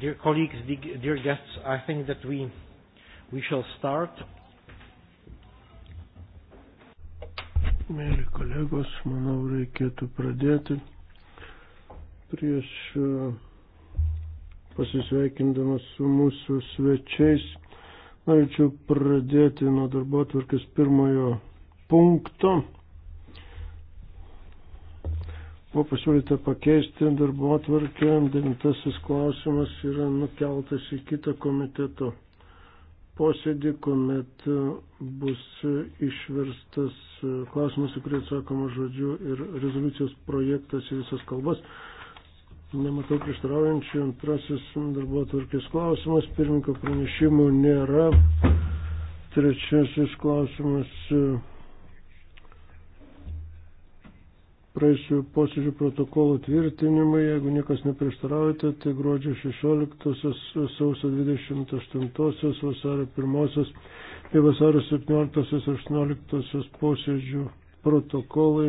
Dear colleagues, dear guests, I think that we, we shall start. Mėly kolegos, manau, reikėtų pradėti. Prieš e, pasisveikindamas su mūsų svečiais, norėčiau pradėti nuo darbo tvarkės pirmojo punkto. Buvo pasiūlyta pakeisti darbo atvarkę, devintasis klausimas yra nukeltas į kitą komiteto posėdį, kuomet bus išverstas klausimas, į kurį atsakoma žodžiu ir rezoliucijos projektas į visas kalbas. Nematau prieštaraujančių. Antrasis darbo atvarkės klausimas. Pirmininko pranešimų nėra. Trečiasis klausimas praėjusių posėdžių protokolų tvirtinimai, jeigu niekas neprieštaraujate, tai gruodžio 16, sausio 28, vasario 1 ir vasario 17-18 posėdžių protokolai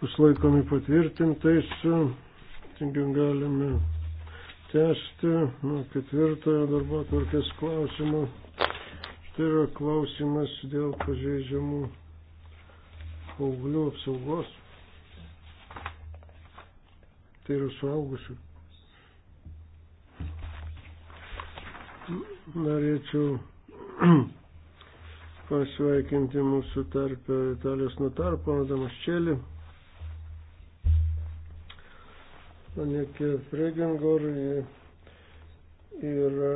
bus laikomi patvirtintais. Taigi galime tęsti nuo ketvirtojo darbo tvarkės klausimo. Tai yra klausimas dėl pažeidžiamų paauglių apsaugos tai yra suaugusių. Norėčiau pasveikinti mūsų tarpę Italijos notarą, pana Damaščelį. Anikė Fregengor yra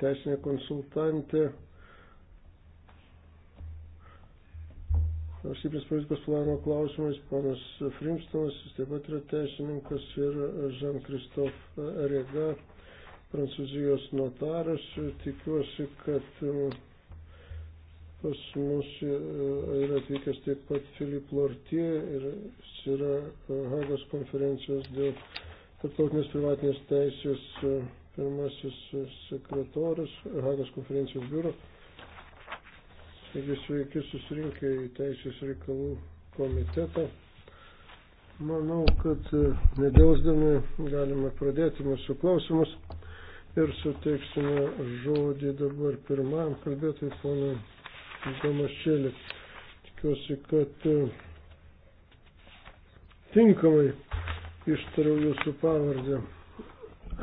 teisinė konsultantė valstybės politikos planavimo klausimais, ponas Frimstonas, jis taip pat yra teisininkas ir Jean-Christophe Rega, prancūzijos notaras. Tikiuosi, kad um, pas mus e, yra atvykęs taip pat Filip Lortie ir jis yra e, Hagos konferencijos dėl tarptautinės privatinės teisės e, pirmasis sekretorius Hagos konferencijos biuro. Taigi sveiki susirinkę į Teisės reikalų komitetą. Manau, kad e, nedėlsdami galime pradėti mūsų klausimus ir suteiksime žodį dabar pirmam kalbėtojui ponui Gamašėlį. Tikiuosi, kad e, tinkamai ištariau jūsų pavardę.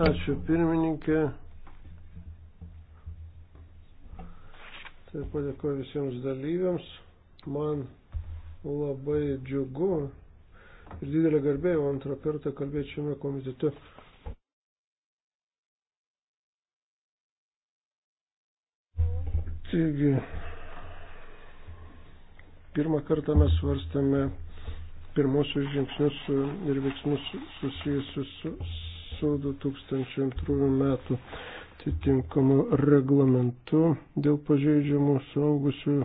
Ačiū pirmininkė, ir padėkoju visiems dalyviams. Man labai džiugu ir didelė garbė jau antrą kartą kalbėti šiame komitete. Taigi, pirmą kartą mes svarstame pirmosius žingsnius ir veiksmus susijusius su, su 2002 metų atitinkamu reglamentu dėl pažeidžiamų saugusių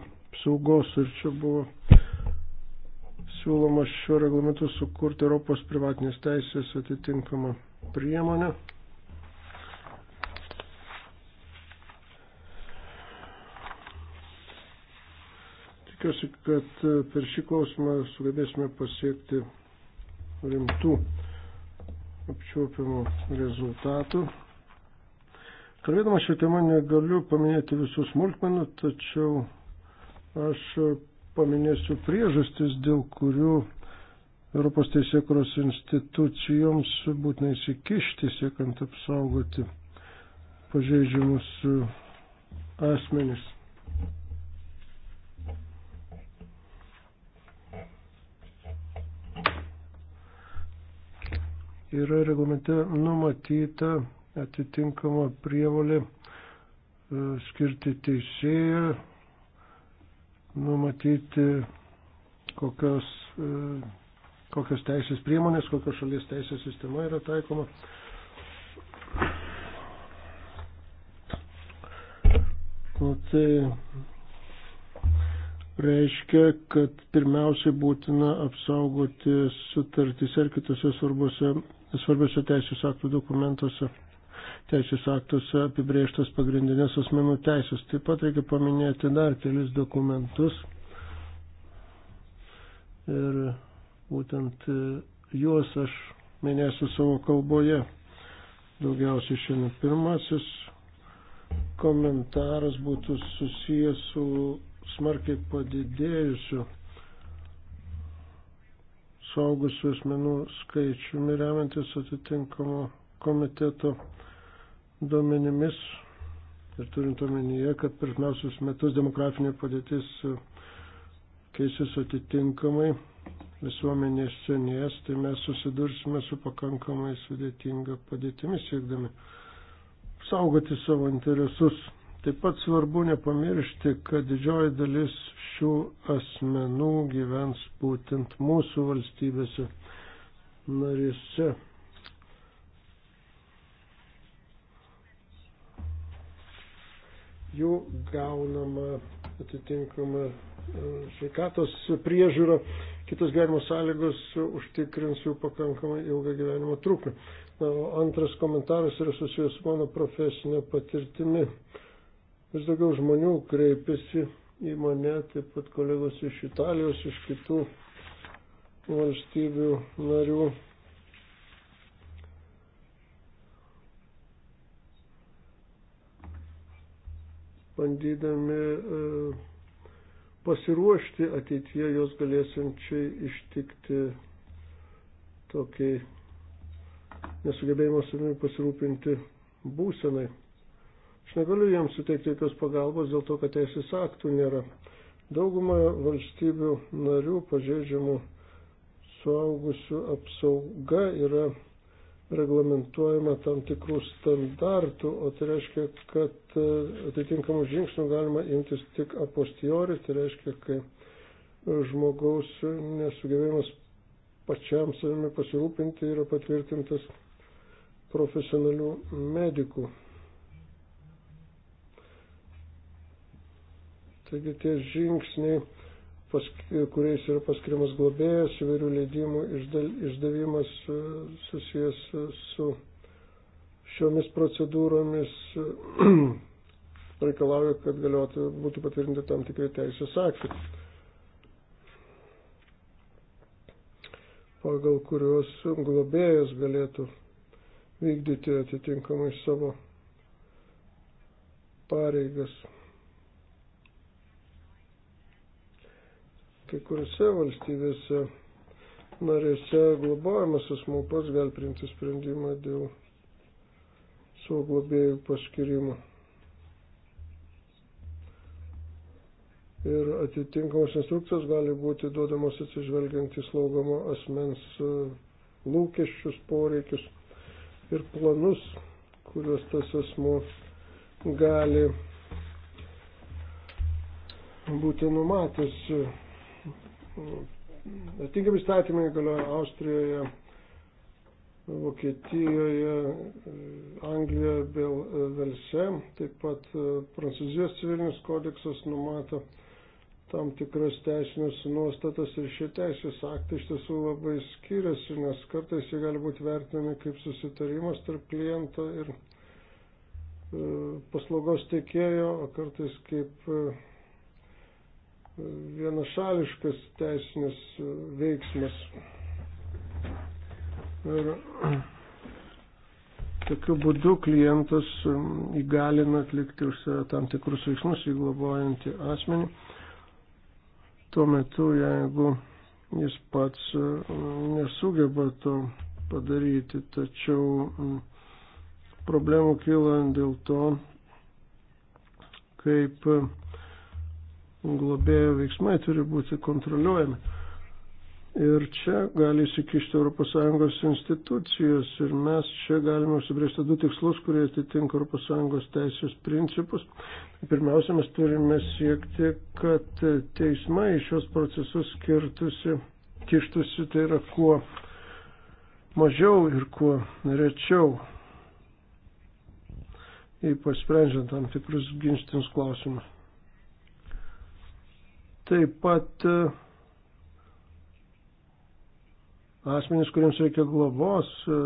saugos ir čia buvo siūloma šiuo reglamentu sukurti Europos privatinės teisės atitinkamą priemonę. Tikiuosi, kad per šį klausimą sugebėsime pasiekti rimtų apčiuopimų rezultatų. Kalbėdama šią temą negaliu paminėti visų smulkmenų, tačiau aš paminėsiu priežastis, dėl kurių Europos teisėkuros institucijoms būtina įsikišti, siekant apsaugoti pažeidžiamus asmenis. Yra reglamente numatyta atitinkama prievalė e, skirti teisėją, numatyti kokios, e, kokios teisės priemonės, kokios šalies teisės sistema yra taikoma. Nu, tai reiškia, kad pirmiausiai būtina apsaugoti sutartys ir kitose svarbiose, svarbiose teisės aktų dokumentuose teisės aktuose apibrėžtas pagrindinės asmenų teisės. Taip pat reikia paminėti dar kelis dokumentus ir būtent e, juos aš minėsiu savo kalboje daugiausiai šiandien. Pirmasis komentaras būtų susijęs su smarkiai padidėjusiu saugusių asmenų skaičiumi remiantis atitinkamo komiteto duomenimis ir turint omenyje, kad pirmiausius metus demografinė padėtis keisis atitinkamai, visuomenė senės, tai mes susidursime su pakankamai sudėtinga padėtimi siekdami saugoti savo interesus. Taip pat svarbu nepamiršti, kad didžioji dalis šių asmenų gyvens būtent mūsų valstybėse narėse. jų gaunama atitinkama e, sveikatos priežiūra, kitos gyvenimo sąlygos užtikrins jų pakankamai ilgą gyvenimo trukmę. Antras komentaras yra susijęs su mano profesinė patirtimi. Vis daugiau žmonių kreipiasi į mane, taip pat kolegos iš Italijos, iš kitų valstybių narių bandydami e, pasiruošti ateityje jos galėsiančiai ištikti tokiai nesugebėjimo savimi pasirūpinti būsenai. Aš negaliu jam suteikti jokios pagalbos dėl to, kad teisės aktų nėra. Dauguma valstybių narių pažeidžiamų suaugusių apsauga yra reglamentuojama tam tikrų standartų, o tai reiškia, kad e, atitinkamų žingsnių galima imtis tik apostiori, tai reiškia, kai e, žmogaus nesugebėjimas pačiam savimi pasirūpinti yra patvirtintas profesionalių medikų. Taigi tie žingsniai kuriais yra paskiriamas globėjas, įvairių leidimų išdavimas e, susijęs e, su šiomis procedūromis e, reikalauja, kad galiotų būtų patvirtinti tam tikrai teisės aktai, pagal kuriuos globėjas galėtų vykdyti atitinkamai savo pareigas. Kai kuriuose valstybėse narėse globojamas asmuo pats gali priimti sprendimą dėl savo globėjų paskirimo. Ir atitinkamos instrukcijos gali būti duodamos atsižvelgiant į slaugomo asmens e, lūkesčius, poreikius ir planus, kuriuos tas asmo gali būti numatęs Atitinkami mm. įstatymai galioja Austrijoje, Vokietijoje, Anglijoje, Bel, e, Velse, taip pat e, Prancūzijos civilinis kodeksas numato tam tikras teisinės nuostatas ir šie teisės aktai iš tiesų labai skiriasi, nes kartais jie gali būti vertinami kaip susitarimas tarp kliento ir e, paslaugos teikėjo, o kartais kaip vienašališkas teisinis e, veiksmas. Ir tokiu būdu klientas e, įgalina atlikti už save tam tikrus veiksmus įglobojantį asmenį. Tuo metu, jeigu jis pats e, nesugeba to padaryti, tačiau problemų kyla dėl to, kaip globėjo veiksmai turi būti kontroliuojami. Ir čia gali įsikišti ES institucijos ir mes čia galime užsibriežti du tikslus, kurie atitinka ES teisės principus. Pirmiausia, mes turime siekti, kad teismai šios procesus skirtusi, kištusi, tai yra kuo mažiau ir kuo rečiau, ypač sprendžiant tam tikrus ginštins klausimus. Taip pat e, asmenys, kuriems reikia globos, e,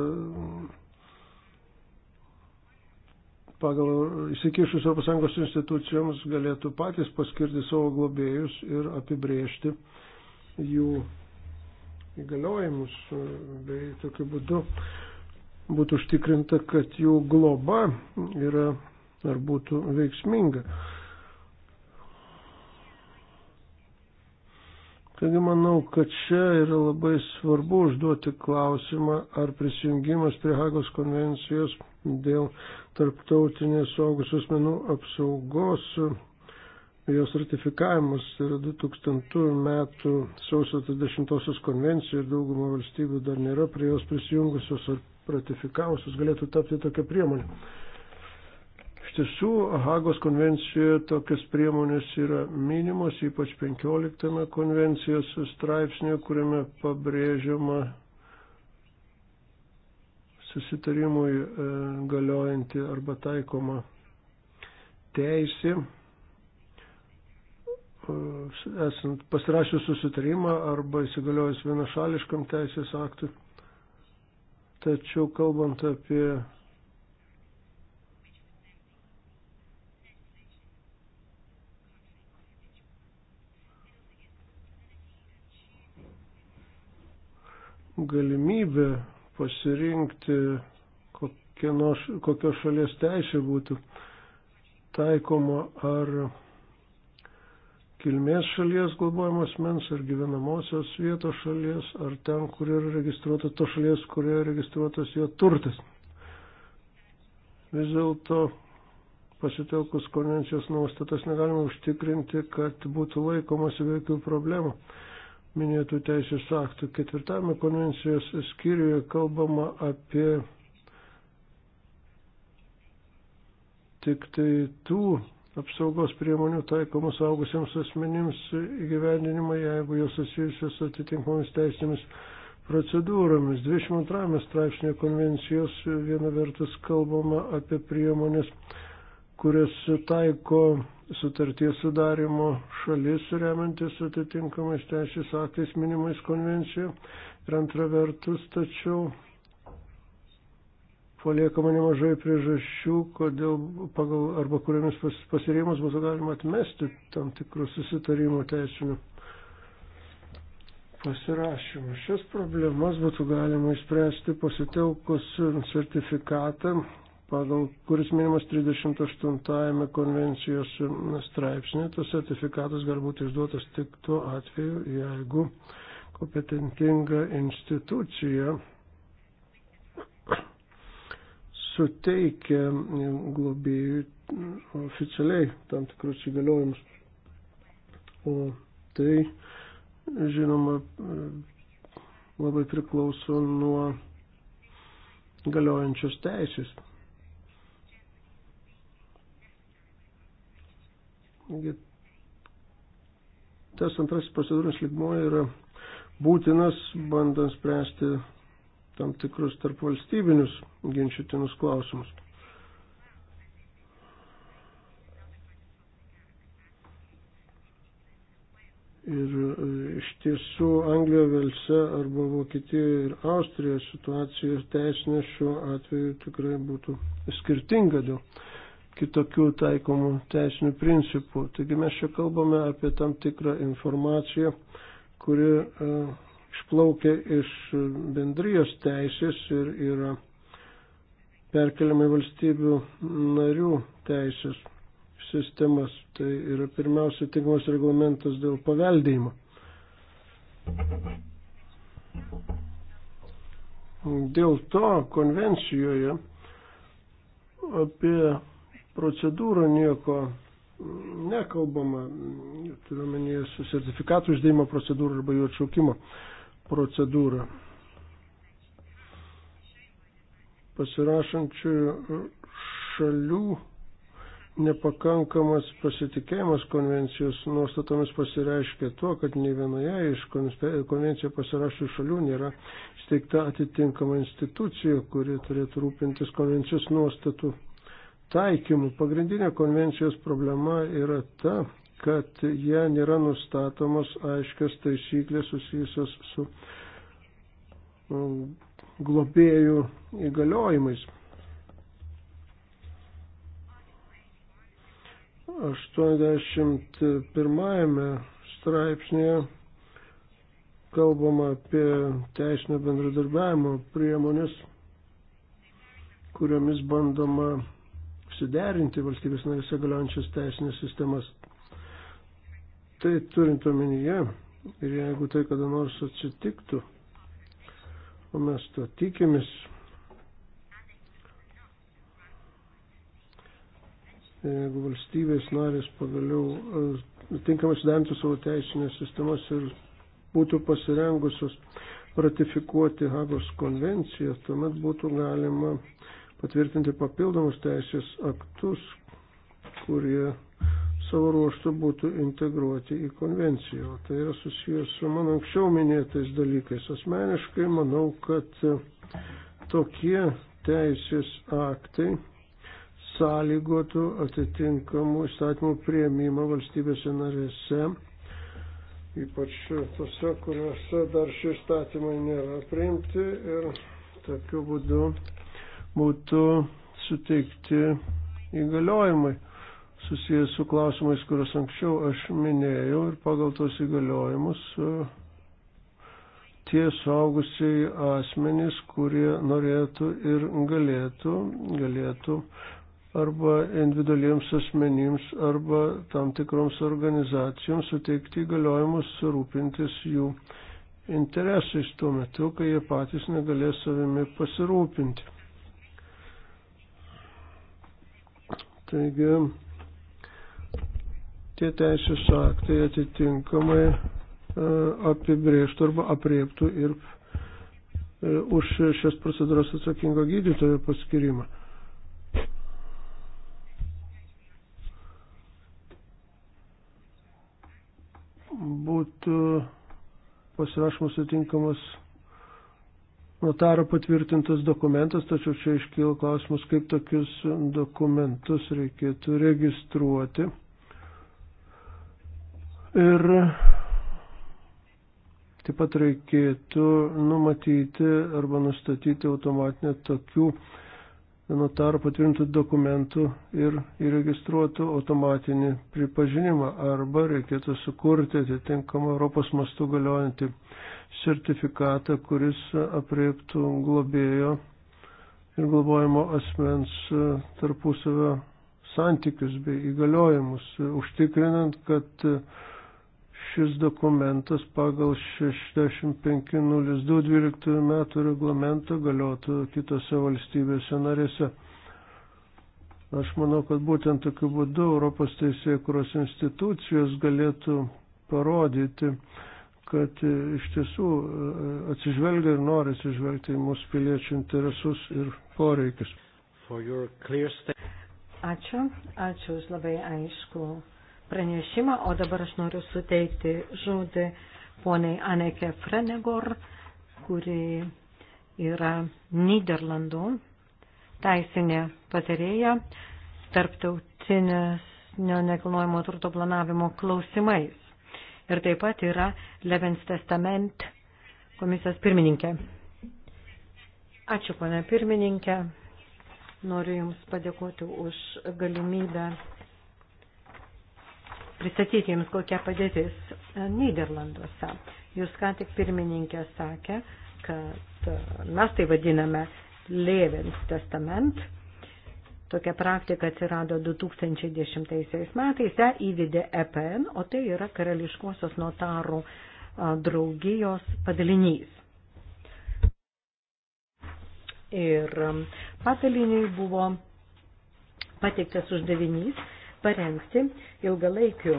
pagal įsikišus ES institucijoms galėtų patys paskirti savo globėjus ir apibrėžti jų įgaliojimus e, bei tokiu būdu būtų užtikrinta, kad jų globa yra ar būtų veiksminga. Taigi manau, kad čia yra labai svarbu užduoti klausimą, ar prisijungimas prie Hagos konvencijos dėl tarptautinės saugus asmenų apsaugos, jos ratifikavimas yra 2000 metų sausio 30 konvencija ir dauguma valstybių dar nėra prie jos prisijungusios ar ratifikavusios, galėtų tapti tokia priemonė tiesų Hagos konvencijoje tokios priemonės yra minimos, ypač 15 konvencijos straipsnėje, kuriame pabrėžiama susitarimui e, galiojanti arba taikoma teisė, e, esant pasirašius susitarimą arba įsigaliojus vienašališkam teisės aktui. Tačiau kalbant apie galimybė pasirinkti kokios kokio šalies teisė būtų taikoma ar kilmės šalies globojamos mens, ar gyvenamosios vietos šalies, ar ten, kur yra registruota to šalies, kurioje registruotas jo turtas. Vis dėlto pasitelkus konvencijos nuostatas negalima užtikrinti, kad būtų laikomasi jokių problemų minėtų teisės aktų. Ketvirtame konvencijos skyriuje kalbama apie tik tai tų apsaugos priemonių taikomų saugusiems asmenims įgyvendinimą, jeigu jos susijusios atitinkamomis teisėmis procedūromis. 22 straipsnėje konvencijos viena vertus kalbama apie priemonės, kurias taiko sutarties sudarimo šalis remiantis atitinkamais teisės aktais minimais konvencijoje. Ir antra vertus, tačiau paliekama nemažai priežasčių, kodėl pagal arba kuriamis pas, pasirėmus būtų galima atmesti tam tikrų susitarimo teisinių pasirašymų. Šias problemas būtų galima išspręsti pasitelkus sertifikatą pagal kuris minimas 38 konvencijos straipsnė, tas sertifikatas gali būti išduotas tik tuo atveju, jeigu kompetentinga institucija suteikia globėjui oficialiai tam tikrus įgaliojimus. O tai, žinoma, labai priklauso nuo galiojančios teisės. Tas antrasis procedūrinis lygmo yra būtinas, bandant spręsti tam tikrus tarp valstybinius ginčytinus klausimus. Ir e, iš tiesų Anglijoje, Velse arba Vokietijoje ir Austrijoje situacijos teisinė šiuo atveju tikrai būtų skirtinga dėl kitokių taikomų teisinių principų. Taigi mes čia kalbame apie tam tikrą informaciją, kuri e, išplaukia iš bendrijos teisės ir yra perkeliama į valstybių narių teisės sistemas. Tai yra pirmiausia tinkamas reglamentas dėl paveldėjimo. Dėl to konvencijoje apie procedūrą nieko nekalbama, turiuomenėje su sertifikatų išdėjimo procedūra arba jų atšaukimo procedūra. Pasirašančių šalių nepakankamas pasitikėjimas konvencijos nuostatomis pasireiškia tuo, kad nei vienoje iš konvenciją pasirašytų šalių nėra steigta atitinkama institucija, kuri turėtų rūpintis konvencijos nuostatų taikymu. Pagrindinė konvencijos problema yra ta, kad jie nėra nustatomos aiškios taisyklės susijusios su um, globėjų įgaliojimais. 81 straipsnėje kalbama apie teisinio bendradarbiavimo priemonės, kuriomis bandoma suderinti valstybės narėse galiojančias teisinės sistemas. Tai turint omenyje, ir jeigu tai kada nors atsitiktų, o mes to tikimės, jeigu valstybės narės pagaliau e, tinkamai sudarintų savo teisinės sistemas ir būtų pasirengusios ratifikuoti Hagos konvenciją, tuomet būtų galima patvirtinti papildomus teisės aktus, kurie savo ruoštų būtų integruoti į konvenciją. O tai yra susijęs su mano anksčiau minėtais dalykais. Asmeniškai manau, kad tokie teisės aktai sąlygotų atitinkamų įstatymų prieimimą valstybėse narėse, ypač tose, kuriuose dar šie įstatymai nėra priimti ir tokiu būdu būtų suteikti įgaliojimai susijęs su klausimais, kuriuos anksčiau aš minėjau ir pagal tos įgaliojimus e, tie suaugusiai asmenys, kurie norėtų ir galėtų, galėtų arba individualiems asmenims, arba tam tikroms organizacijoms suteikti įgaliojimus rūpintis jų interesais tuo metu, kai jie patys negalės savimi pasirūpinti. Taigi, tie teisės aktai atitinkamai e, apibrėžtų arba apriektų ir e, už šias procedūras atsakingo gydytojo paskirimą. Būtų pasirašymas atitinkamas notaro patvirtintas dokumentas, tačiau čia iškyla klausimus, kaip tokius dokumentus reikėtų registruoti. Ir taip pat reikėtų numatyti arba nustatyti automatinę tokių notaro patvirtintų dokumentų ir įregistruotų automatinį pripažinimą arba reikėtų sukurti atitinkamą Europos mastų galiojantį sertifikatą, kuris apriektų globėjo ir globojimo asmens e, tarpusavio santykius bei įgaliojimus, e, užtikrinant, kad e, šis dokumentas pagal 65.02.12 metų reglamentą galiotų kitose valstybėse narėse. Aš manau, kad būtent tokiu būdu Europos teisėjų kuros institucijos galėtų parodyti, kad e, iš tiesų e, e, atsižvelgia ir nori atsižvelgti į mūsų piliečių interesus ir poreikius. Ačiū, ačiū už labai aišku pranešimą, o dabar aš noriu suteikti žodį poniai Aneke Frenegor, kuri yra Niderlandų teisinė patarėja tarptautinės nekilnojimo turto planavimo klausimais ir taip pat yra Levens testament komisijos pirmininkė. Ačiū, ponė pirmininkė. Noriu Jums padėkoti už galimybę pristatyti Jums, kokia padėtis Niderlanduose. Jūs ką tik pirmininkė sakė, kad mes tai vadiname Levens testament Tokia praktika atsirado 2010 metais, ją įvidė EPN, o tai yra karališkosios notarų draugijos padalinys. Ir padaliniai buvo pateiktas uždavinys parengti ilgalaikių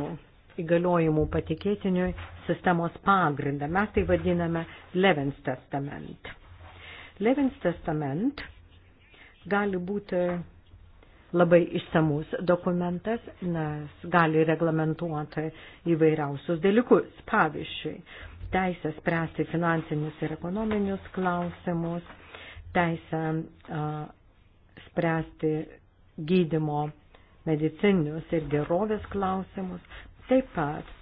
įgaliojimų patikėtiniui sistemos pagrindą. Mes tai vadiname Levens testament. Levens testament gali būti labai išsamus dokumentas, nes gali reglamentuoti įvairiausius dalykus. Pavyzdžiui, teisę spręsti finansinius ir ekonominius klausimus, teisę uh, spręsti gydimo medicinius ir gerovės klausimus, taip pat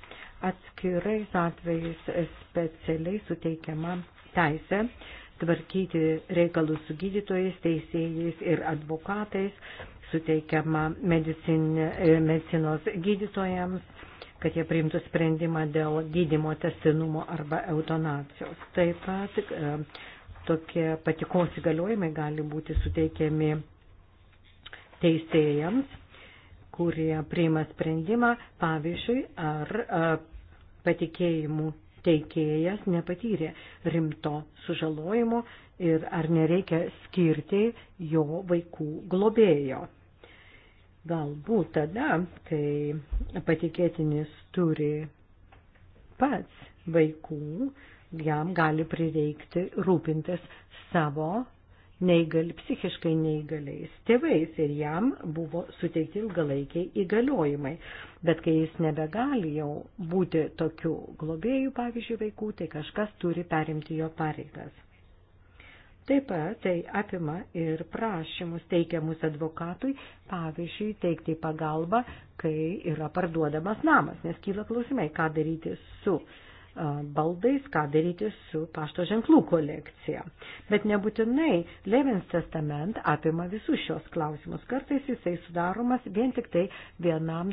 atskirais atvejais specialiai suteikiama teisė tvarkyti reikalus su gydytojais, teisėjais ir advokatais, suteikiama medicin, e, medicinos gydytojams, kad jie priimtų sprendimą dėl gydimo tesinumo arba eutanacijos. Taip pat e, tokie patikos įgaliojimai gali būti suteikiami teisėjams, kurie priima sprendimą, pavyzdžiui, ar a, e, patikėjimų teikėjas nepatyrė rimto sužalojimo ir ar nereikia skirti jo vaikų globėjo. Galbūt tada, kai patikėtinis turi pats vaikų, jam gali prireikti rūpintis savo neįgal, psichiškai neįgaliais tėvais ir jam buvo suteikti ilgalaikiai įgaliojimai. Bet kai jis nebegali jau būti tokių globėjų, pavyzdžiui, vaikų, tai kažkas turi perimti jo pareigas. Taip pat tai apima ir prašymus teikiamus advokatui, pavyzdžiui, teikti pagalbą, kai yra parduodamas namas, nes kyla klausimai, ką daryti su uh, baldais, ką daryti su pašto ženklų kolekcija. Bet nebūtinai Levins testament apima visus šios klausimus. Kartais jisai sudaromas vien tik tai vienam,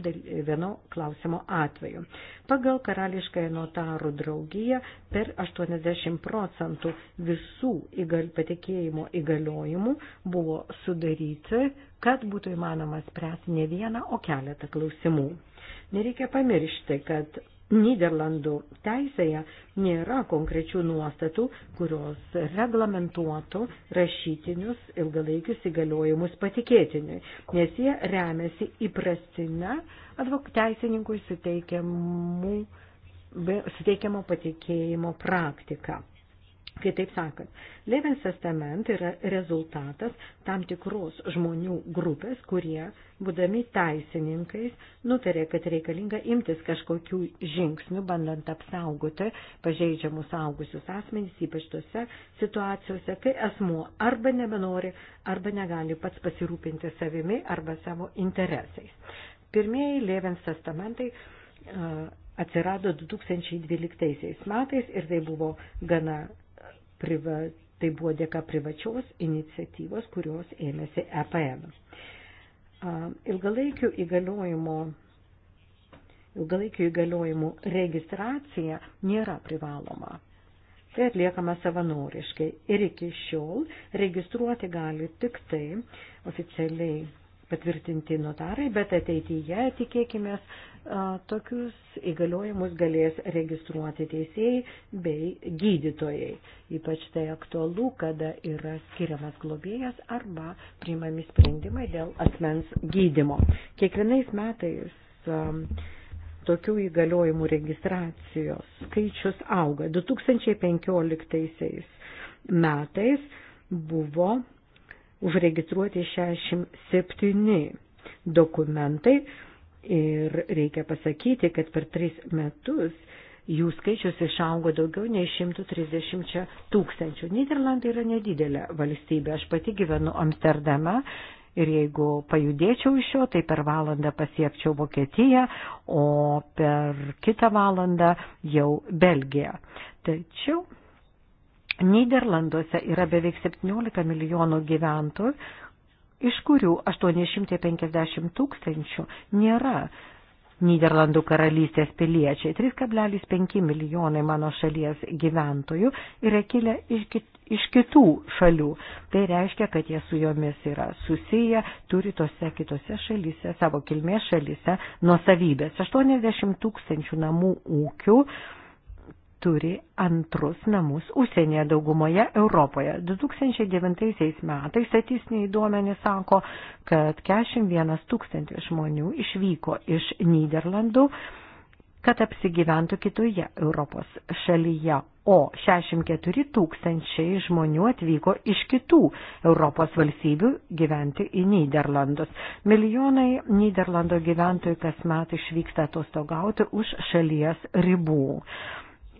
vieno klausimo atveju. Pagal karališkąją notarų draugiją per 80 procentų visų įgal, patikėjimo įgaliojimų buvo sudaryti, kad būtų įmanoma spręsti ne vieną, o keletą klausimų. Nereikia pamiršti, kad Niderlandų teisėje nėra konkrečių nuostatų, kurios reglamentuotų rašytinius ilgalaikius įgaliojimus patikėtiniui, nes jie remiasi įprastinę teisininkui suteikiamų suteikiamo patikėjimo praktiką. Kitaip sakant, Levens testament yra rezultatas tam tikros žmonių grupės, kurie, būdami teisininkais, nutarė, kad reikalinga imtis kažkokių žingsnių, bandant apsaugoti pažeidžiamus augusius asmenys, ypač tose situacijose, kai asmuo arba nebenori, arba negali pats pasirūpinti savimi arba savo interesais. Pirmieji Levens testamentai atsirado 2012 metais ir tai buvo gana priva, tai buvo dėka privačios iniciatyvos, kurios ėmėsi EPM. Ilgalaikių įgaliojimo ilgalaikių įgaliojimų registracija nėra privaloma. Tai atliekama savanoriškai ir iki šiol registruoti gali tik tai oficialiai patvirtinti notarai, bet ateityje tikėkime tokius įgaliojimus galės registruoti teisėjai bei gydytojai. Ypač tai aktualu, kada yra skiriamas globėjas arba priimami sprendimai dėl asmens gydimo. Kiekvienais metais tokių įgaliojimų registracijos skaičius auga. 2015 metais buvo užregistruoti 67 dokumentai Ir reikia pasakyti, kad per tris metus jų skaičius išaugo daugiau nei 130 tūkstančių. Niderlandai yra nedidelė valstybė. Aš pati gyvenu Amsterdame ir jeigu pajudėčiau iš jo, tai per valandą pasiekčiau Vokietiją, o per kitą valandą jau Belgiją. Tačiau Niderlanduose yra beveik 17 milijonų gyventojų, iš kurių 850 tūkstančių nėra Niderlandų karalystės piliečiai. 3,5 milijonai mano šalies gyventojų yra kilę iš, kit, iš kitų šalių. Tai reiškia, kad jie su jomis yra susiję, turi tose kitose šalyse, savo kilmės šalyse nuosavybės. 80 tūkstančių namų ūkių turi antrus namus užsienyje daugumoje Europoje. 2009 metais statistiniai duomenys sako, kad 41 tūkstantis žmonių išvyko iš Niderlandų kad apsigyventų kitoje Europos šalyje, o 64 tūkstančiai žmonių atvyko iš kitų Europos valstybių gyventi į Niderlandus. Milijonai Niderlando gyventojų kasmet išvyksta atostogauti už šalies ribų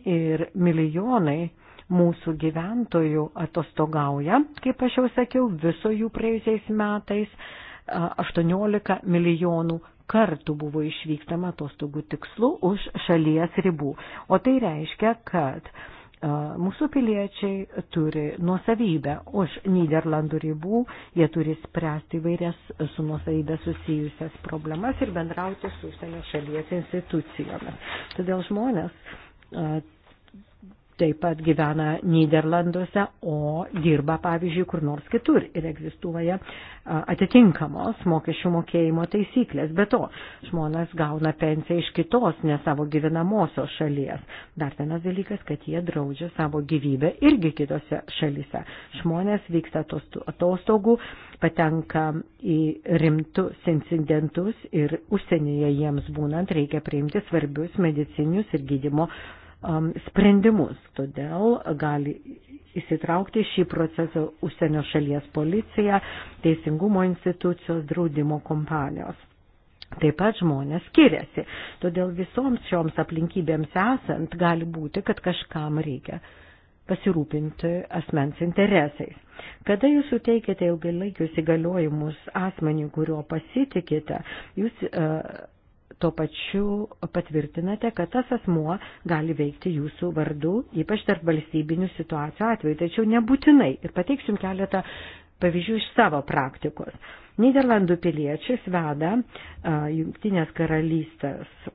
ir milijonai mūsų gyventojų atostogauja, kaip aš jau sakiau, viso jų praėjusiais metais 18 milijonų kartų buvo išvykstama atostogų tikslu už šalies ribų. O tai reiškia, kad mūsų piliečiai turi nuosavybę už Niderlandų ribų, jie turi spręsti vairias su nuosavybė susijusias problemas ir bendrauti su užsienio šalies institucijomis. Todėl žmonės taip pat gyvena Niderlanduose, o dirba, pavyzdžiui, kur nors kitur ir egzistuoja atitinkamos mokesčių mokėjimo taisyklės. Be to, žmonės gauna pensiją iš kitos, ne savo gyvenamosios šalies. Dar vienas dalykas, kad jie draudžia savo gyvybę irgi kitose šalise. Žmonės vyksta atostogų, patenka į rimtus incidentus ir užsienyje jiems būnant reikia priimti svarbius medicinius ir gydimo um, sprendimus. Todėl gali įsitraukti šį procesą užsienio šalies policija, teisingumo institucijos, draudimo kompanijos. Taip pat žmonės skiriasi. Todėl visoms šioms aplinkybėms esant gali būti, kad kažkam reikia pasirūpinti asmens interesais. Kada jūs suteikite ilgalaikius įgaliojimus asmeniui, kuriuo pasitikite, jūs uh, tuo pačiu patvirtinate, kad tas asmuo gali veikti jūsų vardu, ypač tarp valstybinių situacijų atveju, tačiau nebūtinai. Ir pateiksiu keletą pavyzdžių iš savo praktikos. Niderlandų piliečius veda uh, Junktinės karalystės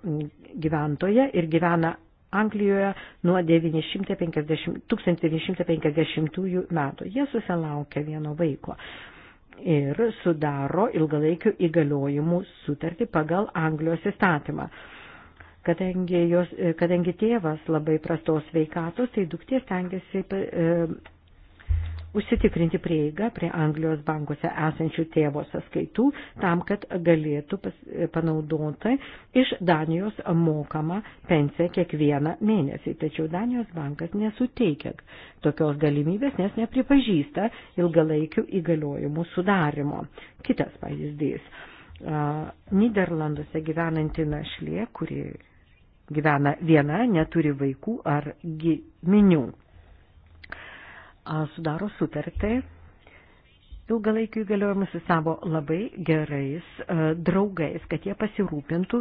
gyventoje ir gyvena Anglijoje nuo 1950, 1950 metų. Jie susilaukia vieno vaiko. Uh, ir sudaro ilgalaikių įgaliojimų sutartį pagal Anglijos įstatymą. Kadangi, jos, kadangi tėvas labai prastos veikatos, tai duktė stengiasi e, užsitikrinti prieigą prie Anglijos bankuose esančių tėvo sąskaitų, tam, kad galėtų pas, panaudoti iš Danijos mokamą pensiją kiekvieną mėnesį. Tačiau Danijos bankas nesuteikia tokios galimybės, nes nepripažįsta ilgalaikių įgaliojimų sudarimo. Kitas pavyzdys. Niderlanduose gyvenanti našlė, kuri gyvena viena, neturi vaikų ar giminių sudaro sutartį ilgalaikių įgaliojimų su savo labai gerais e, draugais, kad jie pasirūpintų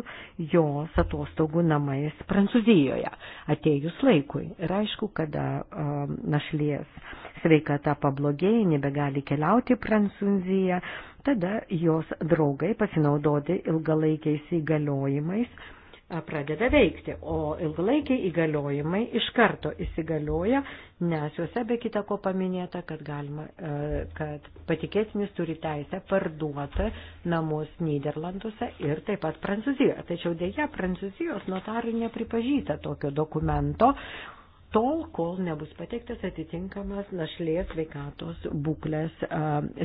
jos atostogų namais Prancūzijoje atėjus laikui. Ir aišku, kada e, našlės sveikata pablogėja, nebegali keliauti į Prancūziją, tada jos draugai pasinaudoti ilgalaikiais įgaliojimais e, pradeda veikti, o ilgalaikiai įgaliojimai iš karto įsigalioja nes juose be kita ko paminėta, kad, galima, e, kad patikėtinis turi teisę parduoti namus Niderlanduose ir taip pat Prancūzijoje. Tačiau dėja, Prancūzijos notarai nepripažįsta tokio dokumento, tol, kol nebus pateiktas atitinkamas našlės veikatos būklės e,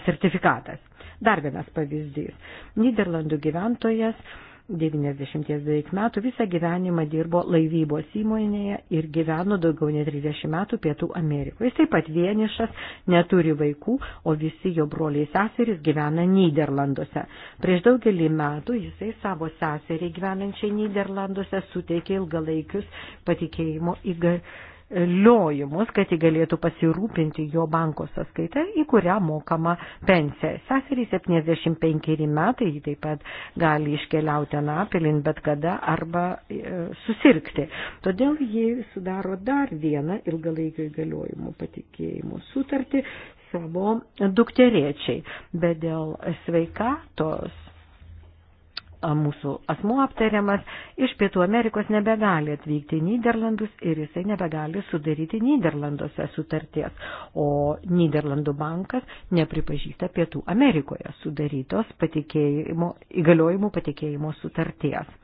sertifikatas. Dar vienas pavyzdys. Niderlandų gyventojas 90 beveik metų, visą gyvenimą dirbo laivybos įmonėje ir gyveno daugiau nei 30 metų Pietų Amerikoje. Jis taip pat vienišas, neturi vaikų, o visi jo broliai seserys gyvena Niderlanduose. Prieš daugelį metų jisai savo seseriai gyvenančiai Niderlanduose suteikė ilgalaikius patikėjimo įgaliojimus galiojimus, kad jį galėtų pasirūpinti jo banko sąskaitą, į kurią mokama pensija. Seserį 75 metai, jį taip pat gali iškeliauti anapilin bet kada arba e, susirgti. Todėl jie sudaro dar vieną ilgalaikio įgaliojimo patikėjimo sutartį savo dukteriečiai, bet dėl sveikatos mūsų asmuo aptariamas iš Pietų Amerikos nebegali atvykti į Niderlandus ir jisai nebegali sudaryti Niderlanduose sutarties, o Niderlandų bankas nepripažįsta Pietų Amerikoje sudarytos patikėjimo, įgaliojimų patikėjimo sutarties.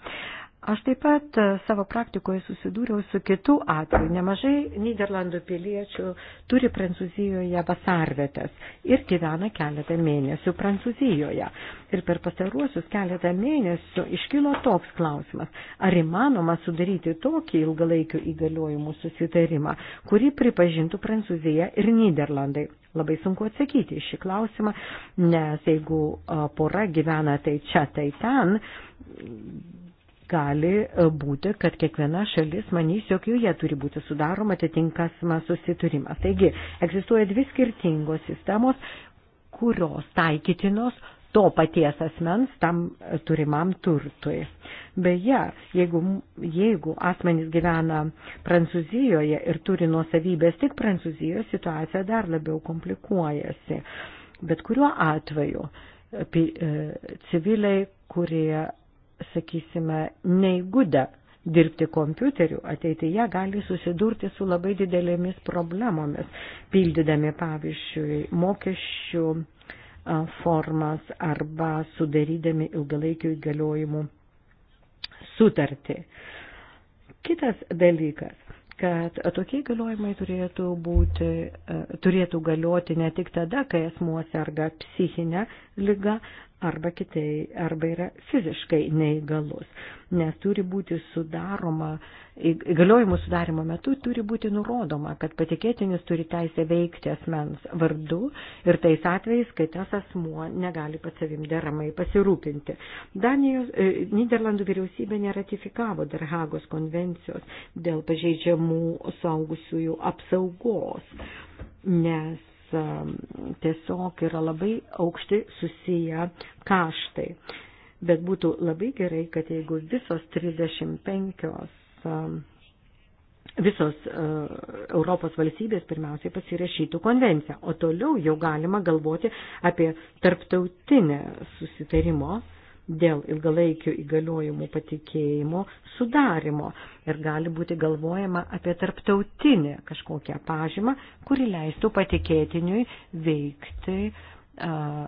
Aš taip pat e, savo praktikoje susidūriau su kitų atveju. Nemažai Niderlandų piliečių turi Prancūzijoje vasarvietas ir gyvena keletą mėnesių Prancūzijoje. Ir per pastaruosius keletą mėnesių iškilo toks klausimas, ar įmanoma sudaryti tokį ilgalaikių įgaliojimų susitarimą, kurį pripažintų Prancūzija ir Niderlandai. Labai sunku atsakyti į šį klausimą, nes jeigu e, pora gyvena tai čia, tai ten, gali e, būti, kad kiekviena šalis manys, jog joje turi būti sudaroma atitinkamas susiturimas. Taigi, egzistuoja dvi skirtingos sistemos, kurios taikytinos to paties asmens tam turimam turtui. Beje, jeigu, jeigu asmenys gyvena Prancūzijoje ir turi nuosavybės tik Prancūzijoje, situacija dar labiau komplikuojasi. Bet kuriuo atveju e, civiliai, kurie sakysime, neįgudę dirbti kompiuteriu, ateityje gali susidurti su labai didelėmis problemomis, pildydami, pavyzdžiui, mokesčių formas arba sudarydami ilgalaikių įgaliojimų sutartį. Kitas dalykas kad tokie galiojimai turėtų, būti, turėtų galioti ne tik tada, kai asmuo serga psichinę lygą, arba kitai, arba yra fiziškai neįgalus, nes turi būti sudaroma, įgaliojimų sudarimo metu turi būti nurodoma, kad patikėtinis turi teisę veikti asmens vardu ir tais atvejais, kai tas asmuo negali pats savim deramai pasirūpinti. Danijos, e, Niderlandų vyriausybė neratifikavo dar Hagos konvencijos dėl pažeidžiamų saugusiųjų apsaugos, nes tiesiog yra labai aukšti susiję kaštai. Bet būtų labai gerai, kad jeigu visos 35 visos uh, Europos valstybės pirmiausiai pasirašytų konvenciją, o toliau jau galima galvoti apie tarptautinę susitarimo uh, dėl ilgalaikių įgaliojimų patikėjimo sudarimo ir gali būti galvojama apie tarptautinę kažkokią pažymą, kuri leistų patikėtiniui veikti a,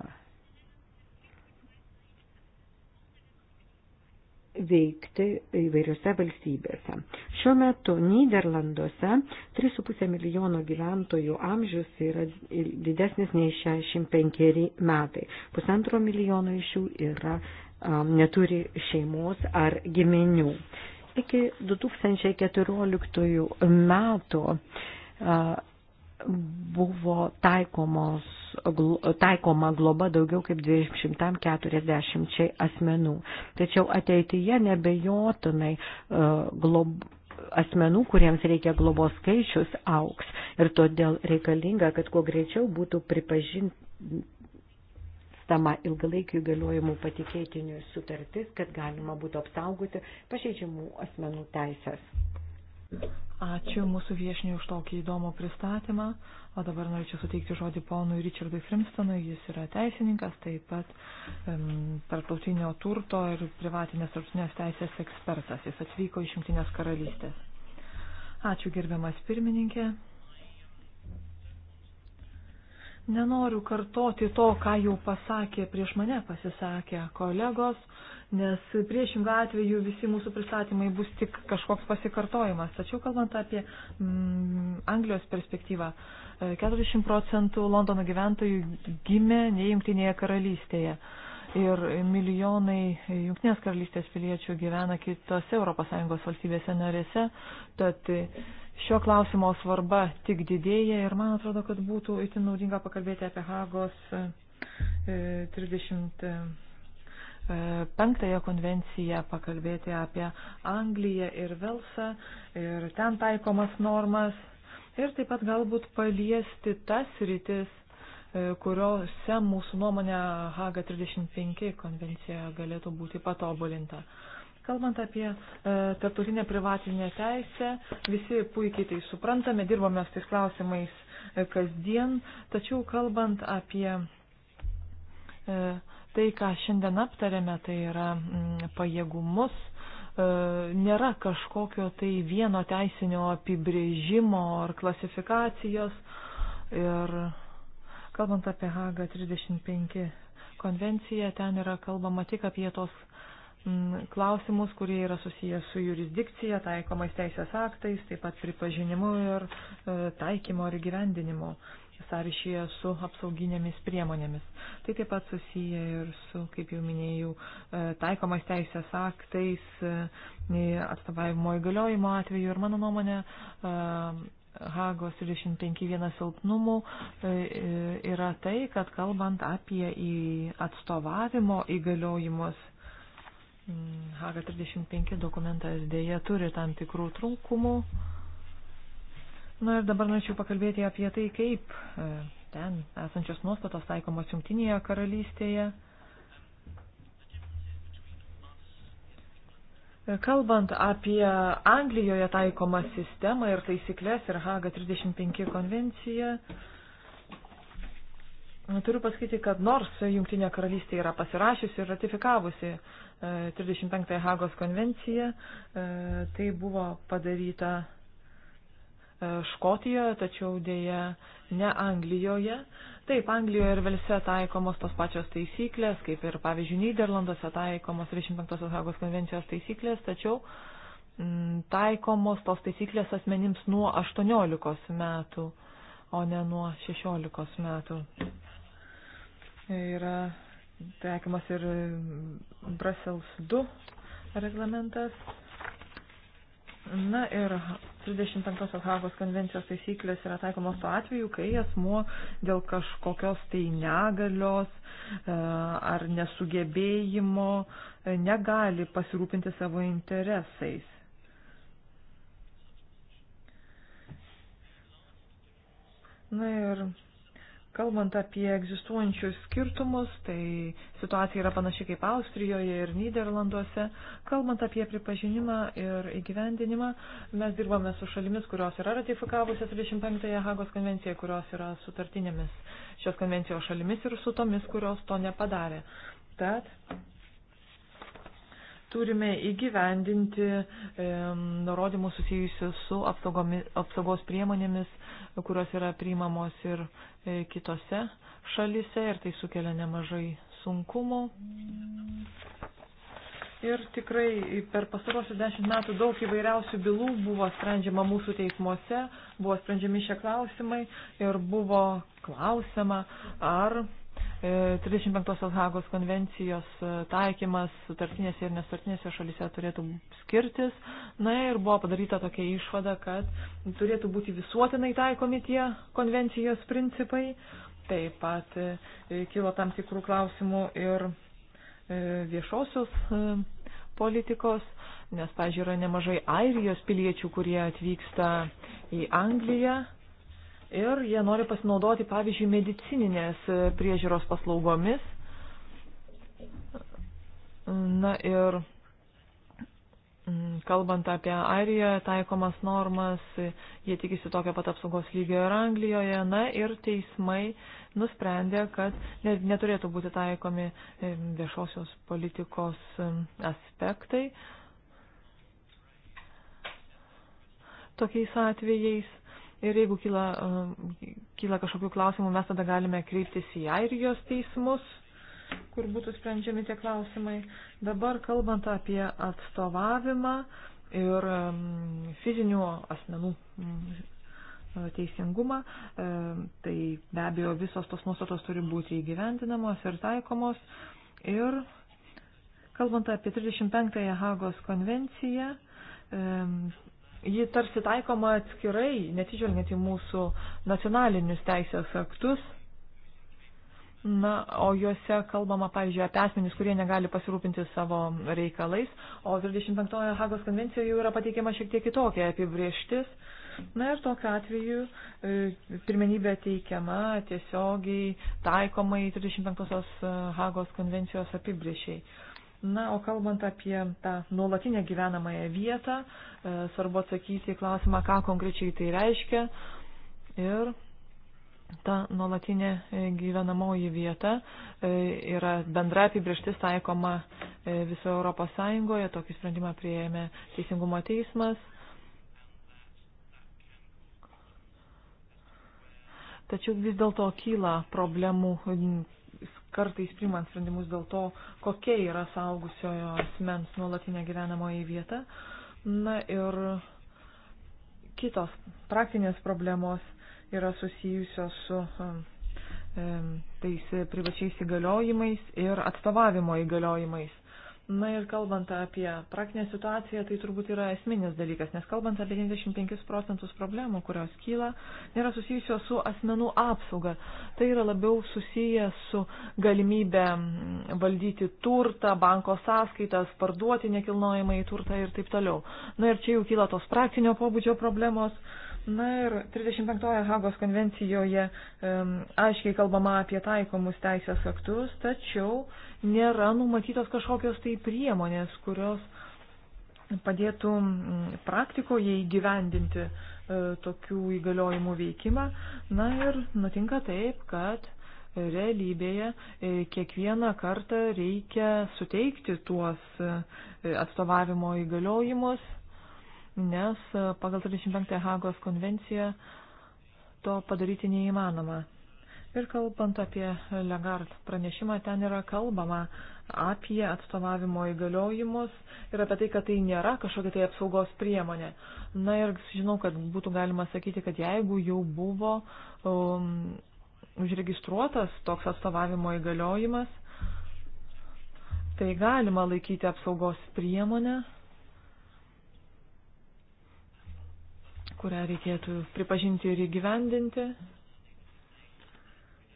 veikti įvairiose valstybėse. Šiuo metu Niderlanduose 3,5 milijono gyventojų amžius yra didesnis nei 65 metai. Pusantro milijono iš jų yra neturi šeimos ar giminių. Iki 2014 metų buvo taikomos, taikoma globa daugiau kaip 240 asmenų. Tačiau ateityje nebejotinai glob, asmenų, kuriems reikia globos skaičius, auks. Ir todėl reikalinga, kad kuo greičiau būtų pripažinti svarstama ilgalaikių įgaliojimų patikėtinių sutartis, kad galima būtų apsaugoti pažeidžiamų asmenų teisės. Ačiū mūsų viešniui už tokį įdomų pristatymą, o dabar norėčiau suteikti žodį ponui Richardui Frimstonui, jis yra teisininkas, taip pat um, tarptautinio turto ir privatinės tarptautinės teisės ekspertas, jis atvyko iš Junktinės karalystės. Ačiū gerbiamas pirmininkė. Nenoriu kartoti to, ką jau pasakė prieš mane pasisakę kolegos, nes priešingą atveju visi mūsų pristatymai bus tik kažkoks pasikartojimas. Tačiau kalbant apie mm, Anglijos perspektyvą, 40 e, procentų Londono gyventojų gimė ne Junktinėje karalystėje ir milijonai Junktinės karalystės piliečių gyvena kitose ES valstybėse narėse, tad šio klausimo svarba tik didėja ir man atrodo, kad būtų itin naudinga pakalbėti apie Hagos 35 e, e, konvenciją, pakalbėti apie Angliją ir Velsą ir ten taikomas normas ir taip pat galbūt paliesti tas rytis, e, kuriuose mūsų nuomonė Haga 35 konvencija galėtų būti patobulinta. Kalbant apie e, tarptautinę privatinę teisę, visi puikiai tai suprantame, dirbame su tais klausimais e, kasdien, tačiau kalbant apie e, tai, ką šiandien aptarėme, tai yra m, mm, pajėgumus, e, nėra kažkokio tai vieno teisinio apibrėžimo ar klasifikacijos. Ir kalbant apie Haga 35 konvenciją, ten yra kalbama tik apie tos klausimus, kurie yra susijęs su jurisdikcija, taikomais teisės aktais, taip pat pripažinimu ir e, taikymo ir gyvendinimu sąryšyje su apsauginėmis priemonėmis. Tai taip pat susiję ir su, kaip jau minėjau, e, taikomais teisės aktais, e, atstovavimo įgaliojimo atveju ir mano nuomonė Hagos 35.1 silpnumų yra tai, kad kalbant apie atstovavimo įgaliojimus, Haga 35 dokumentas dėja turi tam tikrų trūkumų. Na ir dabar norėčiau pakalbėti apie tai, kaip e, ten esančios nuostatos taikomos Junktinėje karalystėje. E, kalbant apie Anglijoje taikomą sistemą ir taisyklės ir Haga 35 konvenciją, Nu, turiu pasakyti, kad nors Junktinė karalystė yra pasirašiusi ir ratifikavusi 35 e, Hagos konvenciją, e, tai buvo padaryta e, Škotijoje, tačiau dėja ne Anglijoje. Taip, Anglijoje ir Velse taikomos tos pačios taisyklės, kaip ir, pavyzdžiui, Niderlanduose taikomos 35 Hagos konvencijos taisyklės, tačiau mm, taikomos tos taisyklės asmenims nuo 18 metų, o ne nuo 16 metų yra taikymas ir Brussels 2 reglamentas. Na ir 35 Hagos konvencijos taisyklės yra taikomos tuo atveju, kai asmuo dėl kažkokios tai negalios e, ar nesugebėjimo e, negali pasirūpinti savo interesais. Na ir Kalbant apie egzistuojančius skirtumus, tai situacija yra panaši kaip Austrijoje ir Niderlanduose. Kalbant apie pripažinimą ir įgyvendinimą, mes dirbame su šalimis, kurios yra ratifikavusios 25-ąją Hagos konvenciją, kurios yra sutartinėmis šios konvencijos šalimis ir su tomis, kurios to nepadarė. Tad turime įgyvendinti e, nurodymus susijusius su apsaugos priemonėmis, kurios yra priimamos ir e, kitose šalise ir tai sukelia nemažai sunkumų. Ir tikrai per pastarosius dešimt metų daug įvairiausių bylų buvo sprendžiama mūsų teismuose, buvo sprendžiami šie klausimai ir buvo klausima, ar 35 e, Hagos konvencijos e, taikymas sutartinėse ir nesutartinėse šalise turėtų skirtis. Na ir buvo padaryta tokia išvada, kad turėtų būti visuotinai taikomi tie konvencijos principai. Taip pat e, kilo tam tikrų klausimų ir viešosios politikos, nes, pažiūrėjau, yra nemažai airijos piliečių, kurie atvyksta į Angliją ir jie nori pasinaudoti, pavyzdžiui, medicininės priežiūros paslaugomis. Na ir mm, kalbant apie Airijoje taikomas normas, jie tikisi tokio pat apsaugos lygio ir Anglijoje. Na ir teismai nusprendė, kad neturėtų būti taikomi e, viešosios politikos e, aspektai tokiais atvejais. Ir jeigu kyla, e, kyla kažkokių klausimų, mes tada galime kreiptis į Airijos teismus, kur būtų sprendžiami tie klausimai. Dabar kalbant apie atstovavimą ir e, fizinių asmenų e, teisingumą, tai be abejo visos tos nuostatos turi būti įgyvendinamos ir taikomos. Ir kalbant apie 35-ąją Hagos konvenciją, ji tarsi taikoma atskirai, nesižvelgiant į mūsų nacionalinius teisės aktus. Na, o juose kalbama, pavyzdžiui, apie asmenys, kurie negali pasirūpinti savo reikalais, o 35 Hagos konvencijoje jau yra pateikiama šiek tiek kitokia apibrieštis. Na ir tokiu atveju e, pirmenybė teikiama tiesiogiai taikomai 35 e, Hagos konvencijos apibriešiai. Na, o kalbant apie tą nuolatinę gyvenamąją vietą, e, svarbu atsakyti į klausimą, ką konkrečiai tai reiškia. Ir ta nuolatinė e, gyvenamoji vieta e, yra bendra apibrieštis taikoma visoje Europos Sąjungoje, tokį sprendimą prieėmė Teisingumo teismas. Tačiau vis dėlto kyla problemų kartais primant sprendimus dėl to, kokia yra saugusiojo asmens nuolatinė gyvenamoji vieta. Na ir kitos praktinės problemos yra susijusios su um, um, tais privačiais įgaliojimais ir atstovavimo įgaliojimais. Na ir kalbant apie praktinę situaciją, tai turbūt yra esminis dalykas, nes kalbant apie 95 procentus problemų, kurios kyla, nėra susijusios su asmenų apsauga. Tai yra labiau susiję su galimybė mm, valdyti turtą, banko sąskaitas, parduoti nekilnojimą į turtą ir taip toliau. Na ir čia jau kyla tos praktinio pobūdžio problemos. Na ir 35 Hagos konvencijoje um, aiškiai kalbama apie taikomus teisės aktus, tačiau uh, nėra numatytos kažkokios tai priemonės, kurios padėtų mm, praktikoje įgyvendinti e, tokių įgaliojimų veikimą. Na ir nutinka taip, kad realybėje e, kiekvieną kartą reikia suteikti tuos e, atstovavimo įgaliojimus, nes e, pagal 35 Hagos konvenciją to padaryti neįmanoma. Ir kalbant apie Legard pranešimą, ten yra kalbama apie atstovavimo įgaliojimus ir apie tai, kad tai nėra kažkokia tai apsaugos priemonė. Na ir žinau, kad būtų galima sakyti, kad jeigu jau buvo um, užregistruotas toks atstovavimo įgaliojimas, tai galima laikyti apsaugos priemonę, kurią reikėtų pripažinti ir įgyvendinti.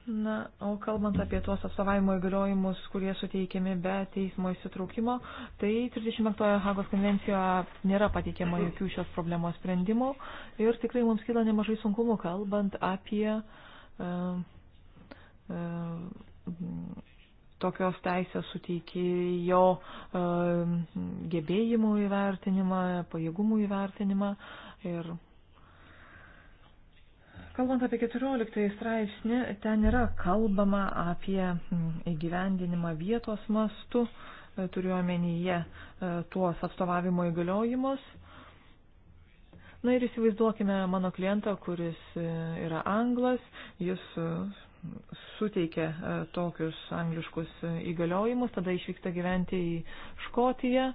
Na, o kalbant apie tuos atstovavimo įgaliojimus, kurie suteikiami be teismo įsitraukimo, tai 35 Hagos konvencijoje nėra pateikiama jokių šios problemos sprendimų ir tikrai mums kyla nemažai sunkumų kalbant apie uh, uh, tokios teisės suteikėjo uh, gebėjimų įvertinimą, pajėgumų įvertinimą ir Kalbant apie 14 straipsnį, ten yra kalbama apie mm, įgyvendinimą vietos mastu, e, turiuomenyje e, tuos atstovavimo įgaliojimus. Na ir įsivaizduokime mano klientą, kuris e, yra anglas, jis suteikia tokius angliškus įgaliojimus, tada išvyksta gyventi į Škotiją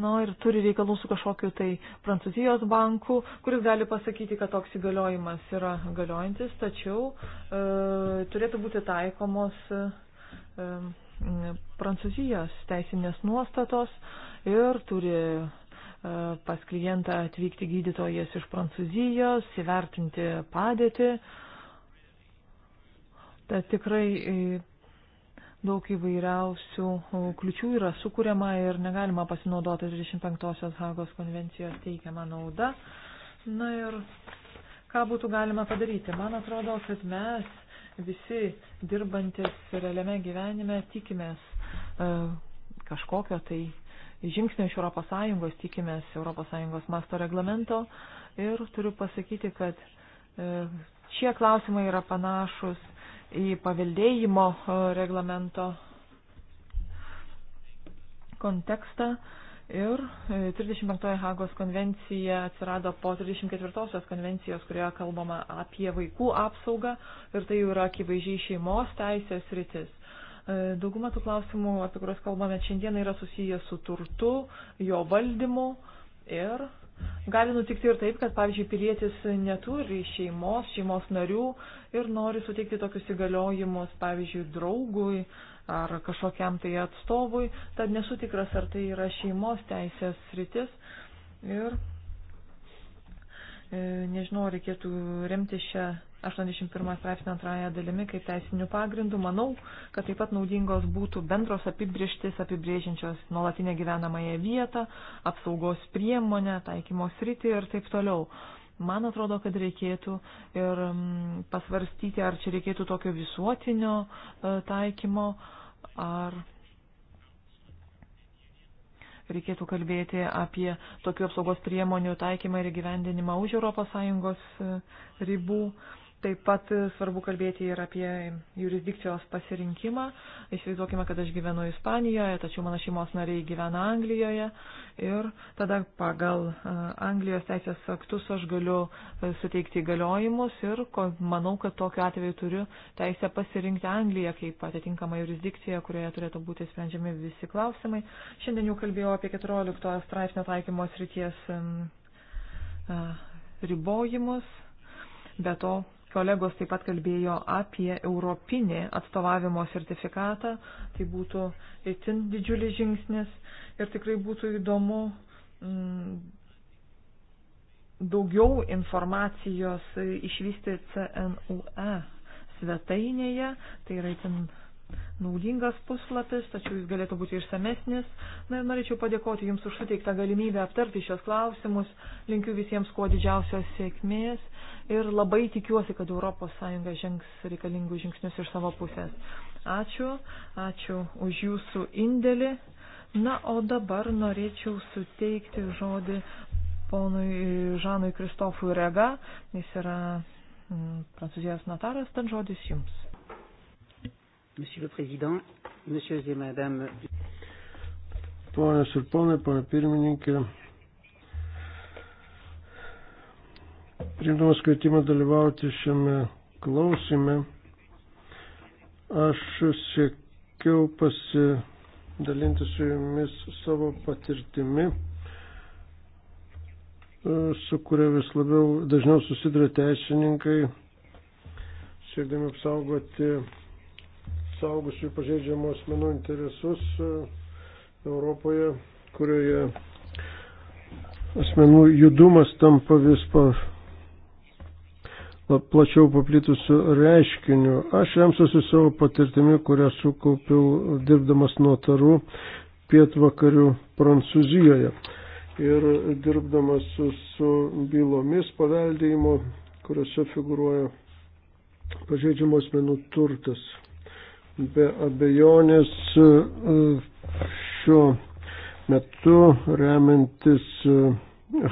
Na ir turi reikalų su kažkokiu tai Prancūzijos banku, kuris gali pasakyti, kad toks įgaliojimas yra galiojantis, tačiau e, turėtų būti taikomos e, Prancūzijos teisinės nuostatos ir turi e, pas klientą atvykti gydytojas iš Prancūzijos, įvertinti padėtį. Tai tikrai daug įvairiausių kliučių yra sukūriama ir negalima pasinaudoti 25-osios Hagos konvencijos teikiamą naudą. Na ir ką būtų galima padaryti? Man atrodo, kad mes visi dirbantis realiame gyvenime tikimės e, kažkokio tai žingsnio iš ES, tikimės ES masto reglamento ir turiu pasakyti, kad e, šie klausimai yra panašus į paveldėjimo e, reglamento kontekstą. Ir 35 e, Hagos konvencija atsirado po 34 konvencijos, kurioje kalbama apie vaikų apsaugą ir tai jau yra akivaizdžiai šeimos teisės rytis. E, dauguma tų klausimų, apie kuriuos kalbame šiandien, yra susiję su turtu, jo valdymu ir Gali nutikti ir taip, kad, pavyzdžiui, pilietis neturi šeimos, šeimos narių ir nori suteikti tokius įgaliojimus, pavyzdžiui, draugui ar kažkokiam tai atstovui, tad nesu tikras, ar tai yra šeimos teisės rytis. Ir e, nežinau, reikėtų remti šią 81 straipsnio antrąją dalimi kaip teisinių pagrindų, manau, kad taip pat naudingos būtų bendros apibrieštis apibrėžiančios nuolatinę gyvenamąją vietą, apsaugos priemonę, taikymo sritį ir taip toliau. Man atrodo, kad reikėtų ir mm, pasvarstyti, ar čia reikėtų tokio visuotinio e, taikymo, ar reikėtų kalbėti apie tokių apsaugos priemonių taikymą ir gyvendinimą už ES e, ribų. Taip pat svarbu kalbėti ir apie jurisdikcijos pasirinkimą. Įsivaizduokime, kad aš gyvenu Ispanijoje, tačiau mano šeimos nariai gyvena Anglijoje ir tada pagal Anglijos teisės aktus aš galiu suteikti įgaliojimus ir manau, kad tokiu atveju turiu teisę pasirinkti Angliją kaip atitinkamą jurisdikciją, kurioje turėtų būti sprendžiami visi klausimai. Šiandien jau kalbėjau apie 14 straipsnio taikymo srities ribojimus. Be to, Kolegos taip pat kalbėjo apie europinį atstovavimo sertifikatą. Tai būtų itin didžiulis žingsnis ir tikrai būtų įdomu mm, daugiau informacijos išvysti CNUE svetainėje. Tai yra itin naudingas puslapis, tačiau jis galėtų būti išsamesnis. Na ir norėčiau padėkoti Jums už suteiktą galimybę aptarti šios klausimus. Linkiu visiems kuo didžiausios sėkmės ir labai tikiuosi, kad ES žengs reikalingus žingsnius iš savo pusės. Ačiū, ačiū už Jūsų indėlį. Na, o dabar norėčiau suteikti žodį ponui Žanui Kristofui Rega. Jis yra mm, prancūzijos notaras, tad žodis Jums. Monsieur le Président, Monsieur et Madame. Pone Sirponai, pone pirmininkė, priimdamas kvietimą dalyvauti šiame klausime, aš siekiau pasidalinti su jumis savo patirtimi, e, su kuria vis labiau dažniau susiduria teisininkai, siekdami apsaugoti suaugusių pažeidžiamų asmenų interesus e, Europoje, kurioje asmenų judumas tampa vis pa plačiau paplitusių reiškinių. Aš remsiuosi savo patirtimi, kurią sukaupiau dirbdamas notarų pietvakarių Prancūzijoje ir dirbdamas su, su bylomis paveldėjimo, kuriuose figuruoja pažeidžiamos menų turtas. Be abejonės e, šiuo metu remiantis e,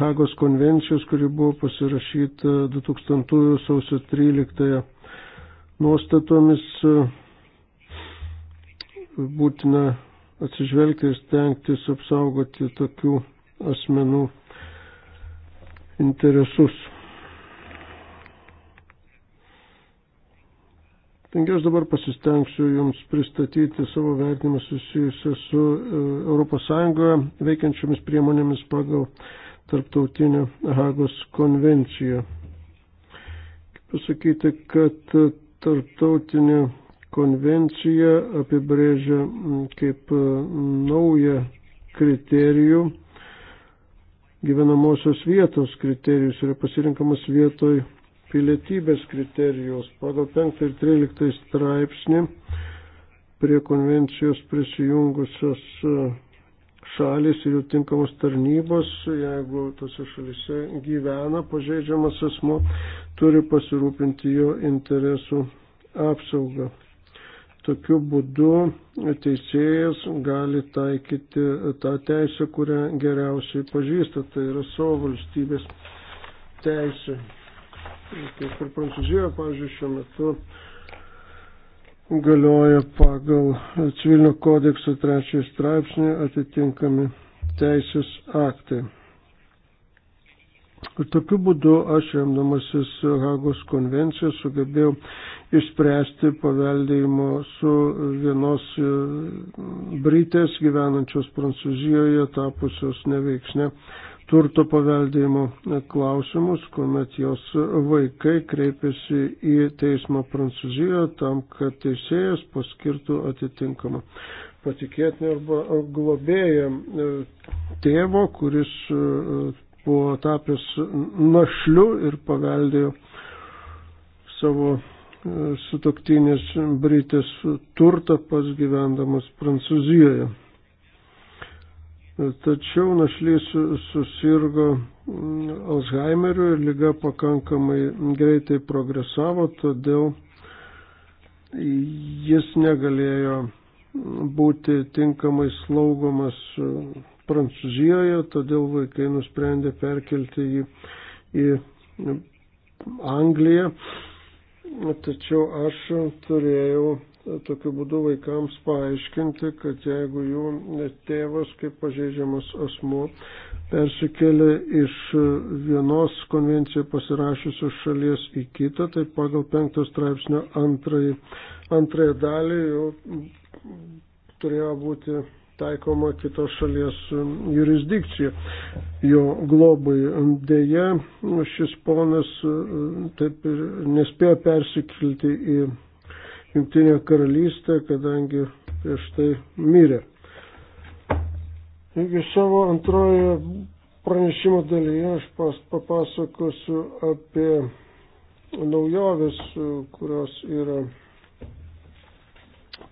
Hagos konvencijos, kuri buvo pasirašyta 2000 sausio 13 nuostatomis, e, būtina atsižvelgti ir stengtis apsaugoti tokių asmenų interesus. Taigi aš dabar pasistengsiu Jums pristatyti savo vertinimą susijusią su ES veikiančiomis priemonėmis pagal tarptautinę Hagos konvenciją. Pasakyti, kad tarptautinė konvencija apibrėžia kaip e, naują kriterijų gyvenamosios vietos kriterijus yra pasirinkamas vietoj pilietybės kriterijus. Pagal 5 ir 13 straipsnį prie konvencijos prisijungusios e, šalis ir jų tinkamos tarnybos, jeigu tose šalise gyvena pažeidžiamas asmo, turi pasirūpinti jo interesų apsaugą. Tokiu būdu teisėjas gali taikyti tą teisę, kurią geriausiai pažįsta, tai yra savo valstybės teisė kaip ir Prancūzijoje, pavyzdžiui, šiuo metu galioja pagal civilinio kodekso trečiąjį straipsnį atitinkami teisės aktai. Ir tokiu būdu aš remdamasis Hagos konvenciją sugebėjau išspręsti paveldėjimo su vienos Britės gyvenančios Prancūzijoje tapusios neveiksne turto paveldėjimo klausimus, kuomet jos vaikai kreipiasi į teismą Prancūzijoje tam, kad teisėjas paskirtų atitinkamą patikėtinį arba globėją e, tėvo, kuris e, buvo tapęs našliu ir paveldėjo savo e, sutoktinės Britės turtą pas gyvendamas Prancūzijoje. Tačiau našlys susirgo mm, Alzheimeriu ir lyga pakankamai greitai progresavo, todėl jis negalėjo būti tinkamai slaugomas mm, Prancūzijoje, todėl vaikai nusprendė perkelti jį į Angliją. Tačiau aš turėjau tokiu būdu vaikams paaiškinti, kad jeigu jų tėvas kaip pažeidžiamas asmuo persikelia iš vienos konvenciją pasirašysios šalies į kitą, tai pagal penktos straipsnio antrąjį, antrąją dalį jau turėjo būti taikoma kitos šalies jurisdikcija jo globai. Deja, šis ponas taip ir nespėjo persikelti į Junktinė karalystė, kadangi prieš tai mirė. Taigi savo antroje pranešimo dalyje aš pas, papasakosiu apie naujovės, kurios yra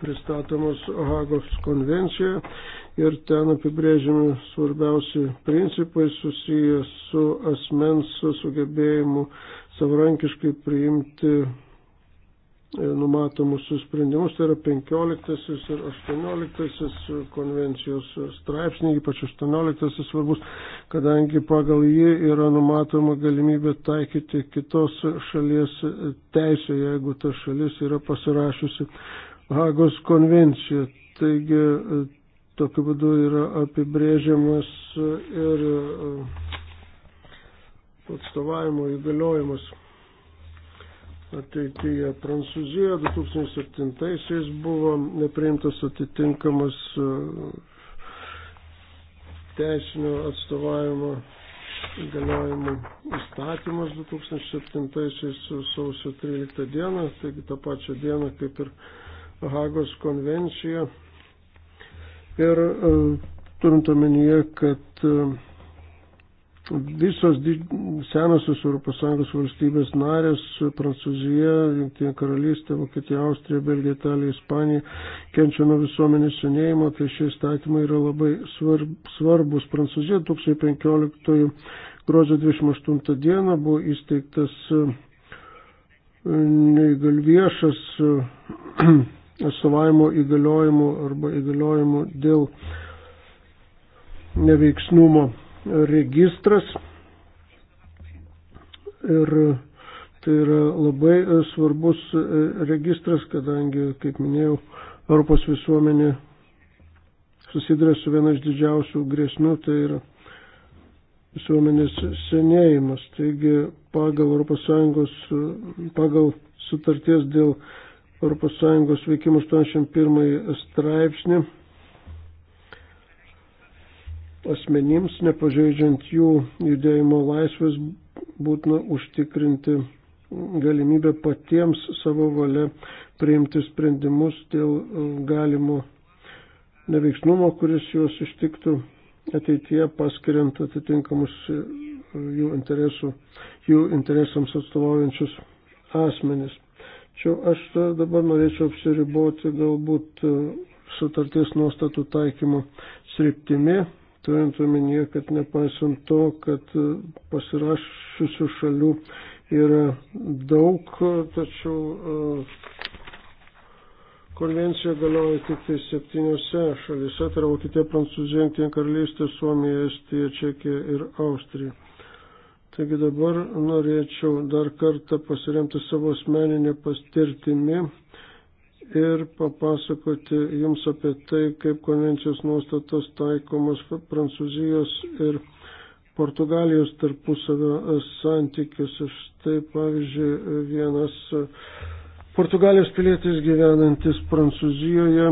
pristatomos Hagos konvencijoje ir ten apibrėžiami svarbiausi principai susiję su asmens sugebėjimu savarankiškai priimti E, numatomus sprendimus, tai yra 15 ir 18 konvencijos straipsniai, ypač 18 svarbus, kadangi pagal jį yra numatoma galimybė taikyti kitos šalies teisę, jeigu ta šalis yra pasirašiusi Hagos konvenciją. Taigi e, tokiu būdu yra apibrėžiamas ir e, atstovavimo įgaliojimas ateityje. Prancūzija 2007-aisiais buvo nepriimtas atitinkamas e, teisinio atstovavimo galiojimo įstatymas 2007-aisiais e, sausio 13 dieną, taigi tą pačią dieną kaip ir Hagos konvencija. Ir e, turint omenyje, kad Visos senosios ES valstybės narės - Prancūzija, Junktinė karalystė, Vokietija, Austrija, Belgija, Italija, Ispanija - kenčia nuo visuomenės senėjimo, tai šie įstatymai yra labai svarb, svarbus. Prancūzija 2015 gruodžio 28 dieną buvo įsteigtas neįgal viešas atstovavimo įgaliojimų arba įgaliojimų dėl neveiksnumo registras. Ir tai yra labai e, svarbus e, registras, kadangi, kaip minėjau, Europos visuomenė susiduria su viena iš didžiausių grėsmių, tai yra visuomenės senėjimas. Taigi pagal ES, pagal sutarties dėl ES veikimo 81 straipsnį asmenims, nepažeidžiant jų judėjimo laisvės, būtina užtikrinti galimybę patiems savo valia priimti sprendimus dėl e, galimo neveiksnumo, kuris juos ištiktų ateityje, paskiriant atitinkamus e, jų, interesų, jų interesams atstovaujančius asmenis. Čia aš dabar norėčiau apsiriboti galbūt e, sutarties nuostatų taikymo sriptimi, turint omenyje, kad nepaisant to, kad pasirašusių šalių yra daug, tačiau e, konvencija galioja tik tai septyniose šalise, tai yra Vokietija, Prancūzija, Jungtinė karalystė, Suomija, Estija, Čekija ir Austrija. Taigi dabar norėčiau dar kartą pasiremti savo asmeninę pastirtimi ir papasakoti jums apie tai, kaip konvencijos nuostatos taikomas Prancūzijos ir Portugalijos tarpusavio santykius. Štai pavyzdžiui, vienas Portugalijos pilietis gyvenantis Prancūzijoje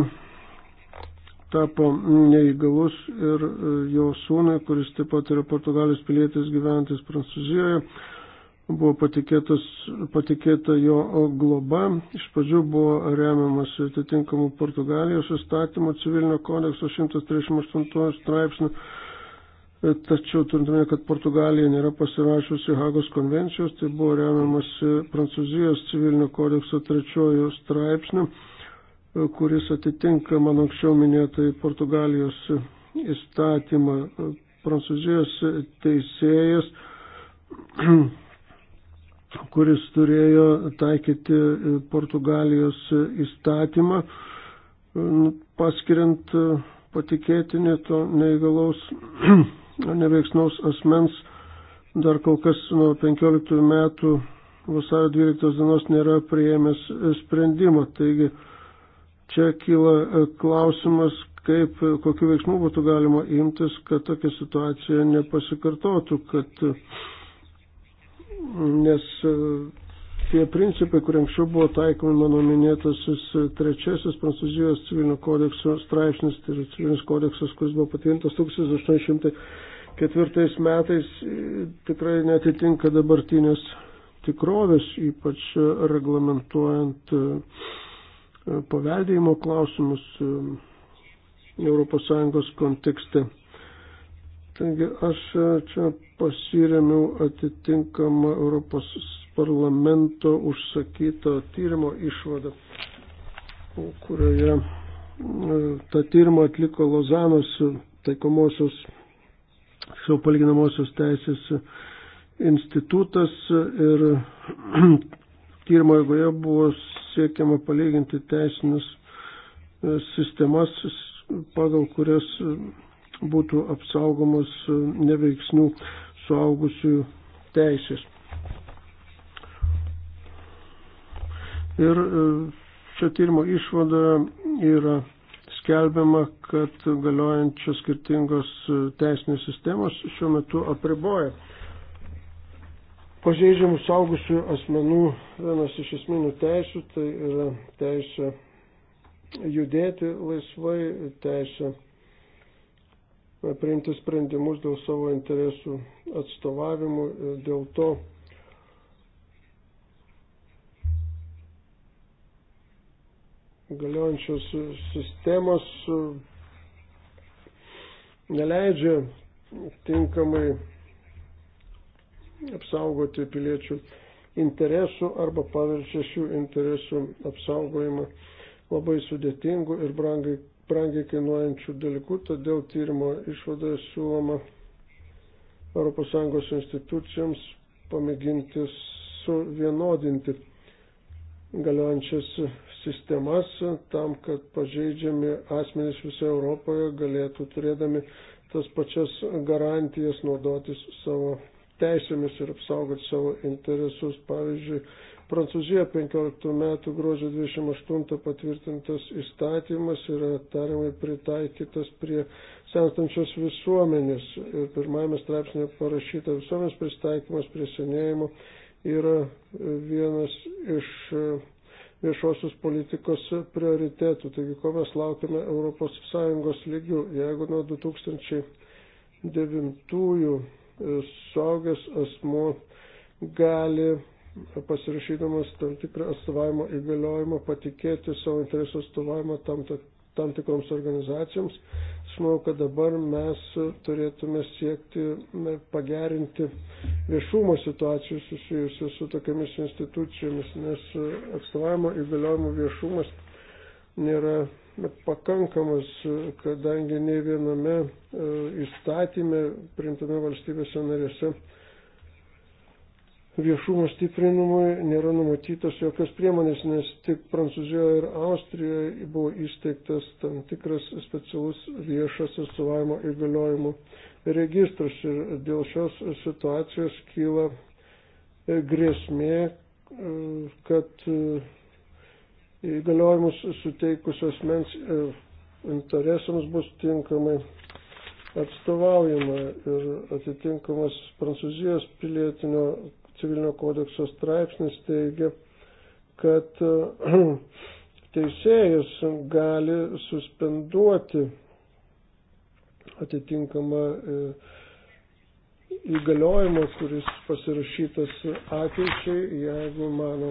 tapo neįgalus ir jo sūnui, kuris taip pat yra Portugalijos pilietis gyvenantis Prancūzijoje, buvo patikėta jo globa. Iš pradžių buvo remiamas atitinkamų Portugalijos įstatymo civilinio kodekso 138 straipsnių. Tačiau turintame, kad Portugalija nėra pasirašiusi Hagos konvencijos, tai buvo remiamas Prancūzijos civilinio kodekso trečiojo straipsnių, kuris atitinka man anksčiau minėtai Portugalijos įstatymą. Prancūzijos teisėjas kuris turėjo taikyti e, Portugalijos e, įstatymą, e, nu, paskiriant patikėtinį to neįgalaus neveiksnaus asmens, dar kol kas nuo 15 metų vasario 12 dienos nėra prieėmęs sprendimo. Taigi čia kyla klausimas, kaip, kokiu veiksmu būtų galima imtis, kad tokia situacija nepasikartotų, kad uh, nes e, tie principai, kurie anksčiau buvo taikomi mano minėtasis e, trečiasis Prancūzijos civilinio kodekso straipsnis, tai yra civilinis kodeksas, kuris buvo patvirtintas 1804 metais, e, tikrai netitinka dabartinės tikrovės, ypač reglamentuojant paveldėjimo klausimus ES kontekste. Taigi aš e, čia pasiremiau atitinkamą Europos parlamento užsakyto tyrimo išvadą, kurioje e, tą tyrimą atliko Lozanos taikomosios, šiau palyginamosios teisės institutas ir tyrimo eigoje buvo siekiama palyginti teisinius e, sistemas, pagal kurias būtų apsaugomos e, neveiksnių suaugusių teisės. Ir e, šio tyrimo išvada yra skelbiama, kad galiojančios skirtingos e, teisinės sistemos šiuo metu apriboja pažeidžiamų saugusių asmenų vienas iš esminių teisų, tai yra teisė judėti laisvai, teisė E, priimti sprendimus dėl savo interesų atstovavimų ir dėl to galiojančios sistemos e, neleidžia tinkamai apsaugoti piliečių interesų arba paverčia šių interesų apsaugojimą labai sudėtingų ir brangai brangiai kainuojančių dalykų, todėl tyrimo išvadoje siūloma ES institucijoms pamėginti suvienodinti galiojančias sistemas tam, kad pažeidžiami asmenys visoje Europoje galėtų turėdami tas pačias garantijas naudotis savo teisėmis ir apsaugoti savo interesus. Pavyzdžiui, Prancūzija 15 metų gruodžio 28 patvirtintas įstatymas yra tariamai pritaikytas prie senstančios visuomenės. Ir pirmajame straipsnėje parašyta visuomenės pristaikymas prie senėjimo yra vienas iš e, viešosios politikos prioritetų. Taigi, ko mes laukime ES lygių, jeigu nuo 2009 e, suaugęs asmo gali pasirašydamas tam tikrą atstovavimo įgaliojimą patikėti savo interesų atstovavimą tam, tam tikroms organizacijoms. Aš manau, kad dabar mes turėtume siekti pagerinti viešumo situacijų susijusių su tokiamis institucijomis, nes atstovavimo įgaliojimų viešumas nėra pakankamas, kadangi ne viename e, įstatymė primtame valstybėse narėse viešumo stiprinimui nėra numatytos jokios priemonės, nes tik Prancūzijoje ir Austrijoje buvo įsteigtas tam tikras specialus viešas atstovavimo įgaliojimų registras ir dėl šios situacijos kyla e, grėsmė, e, kad e, įgaliojimus suteikusios mens interesams bus tinkamai atstovaujama ir atitinkamas Prancūzijos pilietinio civilinio kodekso straipsnis teigia, kad teisėjas gali suspenduoti atitinkamą e, įgaliojimą, kuris pasirašytas ateičiai, jeigu mano,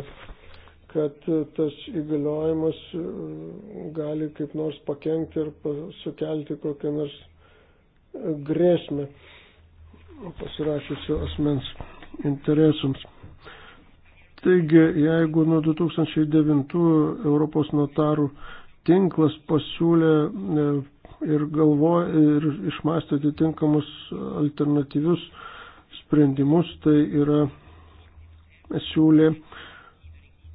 kad tas įgaliojimas e, gali kaip nors pakengti ir sukelti kokią nors e, grėsmę pasirašysiu asmens interesams. Taigi, jeigu nuo 2009 Europos notarų tinklas pasiūlė e, ir galvoja ir išmastė atitinkamus alternatyvius sprendimus, tai yra siūlė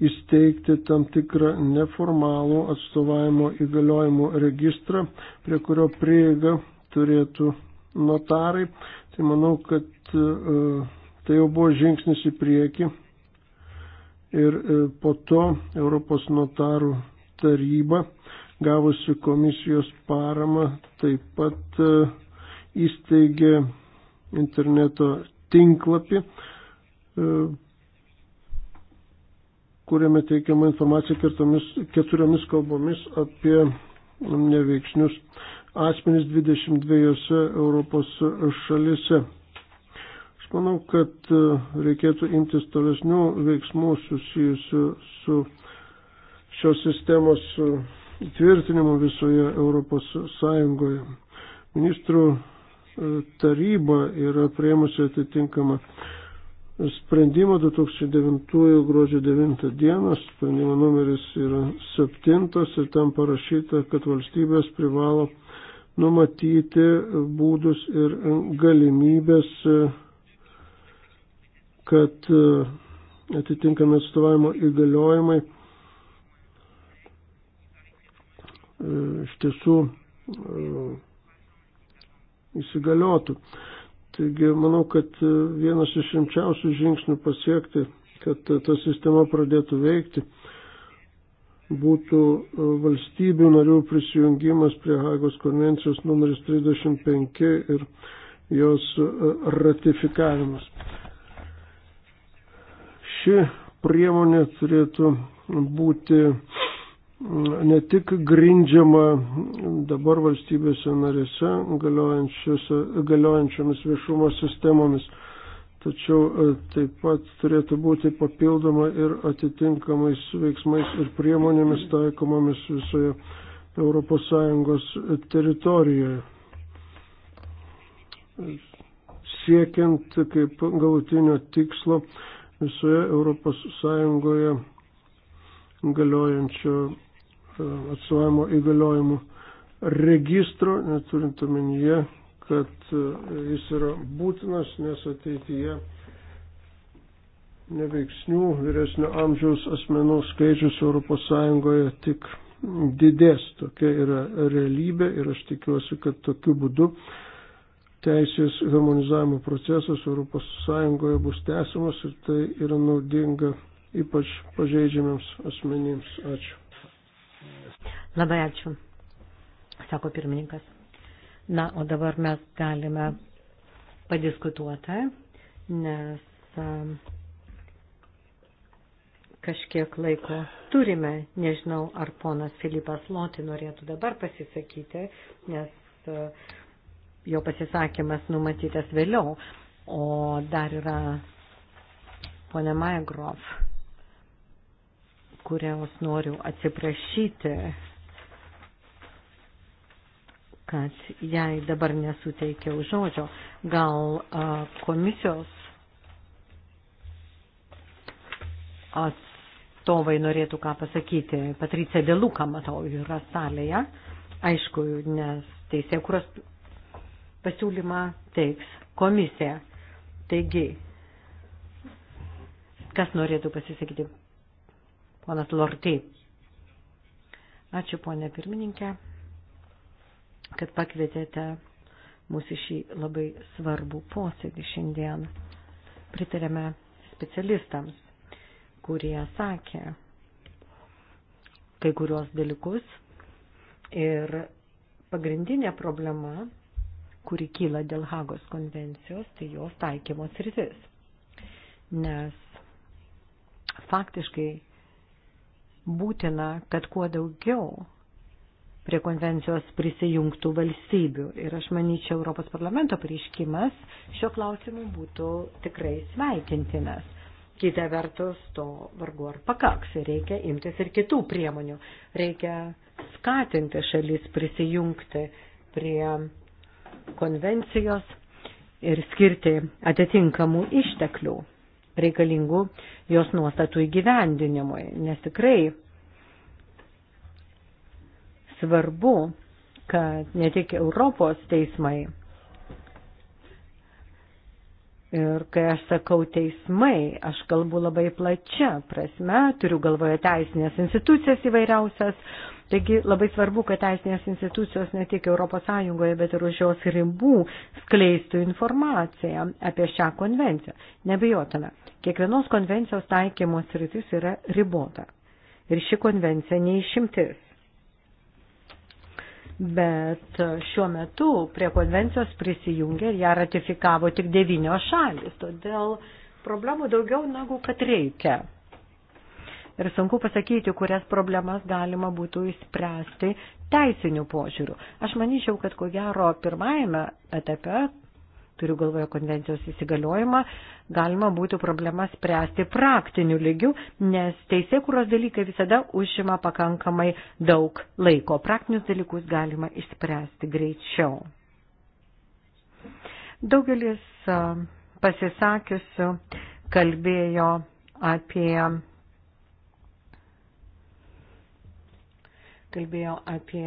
įsteigti tam tikrą neformalų atstovavimo įgaliojimų registrą, prie kurio prieiga turėtų notarai. Tai manau, kad uh, Tai jau buvo žingsnis į priekį. Ir e, po to Europos notarų taryba, gavusi komisijos paramą, taip pat e, įsteigė interneto tinklapį, e, kuriame teikiama informacija keturiomis kalbomis apie neveiksnius asmenys 22 Europos šalise. Aš manau, kad e, reikėtų imtis tolesnių veiksmų susijusių su šios sistemos e, įtvirtinimu visoje Europos Sąjungoje. Ministrų e, taryba yra prieimusi atitinkamą sprendimą 2009 gruodžio 9 dieną, sprendimo numeris yra 7 ir tam parašyta, kad valstybės privalo numatyti būdus ir galimybės kad e, atitinkami atstovavimo įgaliojimai e, iš tiesų e, įsigaliotų. Taigi manau, kad vienas iš rimčiausių žingsnių pasiekti, kad ta sistema pradėtų veikti, būtų valstybių narių prisijungimas prie Hagos konvencijos numeris 35 ir jos ratifikavimas. Ši priemonė turėtų būti mm, ne tik grindžiama dabar valstybėse narėse galiojančiomis viešumo sistemomis, tačiau e, taip pat turėtų būti papildoma ir atitinkamais veiksmais ir priemonėmis taikomomis visoje ES teritorijoje. Siekiant kaip galutinio tikslo visoje Europos Sąjungoje galiojančio e, atstovavimo įgaliojimų registro, neturint omenyje, kad e, jis yra būtinas, nes ateityje neveiksnių vyresnio amžiaus asmenų skaičius ES tik didės. Tokia yra realybė ir aš tikiuosi, kad tokiu būdu teisės harmonizavimo procesas ES bus tęsiamas ir tai yra naudinga ypač pažeidžiamiams asmenims. Ačiū. Labai ačiū, sako pirmininkas. Na, o dabar mes galime padiskutuoti, nes kažkiek laiko turime. Nežinau, ar ponas Filipas Loti norėtų dabar pasisakyti, nes jo pasisakymas numatytas vėliau, o dar yra ponia Majegrov, kurios noriu atsiprašyti, kad jai dabar nesuteikiau žodžio. Gal a, komisijos atstovai norėtų ką pasakyti. Patricija Deluka, matau, yra salėje. Aišku, nes teisėkuros pasiūlymą teiks komisija. Taigi, kas norėtų pasisakyti? Ponas Lortai. Ačiū, ponė pirmininkė, kad pakvietėte mūsų šį labai svarbų posėdį šiandien. Pritarėme specialistams, kurie sakė kai kurios dalykus. Ir pagrindinė problema kuri kyla dėl Hagos konvencijos, tai jos taikymos rytis. Nes faktiškai būtina, kad kuo daugiau prie konvencijos prisijungtų valstybių. Ir aš manyčiau, Europos parlamento prieškimas šio klausimu būtų tikrai sveikintinas. Kita vertus, to vargu ar pakaks. Reikia imtis ir kitų priemonių. Reikia skatinti šalis prisijungti prie konvencijos ir skirti atitinkamų išteklių reikalingų jos nuostatų įgyvendinimui, nes tikrai svarbu, kad ne tik Europos teismai Ir kai aš sakau teismai, aš kalbu labai plačia prasme, turiu galvoje teisinės institucijas įvairiausias, Taigi labai svarbu, kad teisinės institucijos ne tik ES, bet ir už jos ribų skleistų informaciją apie šią konvenciją. Nebijotame, kiekvienos konvencijos taikymos rytis yra ribota. Ir ši konvencija neišimtis. Bet šiuo metu prie konvencijos prisijungė ir ją ratifikavo tik devynios šalis, todėl problemų daugiau negu kad reikia ir sunku pasakyti, kurias problemas galima būtų įspręsti teisinių požiūrių. Aš manyčiau, kad ko gero pirmajame etape, turiu galvoje konvencijos įsigaliojimą, galima būtų problemas spręsti praktiniu lygiu, nes teisėkuros dalykai visada užima pakankamai daug laiko. Praktinius dalykus galima išspręsti greičiau. Daugelis pasisakiusių kalbėjo apie kalbėjo apie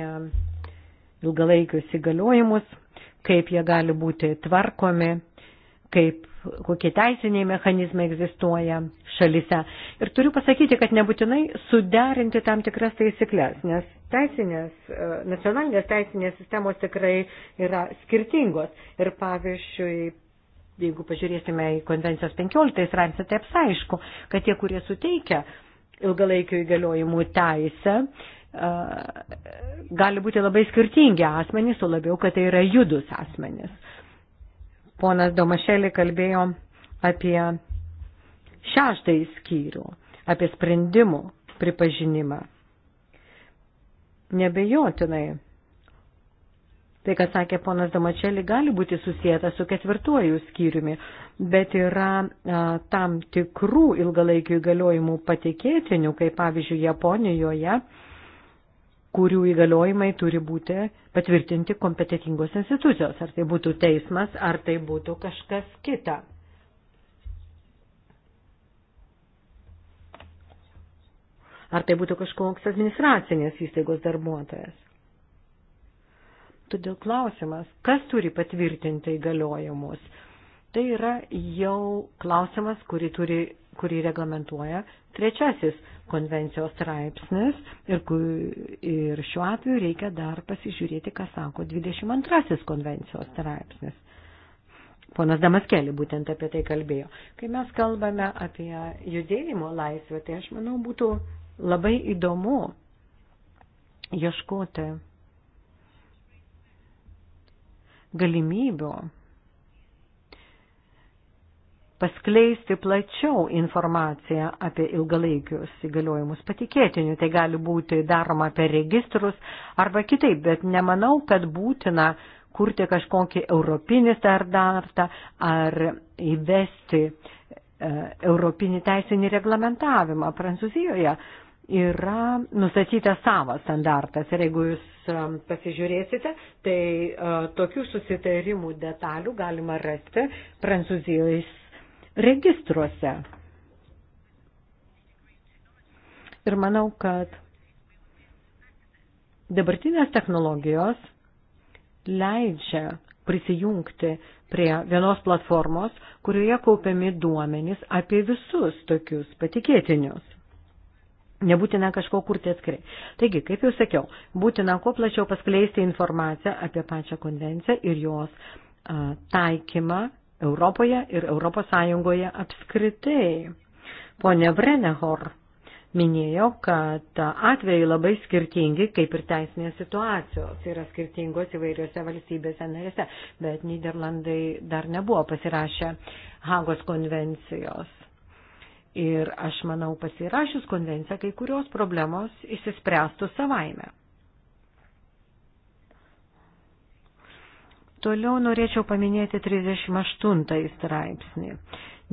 ilgalaikius įgaliojimus, kaip jie gali būti tvarkomi, kaip, kokie teisiniai mechanizmai egzistuoja šalise. Ir turiu pasakyti, kad nebūtinai suderinti tam tikras taisyklės, nes teisinės, e, nacionalinės teisinės sistemos tikrai yra skirtingos. Ir pavyzdžiui, jeigu pažiūrėsime į konvencijos 15 straipsnį, tai apsaišku, kad tie, kurie suteikia ilgalaikio įgaliojimų teisę, gali būti labai skirtingi asmenys, o labiau, kad tai yra judus asmenys. Ponas Domašelė kalbėjo apie šeštąjį skyrių, apie sprendimų pripažinimą. Nebejotinai. Tai, ką sakė ponas Domačelį, gali būti susijęta su ketvirtuoju skyriumi, bet yra a, tam tikrų ilgalaikių įgaliojimų patikėtinių, kaip pavyzdžiui Japonijoje, a, kurių įgaliojimai turi būti patvirtinti kompetitingos institucijos, ar tai būtų teismas, ar tai būtų kažkas kita. Ar tai būtų kažkoks administracinės įstaigos darbuotojas. Todėl klausimas, kas turi patvirtinti įgaliojimus, tai yra jau klausimas, kurį turi kurį reglamentuoja trečiasis konvencijos straipsnis ir, ir šiuo atveju reikia dar pasižiūrėti, ką sako 22 konvencijos straipsnis. Ponas Damaskeli būtent apie tai kalbėjo. Kai mes kalbame apie judėjimo laisvę, tai aš manau būtų labai įdomu ieškoti galimybių paskleisti plačiau informaciją apie ilgalaikius įgaliojimus patikėtinių. Tai gali būti daroma per registrus arba kitaip, bet nemanau, kad būtina kurti kažkokį europinį standartą ar įvesti e, europinį teisinį reglamentavimą. Prancūzijoje yra nustatytas savas standartas. Ir jeigu jūs e, pasižiūrėsite, tai e, tokių susitarimų detalių galima rasti Prancūzijos registruose. Ir manau, kad dabartinės technologijos leidžia prisijungti prie vienos platformos, kurioje kaupiami duomenys apie visus tokius patikėtinius. Nebūtina kažko kurti atskirai. Taigi, kaip jau sakiau, būtina kuo plačiau paskleisti informaciją apie pačią konvenciją ir jos a, taikymą Europoje ir Europos Sąjungoje apskritai. Pone Vrenehor minėjo, kad atvejai labai skirtingi, kaip ir teisinės situacijos tai yra skirtingos įvairiose valstybėse narėse, bet Niderlandai dar nebuvo pasirašę Hagos konvencijos. Ir aš manau, pasirašius konvenciją, kai kurios problemos įsispręstų savaime. Toliau norėčiau paminėti 38 straipsnį.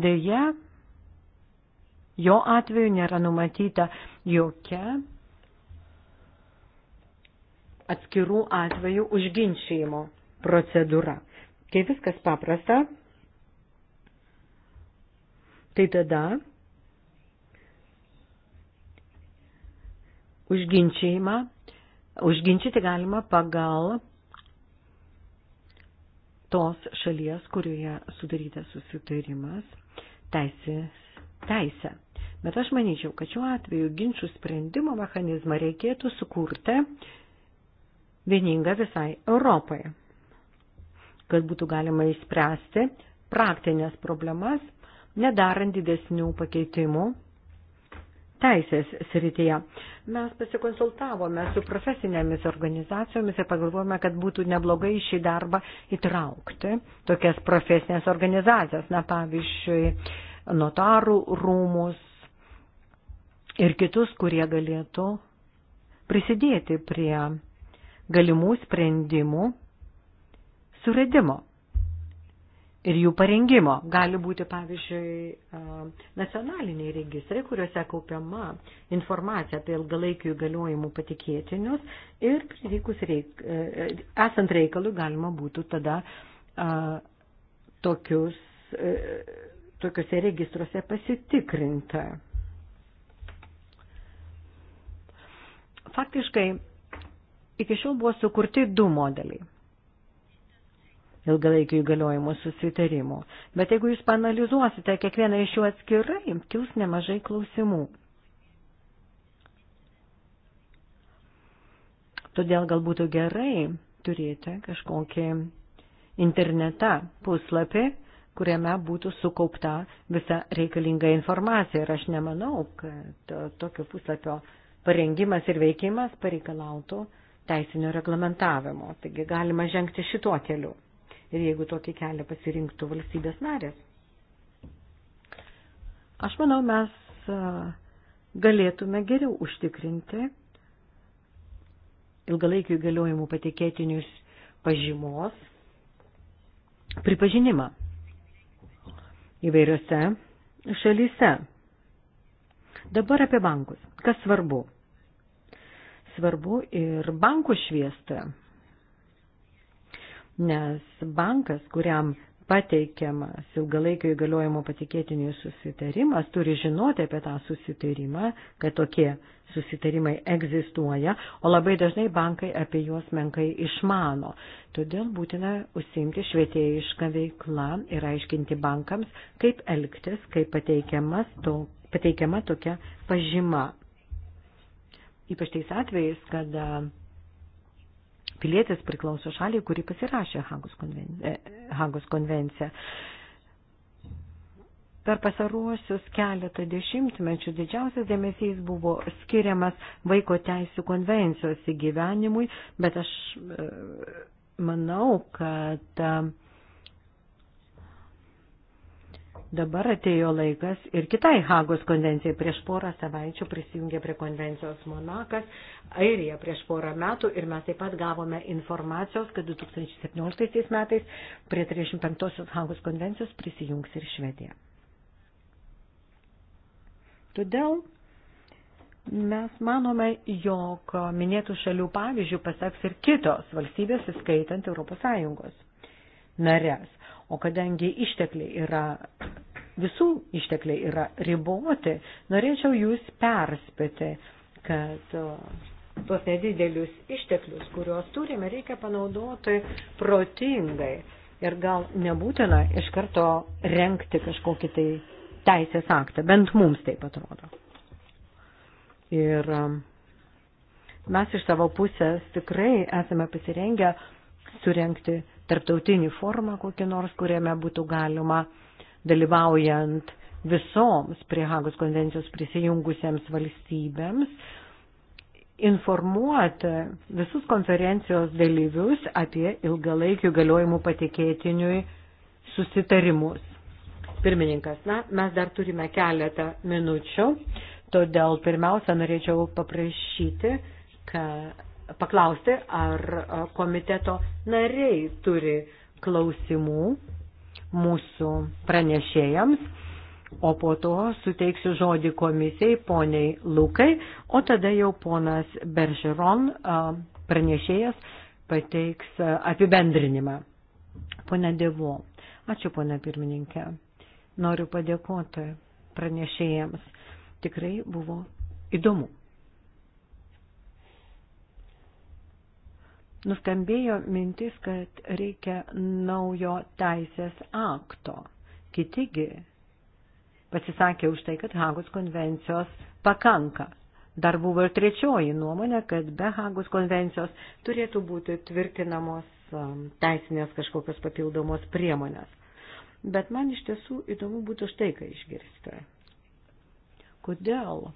Deja, jo atveju nėra numatyta jokia atskirų atvejų užginčymo procedūra. Kai viskas paprasta, tai tada užginčymą, užginčyti galima pagal tos šalies, kurioje sudarytas susitarimas teisės, teisę. Bet aš manyčiau, kad šiuo atveju ginčių sprendimo mechanizmą reikėtų sukurti vieningą visai Europai, kad būtų galima įspręsti praktinės problemas, nedarant didesnių pakeitimų teisės srityje. Mes pasikonsultavome su profesinėmis organizacijomis ir pagalvojome, kad būtų neblogai šį darbą įtraukti tokias profesinės organizacijas, na pavyzdžiui, notarų rūmus ir kitus, kurie galėtų prisidėti prie galimų sprendimų suredimo ir jų parengimo. Gali būti, pavyzdžiui, nacionaliniai registrai, kuriuose kaupiama informacija apie ilgalaikių įgaliojimų patikėtinius ir reik, e, e, esant reikalui galima būtų tada tokius, e, tokiuose registruose pasitikrinti. Faktiškai, iki šiol buvo sukurti du modeliai ilgalaikių įgaliojimų susitarimų. Bet jeigu jūs panalizuosite kiekvieną iš jų atskirai, kils nemažai klausimų. Todėl gal būtų gerai turėti kažkokį internetą puslapį, kuriame būtų sukaupta visa reikalinga informacija. Ir aš nemanau, kad tokio puslapio parengimas ir veikimas pareikalautų teisinio reglamentavimo. Taigi galima žengti šituo keliu ir jeigu tokį kelią pasirinktų valstybės narės. Aš manau, mes galėtume geriau užtikrinti ilgalaikių įgaliojimų patikėtinius pažymos pripažinimą įvairiose šalyse. Dabar apie bankus. Kas svarbu? Svarbu ir bankų šviestoje nes bankas, kuriam pateikiamas ilgalaikio įgaliojimo patikėtinių susitarimas, turi žinoti apie tą susitarimą, kad tokie susitarimai egzistuoja, o labai dažnai bankai apie juos menkai išmano. Todėl būtina užsimti švietėjišką veiklą ir aiškinti bankams, kaip elgtis, kaip to, pateikiama tokia pažyma. Ypač tais atvejais, kada pilietis priklauso šaliai, kuri pasirašė Hagos konvenciją. E, Hagos konvenciją. Per pasaruosius keletą dešimtmečių didžiausias dėmesys buvo skiriamas vaiko teisų konvencijos įgyvenimui, bet aš e, manau, kad e, Dabar atėjo laikas ir kitai Hagos konvencijai. Prieš porą savaičių prisijungė prie konvencijos Monakas, Airija prieš porą metų ir mes taip pat gavome informacijos, kad 2017 metais prie 35-osios Hagos konvencijos prisijungs ir Švedija. Todėl mes manome, jog minėtų šalių pavyzdžių pasaks ir kitos valstybės, įskaitant ES narės. O kadangi ištekliai yra, visų ištekliai yra riboti, norėčiau jūs perspėti, kad tuos nedidelius išteklius, kuriuos turime, reikia panaudoti protingai. Ir gal nebūtina iš karto renkti kažkokį tai teisės aktą, bent mums taip atrodo. Ir um, mes iš savo pusės tikrai esame pasirengę surenkti tarptautinį formą kokį nors, kuriame būtų galima dalyvaujant visoms prie Hagos konvencijos prisijungusiems valstybėms informuoti visus konferencijos dalyvius apie ilgalaikių galiojimų patikėtiniui susitarimus. Pirmininkas, na, mes dar turime keletą minučių, todėl pirmiausia norėčiau paprašyti, kad paklausti, ar e, komiteto nariai turi klausimų mūsų pranešėjams, o po to suteiksiu žodį komisijai poniai Lukai, o tada jau ponas Beržeron e, pranešėjas pateiks e, apibendrinimą. Pone Dievu, ačiū pone pirmininkė. Noriu padėkoti pranešėjams. Tikrai buvo įdomu. Nuskambėjo mintis, kad reikia naujo teisės akto. Kitigi pasisakė už tai, kad Hagos konvencijos pakanka. Dar buvo ir trečioji nuomonė, kad be Hagos konvencijos turėtų būti tvirtinamos um, teisinės kažkokios papildomos priemonės. Bet man iš tiesų įdomu būtų štai ką išgirsti. Kodėl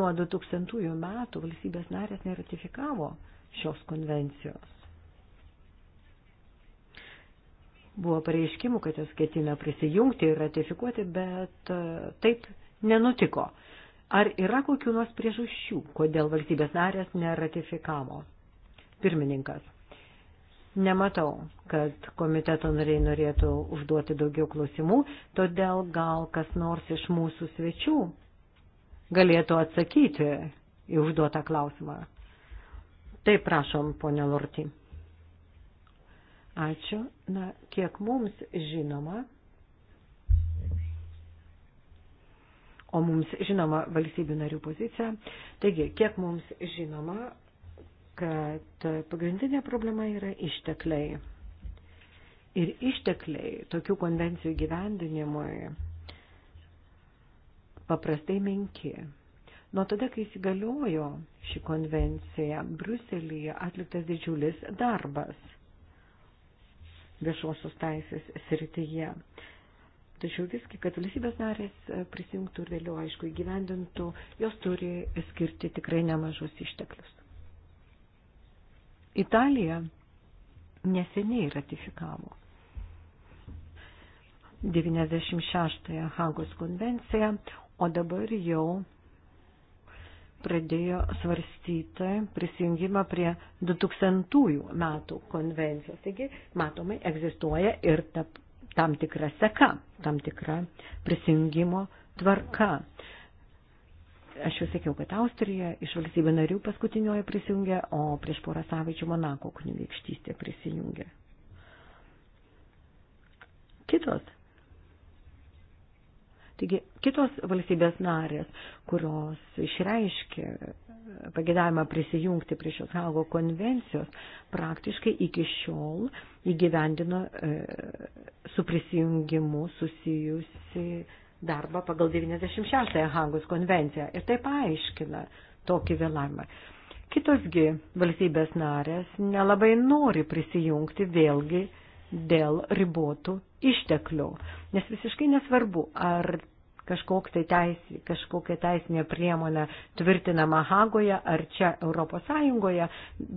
nuo 2000 metų valstybės narės neratifikavo šios konvencijos. Buvo pareiškimų, kad jos ketina prisijungti ir ratifikuoti, bet e, taip nenutiko. Ar yra kokių nors priežasčių, kodėl valstybės narės neratifikavo? Pirmininkas. Nematau, kad komiteto nariai norėtų užduoti daugiau klausimų, todėl gal kas nors iš mūsų svečių galėtų atsakyti į užduotą klausimą. Taip, prašom, ponia Lorti. Ačiū. Na, kiek mums žinoma, o mums žinoma valstybių narių pozicija, taigi, kiek mums žinoma, kad pagrindinė problema yra ištekliai. Ir ištekliai tokių konvencijų gyvendinimui paprastai menki. Nuo tada, kai įsigaliojo ši konvencija, Bruselėje atliktas didžiulis darbas viešosios teisės srityje. Tačiau visgi, kad valstybės narės prisimtų ir vėliau, aišku, įgyvendintų, jos turi skirti tikrai nemažus išteklius. Italija neseniai ratifikavo 96 Hagos konvenciją, o dabar jau pradėjo svarstyti prisijungimą prie 2000 metų konvencijos. Taigi, matomai, egzistuoja ir ta, tam tikra seka, tam tikra prisijungimo tvarka. Aš jau sakiau, kad Austrija iš valstybių narių paskutinioje prisijungė, o prieš porą savaičių Monako kunigaikštystė prisijungė. Kitos Taigi kitos valstybės narės, kurios išreiškė pagėdavimą prisijungti prie šios Hago konvencijos, praktiškai iki šiol įgyvendino e, su prisijungimu susijusi darbą pagal 96 Hagos konvenciją. Ir tai paaiškina tokį vėlavimą. Kitosgi valstybės narės nelabai nori prisijungti vėlgi dėl ribotų išteklių. Nes visiškai nesvarbu, ar tai teis, kažkokia teisinė priemonė tvirtinama Hagoje ar čia Europos Sąjungoje,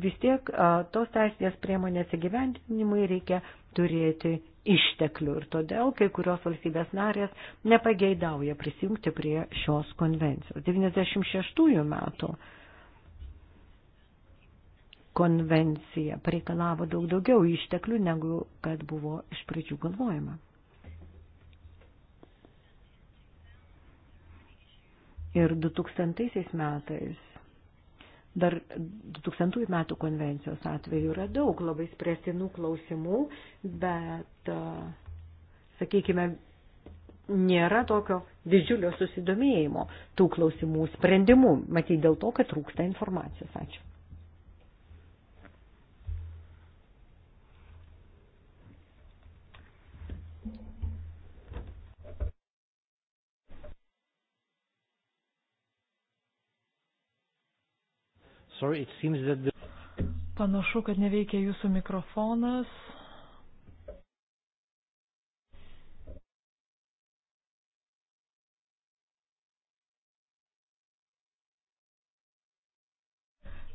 vis tiek tos teisinės priemonės įgyvendinimui reikia turėti išteklių ir todėl kai kurios valstybės narės nepageidauja prisijungti prie šios konvencijos. 96 metų konvencija pareikalavo daug daugiau išteklių, negu kad buvo iš pradžių galvojama. Ir 2000 metais, dar 2000 metų konvencijos atveju yra daug labai spręstinų klausimų, bet, sakykime, nėra tokio didžiulio susidomėjimo tų klausimų sprendimų, matyt dėl to, kad trūksta informacijos. Ačiū. sorry, it seems that the... Panašu, kad neveikia jūsų mikrofonas.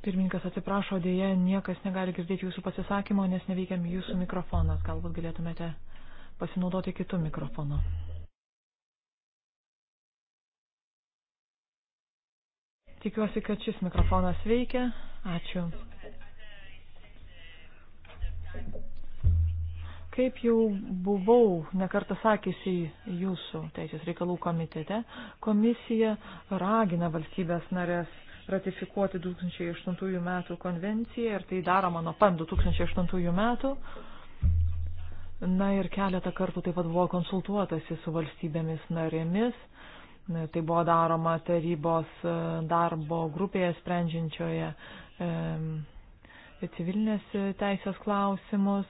Pirmininkas atsiprašo, dėje niekas negali girdėti jūsų pasisakymo, nes neveikia jūsų mikrofonas. Galbūt galėtumėte pasinaudoti kitų mikrofonų. Tikiuosi, kad šis mikrofonas veikia. Ačiū. Kaip jau buvau nekartą sakysi jūsų teisės reikalų komitete, komisija ragina valstybės narės ratifikuoti 2008 metų konvenciją ir tai daroma nuo pat 2008 metų. Na ir keletą kartų taip pat buvo konsultuotasi su valstybėmis narėmis Tai buvo daroma tarybos e, darbo grupėje sprendžiančioje civilinės teisės klausimus.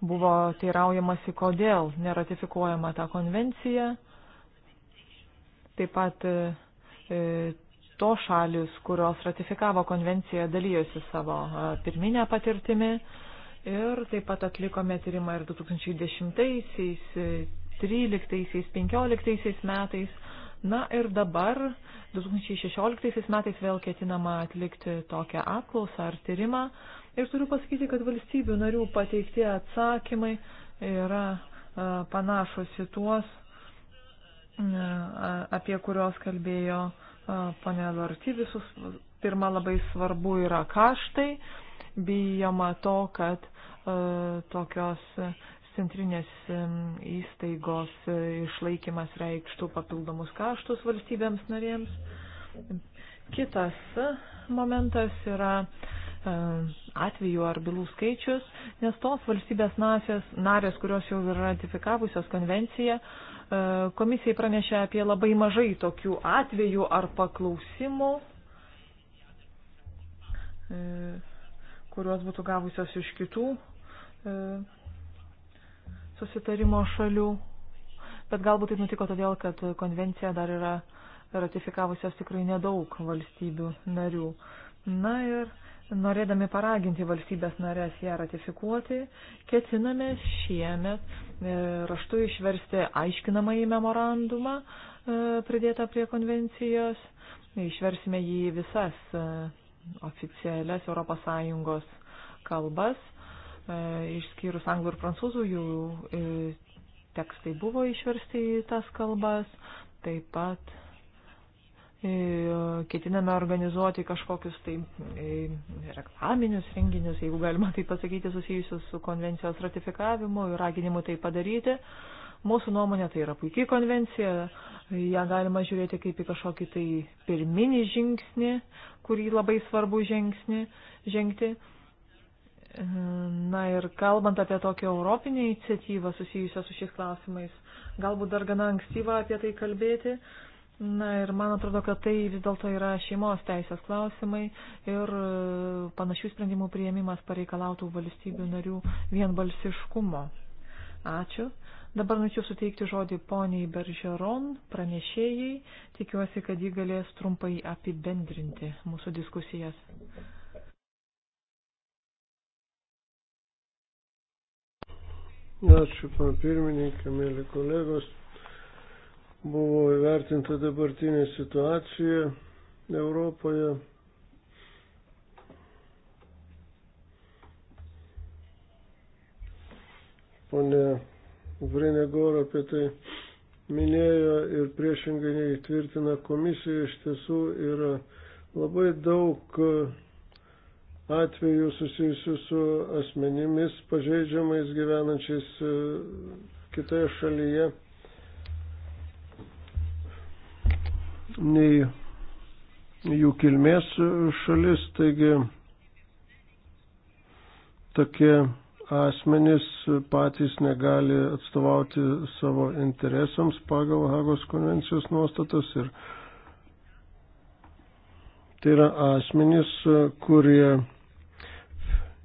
Buvo teiraujamasi, kodėl neratifikuojama ta konvencija. Taip pat e, e, to šalis, kurios ratifikavo konvenciją, dalyjosi savo pirminę patirtimį. Ir taip pat atlikome tyrimą ir 2010-aisiais 13-15 metais. Na ir dabar 2016 metais vėl ketinama atlikti tokią apklausą ar tyrimą. Ir turiu pasakyti, kad valstybių narių pateikti atsakymai yra panašus į tuos, apie kuriuos kalbėjo ponė Lorti. Visus pirma labai svarbu yra kaštai. Bijoma to, kad tokios centrinės įstaigos e, išlaikymas reikštų papildomus kaštus valstybėms narėms. Kitas e, momentas yra e, atvejų ar bylų skaičius, nes tos valstybės nasės, narės, kurios jau yra ratifikavusios konvenciją, komisijai pranešė apie labai mažai tokių atvejų ar paklausimų, kuriuos būtų gavusios iš kitų susitarimo šalių. Bet galbūt taip nutiko todėl, kad konvenciją dar yra ratifikavusios tikrai nedaug valstybių narių. Na ir norėdami paraginti valstybės narės ją ratifikuoti, ketiname šiemet e, raštu išversti aiškinamąjį memorandumą e, pridėtą prie konvencijos. Išversime jį visas e, oficialias ES kalbas E, išskyrus anglų ir prancūzų, jų e, tekstai buvo išversti į tas kalbas, taip pat e, ketiname organizuoti kažkokius tai reklaminius renginius, jeigu galima tai pasakyti, susijusius su konvencijos ratifikavimu ir raginimu tai padaryti. Mūsų nuomonė tai yra puikiai konvencija, ją galima žiūrėti kaip į kažkokį tai pirminį žingsnį, kurį labai svarbu žingsnį, žengti. Na ir kalbant apie tokią europinę iniciatyvą susijusią su šiais klausimais, galbūt dar gana ankstyva apie tai kalbėti. Na ir man atrodo, kad tai vis dėlto yra šeimos teisės klausimai ir e, panašių sprendimų prieimimas pareikalautų valstybių narių vienbalsiškumo. Ačiū. Dabar norėčiau suteikti žodį poniai Beržeron, pranešėjai. Tikiuosi, kad ji galės trumpai apibendrinti mūsų diskusijas. Ačiū, pana pirmininkė, mėly kolegos. Buvo įvertinta dabartinė situacija Europoje. Pone Vrinegor apie tai minėjo ir priešingai nei tvirtina komisija, iš tiesų yra labai daug atvejų susijusių su asmenimis pažeidžiamais gyvenančiais e, kitoje šalyje nei jų kilmės šalis, taigi tokie asmenys patys negali atstovauti savo interesams pagal Hagos konvencijos nuostatas ir tai yra asmenys, kurie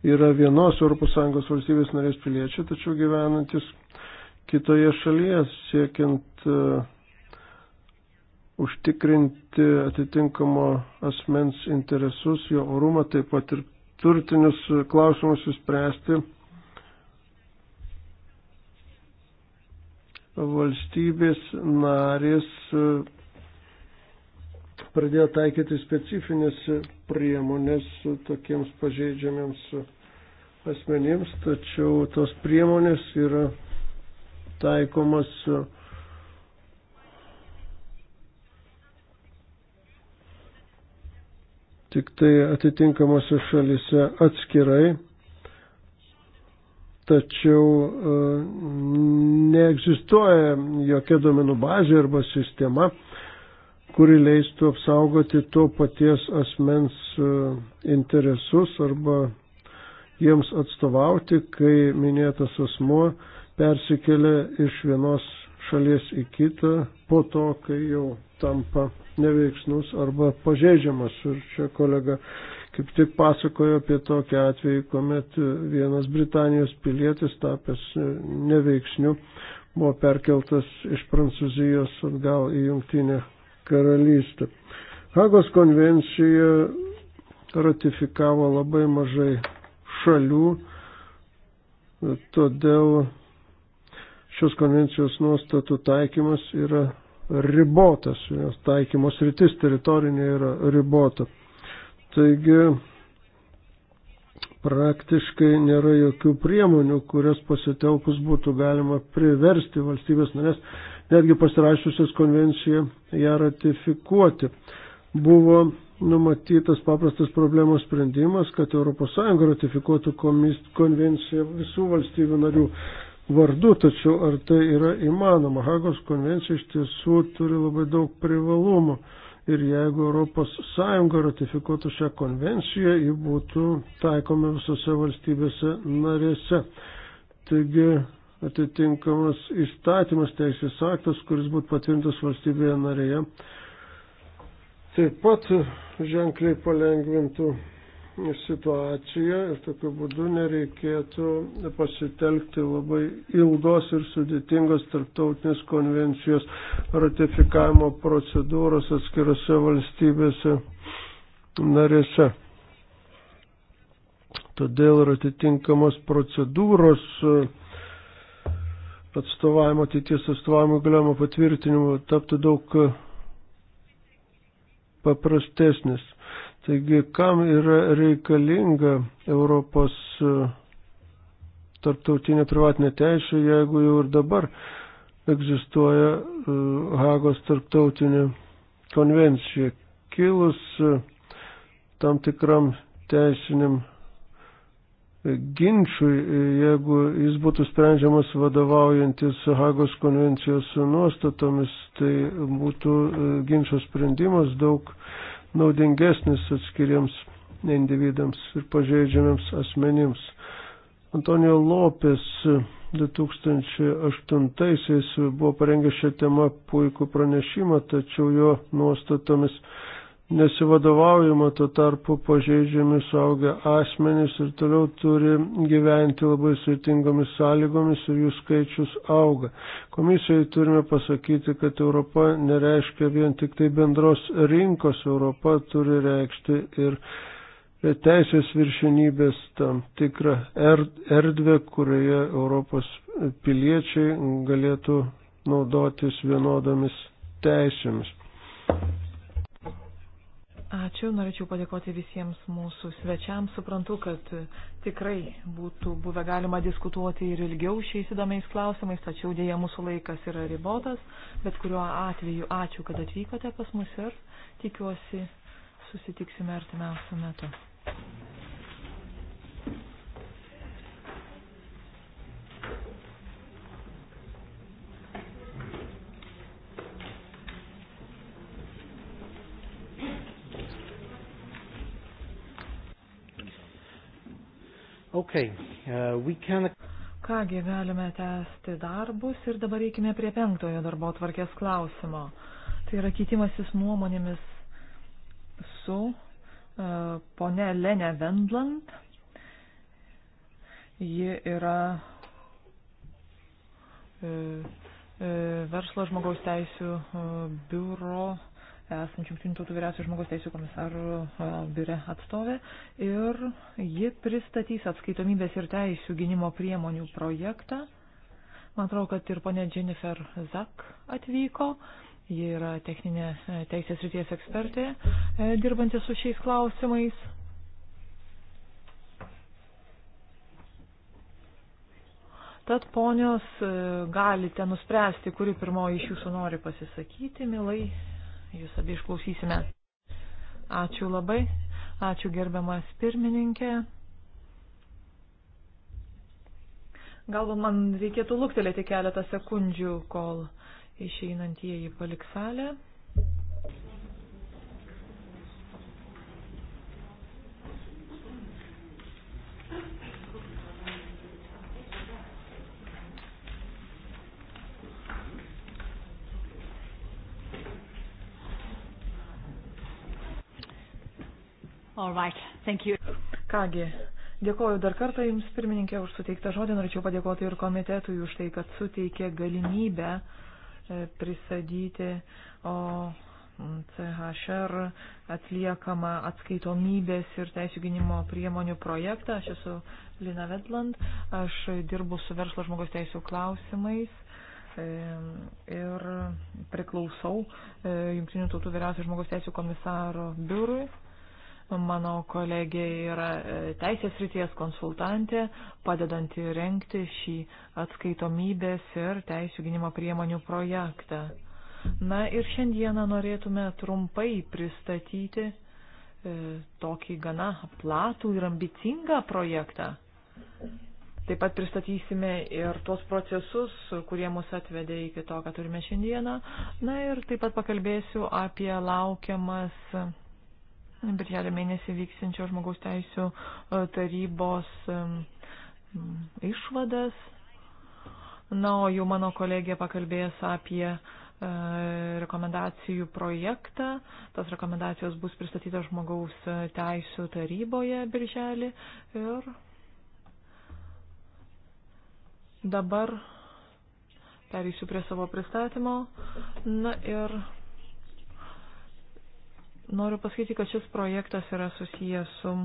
yra vienos ES valstybės narės piliečiai, tačiau gyvenantis kitoje šalyje siekiant e, užtikrinti atitinkamo asmens interesus, jo orumą, taip pat ir turtinius klausimus įspręsti. Valstybės narės e, pradėjo taikyti specifinės priemonės tokiems pažeidžiamiems asmenims, tačiau tos priemonės yra taikomas tik tai atitinkamose šalise atskirai, tačiau e, neegzistuoja jokia domenų bazė arba sistema, kuri leistų apsaugoti to paties asmens e, interesus arba jiems atstovauti, kai minėtas asmuo persikelia iš vienos šalies į kitą po to, kai jau tampa neveiksnus arba pažeidžiamas. Ir čia kolega kaip tik pasakojo apie tokį atvejį, kuomet vienas Britanijos pilietis tapęs neveiksniu buvo perkeltas iš Prancūzijos atgal į Jungtinę karalystę. Hagos konvencija ratifikavo labai mažai šalių, todėl šios konvencijos nuostatų taikymas yra ribotas, jos taikymos rytis teritorinė yra ribota. Taigi praktiškai nėra jokių priemonių, kurias pasitelkus būtų galima priversti valstybės narės, netgi pasirašiusias konvenciją, ją ratifikuoti. Buvo numatytas paprastas problemos sprendimas, kad ES ratifikuotų konvenciją visų valstybių narių vardu, tačiau ar tai yra įmanoma? Hagos konvencija iš tiesų turi labai daug privalumų ir jeigu ES ratifikuotų šią konvenciją, ji būtų taikoma visose valstybėse narėse. Taigi atitinkamas įstatymas teisės aktas, kuris būtų patvirtintas valstybėje narėje, taip pat ženkliai palengvintų situaciją ir tokiu būdu nereikėtų pasitelkti labai ilgos ir sudėtingos tarptautinės konvencijos ratifikavimo procedūros atskirose valstybėse narėse. Todėl ir atitinkamos procedūros atstovavimo, ateities atstovavimo galiojimo patvirtinimo taptų daug paprastesnis. Taigi, kam yra reikalinga Europos e, tarptautinė privatinė teisė, jeigu jau ir dabar egzistuoja e, Hagos tarptautinė konvencija. Kilus e, tam tikram teisiniam ginčiui, jeigu jis būtų sprendžiamas vadovaujantis Hagos konvencijos nuostatomis, tai būtų e, ginčio sprendimas daug naudingesnis atskiriams individams ir pažeidžiamiams asmenims. Antonijo Lopes 2008-aisiais e, buvo parengęs šią temą puikų pranešimą, tačiau jo nuostatomis nesivadovaujama tuo tarpu pažeidžiami suaugę asmenys ir toliau turi gyventi labai sveitingomis sąlygomis ir jų skaičius auga. Komisijai turime pasakyti, kad Europa nereiškia vien tik tai bendros rinkos, Europa turi reikšti ir teisės viršinybės tam tikrą er, erdvę, kurioje Europos piliečiai galėtų naudotis vienodomis teisėmis. Ačiū, norėčiau padėkoti visiems mūsų svečiams. Suprantu, kad tikrai būtų buvę galima diskutuoti ir ilgiau šiais įdomiais klausimais, tačiau dėja mūsų laikas yra ribotas, bet kuriuo atveju ačiū, kad atvykote pas mus ir tikiuosi susitiksime artimiausiu metu. Okay, uh, we can... Kągi galime tęsti darbus ir dabar reikime prie penktojo darbo tvarkės klausimo. Tai yra keitimasis nuomonėmis su uh, pone Lenė Vendland. Ji yra uh, uh, verslo žmogaus teisų uh, biuro uh, esančių jungtinių tautų vyriausių žmogaus teisų komisarų e, biure atstovė ir ji pristatys atskaitomybės ir teisų gynimo priemonių projektą. Man atrodo, kad ir ponė Jennifer Zak atvyko. Ji yra techninė e, teisės ryties ekspertė, e, dirbanti su šiais klausimais. Tad ponios galite nuspręsti, kuri pirmoji iš jūsų nori pasisakyti, milai jūs abi išklausysime. Ačiū labai, ačiū gerbiamas pirmininkė. Galbūt man reikėtų luktelėti keletą sekundžių, kol išeinantieji paliks salę. All right. Thank you. Kągi, dėkoju dar kartą Jums, pirmininkė, už suteiktą žodį. Norėčiau padėkoti ir komitetui už tai, kad suteikė galimybę e, pristatyti CHR atliekamą atskaitomybės ir teisų gynimo priemonių projektą. Aš esu Lina Vedland, aš dirbu su verslo žmogaus teisų klausimais e, ir priklausau e, Junktinių tautų vyriausios žmogaus teisų komisaro biurui. Mano kolegė yra e, teisės ryties konsultantė, padedanti renkti šį atskaitomybės ir teisų gynimo priemonių projektą. Na ir šiandieną norėtume trumpai pristatyti e, tokį gana platų ir ambicingą projektą. Taip pat pristatysime ir tuos procesus, kurie mus atvedė iki to, ką turime šiandieną. Na ir taip pat pakalbėsiu apie laukiamas birželio mėnesį vyksinčio žmogaus teisų e, tarybos išvadas. Na, o jau mano kolegė pakalbės apie e, rekomendacijų projektą. Tas rekomendacijos bus pristatytas žmogaus teisų taryboje birželį. Ir dabar pereisiu prie savo pristatymo. Na ir Noriu pasakyti, kad šis projektas yra susijęs su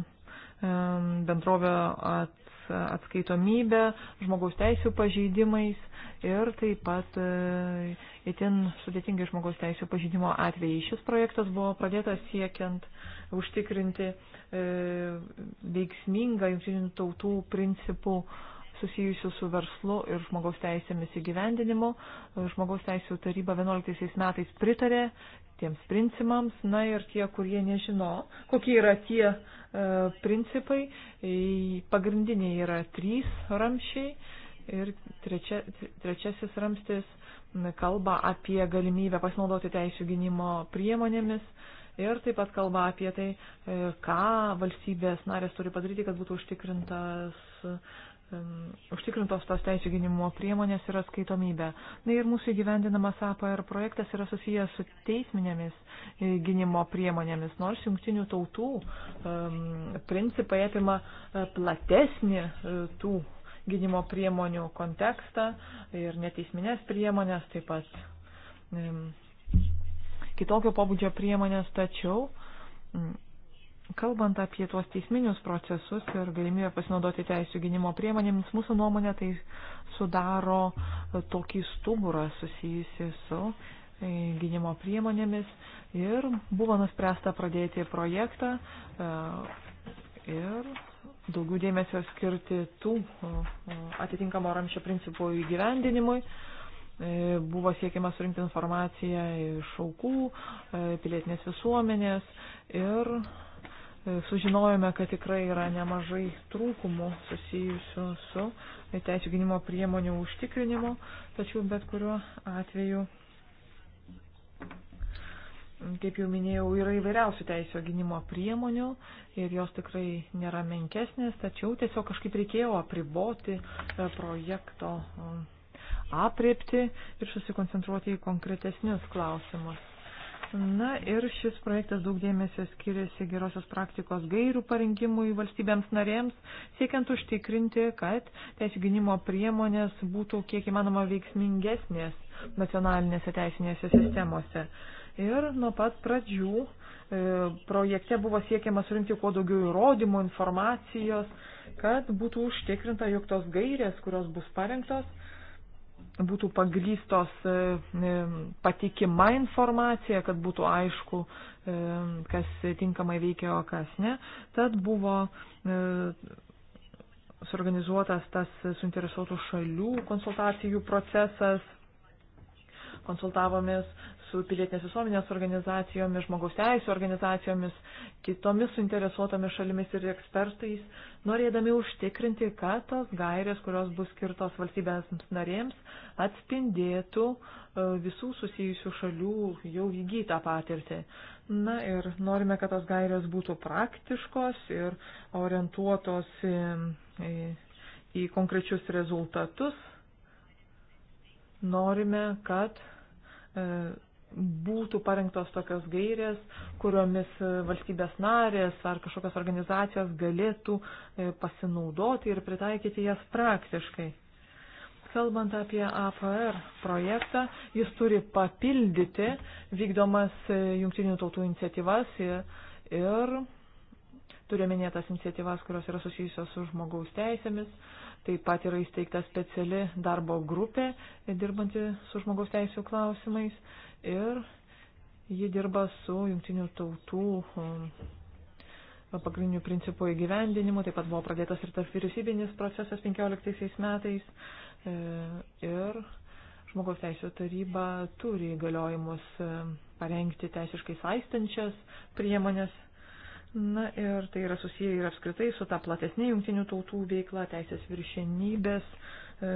bendrovė atskaitomybė, žmogaus teisų pažeidimais ir taip pat e, itin sudėtingai žmogaus teisų pažeidimo atvejai. Šis projektas buvo pradėtas siekiant užtikrinti e, veiksmingą jungtinių tautų principų susijusių su verslu ir žmogaus teisėmis įgyvendinimu. Žmogaus teisų taryba 11 metais pritarė tiems principams. Na ir tie, kurie nežino, kokie yra tie e, principai, e, pagrindiniai yra trys ramšiai. Ir trečia, trečiasis ramstis kalba apie galimybę pasinaudoti teisų gynimo priemonėmis ir taip pat kalba apie tai, e, ką valstybės narės turi padaryti, kad būtų užtikrintas um, užtikrintos tos teisų gynimo priemonės yra skaitomybė. Na ir mūsų įgyvendinamas APR projektas yra susijęs su teisminėmis e, gynimo priemonėmis, nors jungtinių tautų um, principai apima e, platesnį e, tų gynimo priemonių kontekstą ir neteisminės priemonės, taip pat um, kitokio pobūdžio priemonės, tačiau um, Kalbant apie tuos teisminius procesus ir galimybę pasinaudoti teisų gynimo priemonėmis, mūsų nuomonė tai sudaro tokį stuburą susijusi su e, gynimo priemonėmis ir buvo nuspręsta pradėti projektą e, ir daugiau dėmesio skirti tų e, atitinkamo ramščio principų įgyvendinimui buvo siekiama surinkti informaciją iš aukų, pilietinės visuomenės ir E, sužinojome, kad tikrai yra nemažai trūkumų susijusių su teisų gynimo priemonių užtikrinimu, tačiau bet kuriuo atveju, kaip jau minėjau, yra įvairiausių teisų gynimo priemonių ir jos tikrai nėra menkesnės, tačiau tiesiog kažkaip reikėjo apriboti e, projekto e, apriepti ir susikoncentruoti į konkretesnius klausimus. Na ir šis projektas daug dėmesio skiriasi gerosios praktikos gairių parengimui valstybėms narėms, siekiant užtikrinti, kad teisų gynimo priemonės būtų kiek įmanoma veiksmingesnės nacionalinėse teisinėse sistemose. Ir nuo pat pradžių e, projekte buvo siekiama surinkti kuo daugiau įrodymų, informacijos, kad būtų užtikrinta, jog tos gairės, kurios bus parengtos, būtų pagrystos e, e, patikima informacija, kad būtų aišku, e, kas tinkamai veikia, o kas ne. Tad buvo suorganizuotas tas suinteresuotų šalių konsultacijų procesas. Konsultavomės su pilietinės visuomenės organizacijomis, žmogaus teisų organizacijomis, kitomis suinteresuotomis šalimis ir ekspertais, norėdami užtikrinti, kad tos gairės, kurios bus skirtos valstybėms narėms, atspindėtų e, visų susijusių šalių jau įgytą patirtį. Na ir norime, kad tos gairės būtų praktiškos ir orientuotos į, į, į konkrečius rezultatus norime, kad e, būtų parengtos tokios gairės, kuriomis e, valstybės narės ar kažkokios organizacijos galėtų e, pasinaudoti ir pritaikyti jas praktiškai. Kalbant apie AFR projektą, jis turi papildyti vykdomas e, jungtinių tautų iniciatyvas ir turiu minėtas iniciatyvas, kurios yra susijusios su žmogaus teisėmis. Taip pat yra įsteigta speciali darbo grupė, dirbanti su žmogaus teisų klausimais ir ji dirba su jungtinių tautų um, pagrindinių principų įgyvendinimu. Taip pat buvo pradėtas ir tas vyriausybinis procesas 15 metais. E, ir žmogaus teisų taryba turi įgaliojimus e, parengti teisiškai saistančias priemonės. Na ir tai yra susiję ir apskritai su ta platesnė jungtinių tautų veikla, teisės viršenybės e,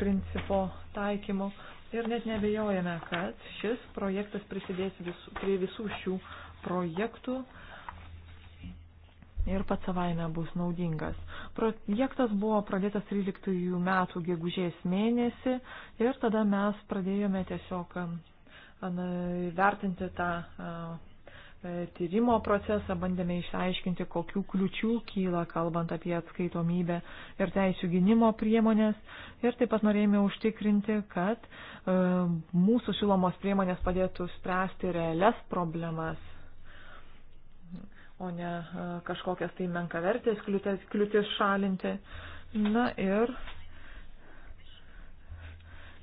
principo taikymu ir net nebejojame, kad šis projektas prisidės visų, prie visų šių projektų ir pats savaime bus naudingas. Projektas buvo pradėtas 13 metų gegužės mėnesį ir tada mes pradėjome tiesiog vertinti tą E, tyrimo procesą, bandėme išsiaiškinti, kokių kliučių kyla, kalbant apie atskaitomybę ir teisų gynimo priemonės. Ir taip pat norėjome užtikrinti, kad e, mūsų siūlomos priemonės padėtų spręsti realias problemas, o ne e, kažkokias tai menkavertės kliūtis, kliūtis šalinti. Na ir.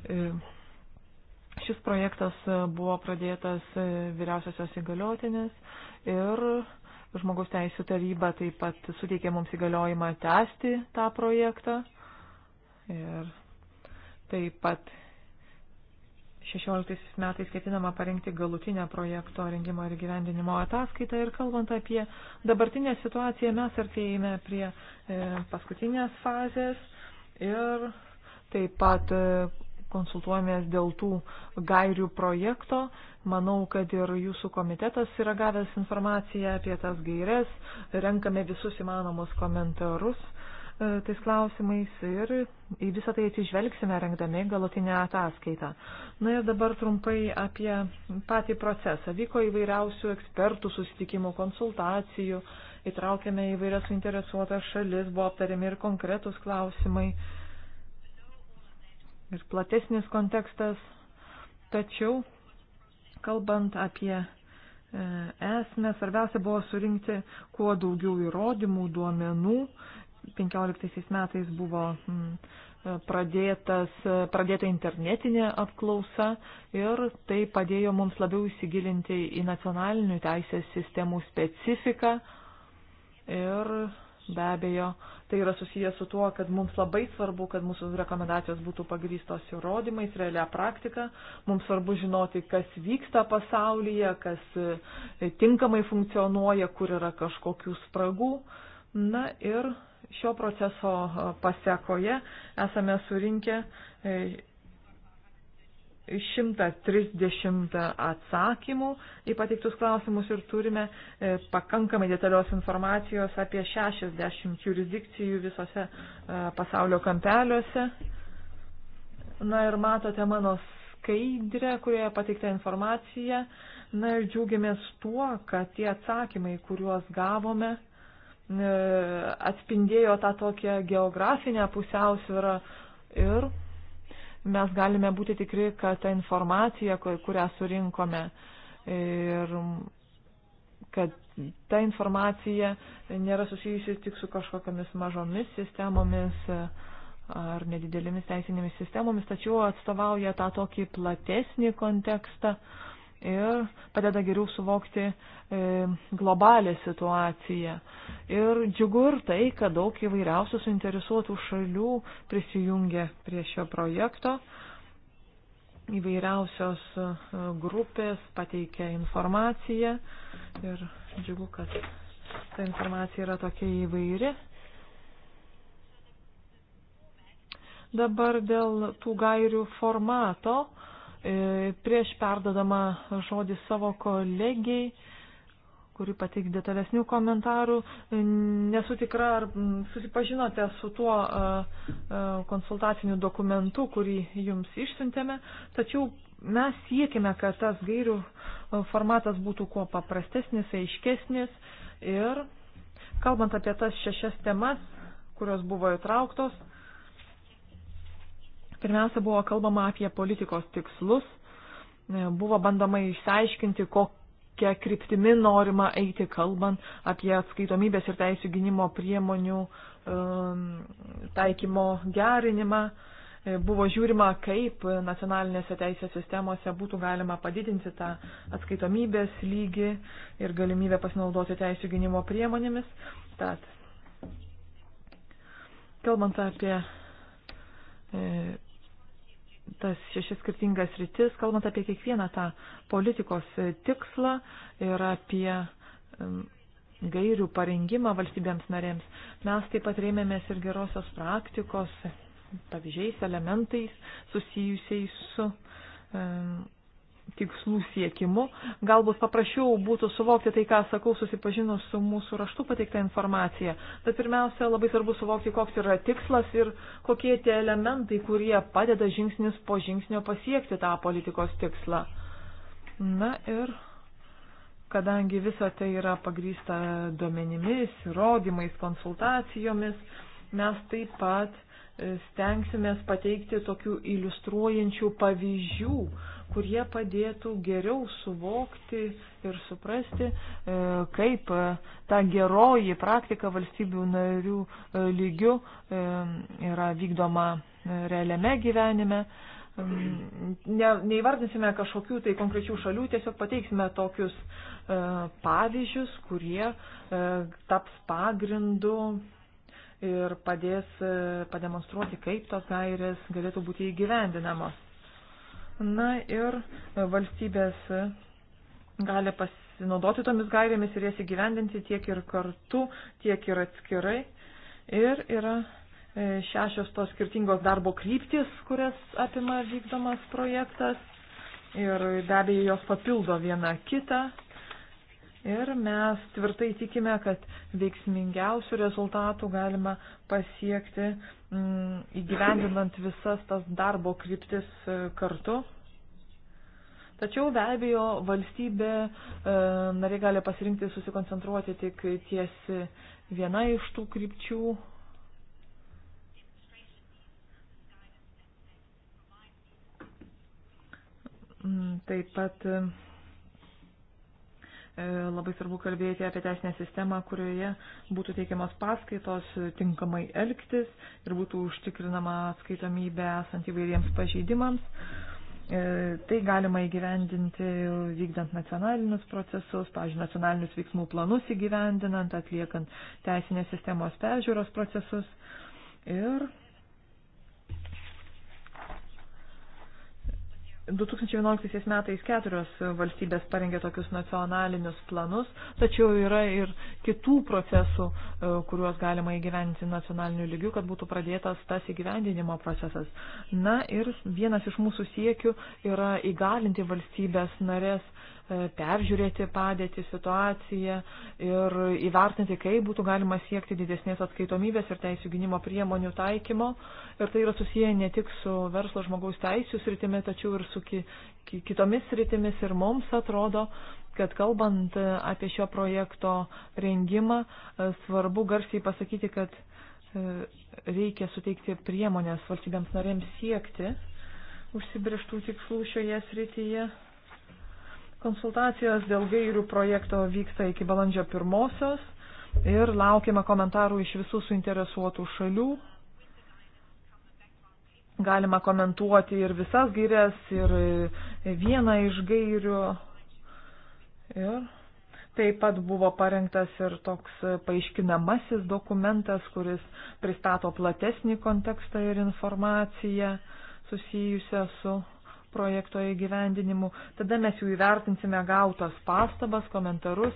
E, Šis projektas e, buvo pradėtas e, vyriausiosios įgaliotinės ir žmogaus teisų taryba taip pat suteikė mums įgaliojimą tęsti tą projektą. Ir taip pat 16 metais ketinama parengti galutinę projekto rengimo ir gyvendinimo ataskaitą ir kalbant apie dabartinę situaciją mes artėjame prie e, paskutinės fazės ir taip pat e, konsultuojamės dėl tų gairių projekto. Manau, kad ir jūsų komitetas yra gavęs informaciją apie tas gairias, renkame visus įmanomus komentarus e, tais klausimais ir į visą tai atsižvelgsime rengdami galutinę ataskaitą. Na ir dabar trumpai apie patį procesą. Vyko įvairiausių ekspertų susitikimų, konsultacijų, įtraukėme įvairias suinteresuotas šalis, buvo aptariami ir konkretus klausimai ir platesnis kontekstas. Tačiau, kalbant apie e, esmę, svarbiausia buvo surinkti kuo daugiau įrodymų, duomenų. 15 metais buvo pradėtas, pradėta internetinė apklausa ir tai padėjo mums labiau įsigilinti į nacionalinių teisės sistemų specifiką ir be abejo Tai yra susijęs su tuo, kad mums labai svarbu, kad mūsų rekomendacijos būtų pagrystos įrodymais, realia praktika. Mums svarbu žinoti, kas vyksta pasaulyje, kas e, tinkamai funkcionuoja, kur yra kažkokių spragų. Na ir šio proceso e, pasiekoje esame surinkę e, 130 atsakymų į pateiktus klausimus ir turime e, pakankamai detalios informacijos apie 60 jurisdikcijų visose e, pasaulio kampeliuose. Na ir matote mano skaidrę, kurioje pateikta informacija. Na ir džiaugiamės tuo, kad tie atsakymai, kuriuos gavome, e, atspindėjo tą tokią geografinę pusiausvyrą ir mes galime būti tikri, kad ta informacija, kurią surinkome ir kad ta informacija nėra susijusi tik su kažkokiamis mažomis sistemomis ar nedidelėmis teisinėmis sistemomis, tačiau atstovauja tą tokį platesnį kontekstą, ir padeda geriau suvokti e, globalę situaciją. Ir džiugu ir tai, kad daug įvairiausių suinteresuotų šalių prisijungia prie šio projekto. Įvairiausios e, grupės pateikia informaciją ir džiugu, kad ta informacija yra tokia įvairi. Dabar dėl tų gairių formato E, prieš perdodama žodį savo kolegiai, kuri pateiks detalesnių komentarų. E, nesu tikra, ar susipažinote su tuo e, konsultaciniu dokumentu, kurį jums išsintėme, tačiau mes siekime, kad tas gairių formatas būtų kuo paprastesnis, aiškesnis ir kalbant apie tas šešias temas, kurios buvo įtrauktos, Pirmiausia, buvo kalbama apie politikos tikslus, e, buvo bandoma išsiaiškinti, kokia kryptimi norima eiti, kalbant apie atskaitomybės ir teisų gynimo priemonių taikymo gerinimą. E, buvo žiūrima, kaip nacionalinėse teisės sistemose būtų galima padidinti tą atskaitomybės lygį ir galimybę pasinaudoti teisų gynimo priemonėmis. Tad, kalbant apie e, tas šešias skirtingas rytis, kalbant apie kiekvieną tą politikos tikslą ir apie gairių parengimą valstybėms narėms. Mes taip pat rėmėmės ir gerosios praktikos pavyzdžiais, elementais susijusiais su tikslų siekimu. Galbūt paprasčiau būtų suvokti tai, ką sakau, susipažinus su mūsų raštu pateikta informacija. Bet pirmiausia, labai svarbu suvokti, koks yra tikslas ir kokie tie elementai, kurie padeda žingsnis po žingsnio pasiekti tą politikos tikslą. Na ir kadangi visa tai yra pagrysta duomenimis, įrodymais, konsultacijomis, mes taip pat stengsimės pateikti tokių iliustruojančių pavyzdžių, kurie padėtų geriau suvokti ir suprasti, e, kaip e, ta geroji praktika valstybių narių e, lygių yra vykdoma realiame gyvenime. Mm, ne, neįvardinsime kažkokių tai konkrečių šalių, tiesiog pateiksime tokius e, pavyzdžius, kurie e, taps pagrindu ir padės e, pademonstruoti, kaip tos gairės galėtų būti įgyvendinamos. Na ir valstybės gali pasinaudoti tomis gairėmis ir jas įgyvendinti tiek ir kartu, tiek ir atskirai. Ir yra e, šešios tos skirtingos darbo kryptis, kurias apima vykdomas projektas. Ir be abejo jos papildo vieną kitą. Ir mes tvirtai tikime, kad veiksmingiausių rezultatų galima pasiekti Mm, įgyvendinant visas tas darbo kryptis e, kartu. Tačiau be abejo valstybė e, nariai gali pasirinkti susikoncentruoti tik ties viena iš tų krypčių. Mm, taip pat e, E, labai svarbu kalbėti apie teisinę sistemą, kurioje būtų teikiamos paskaitos e, tinkamai elgtis ir būtų užtikrinama atskaitomybė esant įvairiems pažeidimams. E, tai galima įgyvendinti vykdant nacionalinius procesus, pažiūrėjau, nacionalinius veiksmų planus įgyvendinant, atliekant teisinės sistemos peržiūros procesus. Ir 2011 metais keturios valstybės parengė tokius nacionalinius planus, tačiau yra ir kitų procesų, e, kuriuos galima įgyventi nacionaliniu lygiu, kad būtų pradėtas tas įgyvendinimo procesas. Na ir vienas iš mūsų siekių yra įgalinti valstybės narės peržiūrėti padėtį, situaciją ir įvertinti, kaip būtų galima siekti didesnės atskaitomybės ir teisų gynimo priemonių taikymo. Ir tai yra susiję ne tik su verslo žmogaus teisų sritimi, tačiau ir su ki ki kitomis sritimis. Ir mums atrodo, kad kalbant apie šio projekto rengimą, svarbu garsiai pasakyti, kad e, reikia suteikti priemonės valstybėms narėms siekti užsibrieštų tikslų šioje srityje. Konsultacijos dėl gairių projekto vyksta iki balandžio pirmosios ir laukiame komentarų iš visų suinteresuotų šalių. Galima komentuoti ir visas gairias, ir vieną iš gairių. Ir taip pat buvo parengtas ir toks paaiškinamasis dokumentas, kuris pristato platesnį kontekstą ir informaciją susijusią su projekto įgyvendinimu. Tada mes jau įvertinsime gautas pastabas, komentarus,